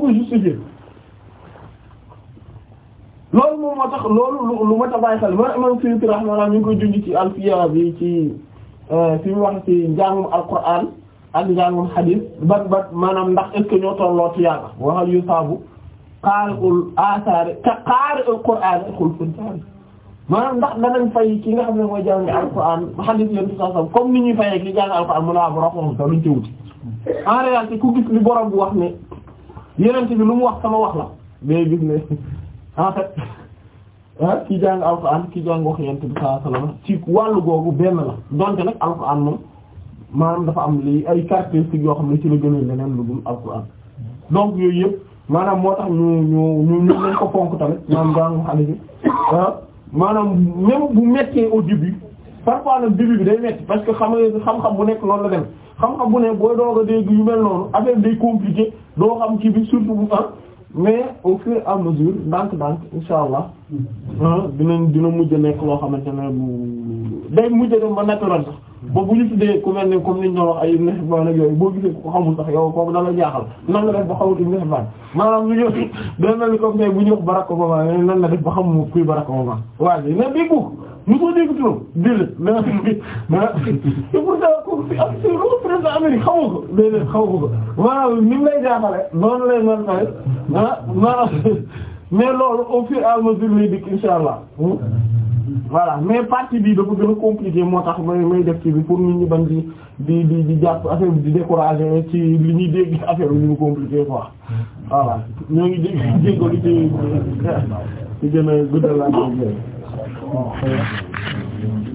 moo loolu moom moo tax loolu lu ma ta bàyyi xel ma imam Suyuti koy junj ci Alfiya bi ci euh, fi mu wax ci njàngum alquran ak njàngum hadith ban ban maanaam ndax est-ce que ñoo tolloo ci yàlla waxal yu saabu qaari'ul asaari ka qaari'ul qur'aan xulfun saari maanaam ndax danañ fay ki nga xam ne mooy jàng alquran hadith yéen sa sam comme ni ñuy fayee ki jàng alquran mu la am roxoxam sax luñ ci wuti en réalité ku gis li borom bu wax ne yeneen ci bi lu mu wax sama wax la mais gis ne en fait ah ki jàng alxuraan ki jàng wax yent bi sallallahu alayhi ci wàll googu benn la donte nag alxuraan moom maanaam dafa am lii ay caractéristiques yoo xam ne ci la gën a leneen lu dul alxuraan donc yooyu yëpp maanaam moo tax ñu ñu ñu ñu leen ko fonk maanaam jàng ah, bu mettee au début parfois nag début bi day metti parce que xam nga xam-xam bu nekk loolu la dem. xam-xam bu ne booy doog a dégg yu mel noonu affaire day compliqué doo xam ci bi surtout bu am mais au fur et à mesure ndànk insha allah ah, dinañ dina mujj nekk loo xamante ne bu day mujj dem ba naturel sax ba bu ñu mel ne comme niñ doon wax ay Ibn yooyu boo gisee ko xamul sax yow kooku dala jaaxal nan la def ba xamul Ibn Hibban maanaam lu ñu doon mel ni comme tey bu ñu wax Barack Obama nan def ba xamul kuy Barack Obama waa ji na déggu mosoo dégg turam déedéet dana te pourtant ko fi am si loolu président Amérique xamoo ko déedéet xamoo ko maanaam ni mu lay jaaxale noonu lay mën a ah maanaam mais loolu au fur et à mesure lay dikk insha allah hmm? voilà mais partie bi dafa gën a compliqué moo tax may may def ci bi pour nit ñi bañ di di di di jàpp affaire bi di décourager ci li ñuy dégg affaire bi ñu compliqué quoi voilà ñoo ngi dégg déggoon ci ci gën a guddal laa waaw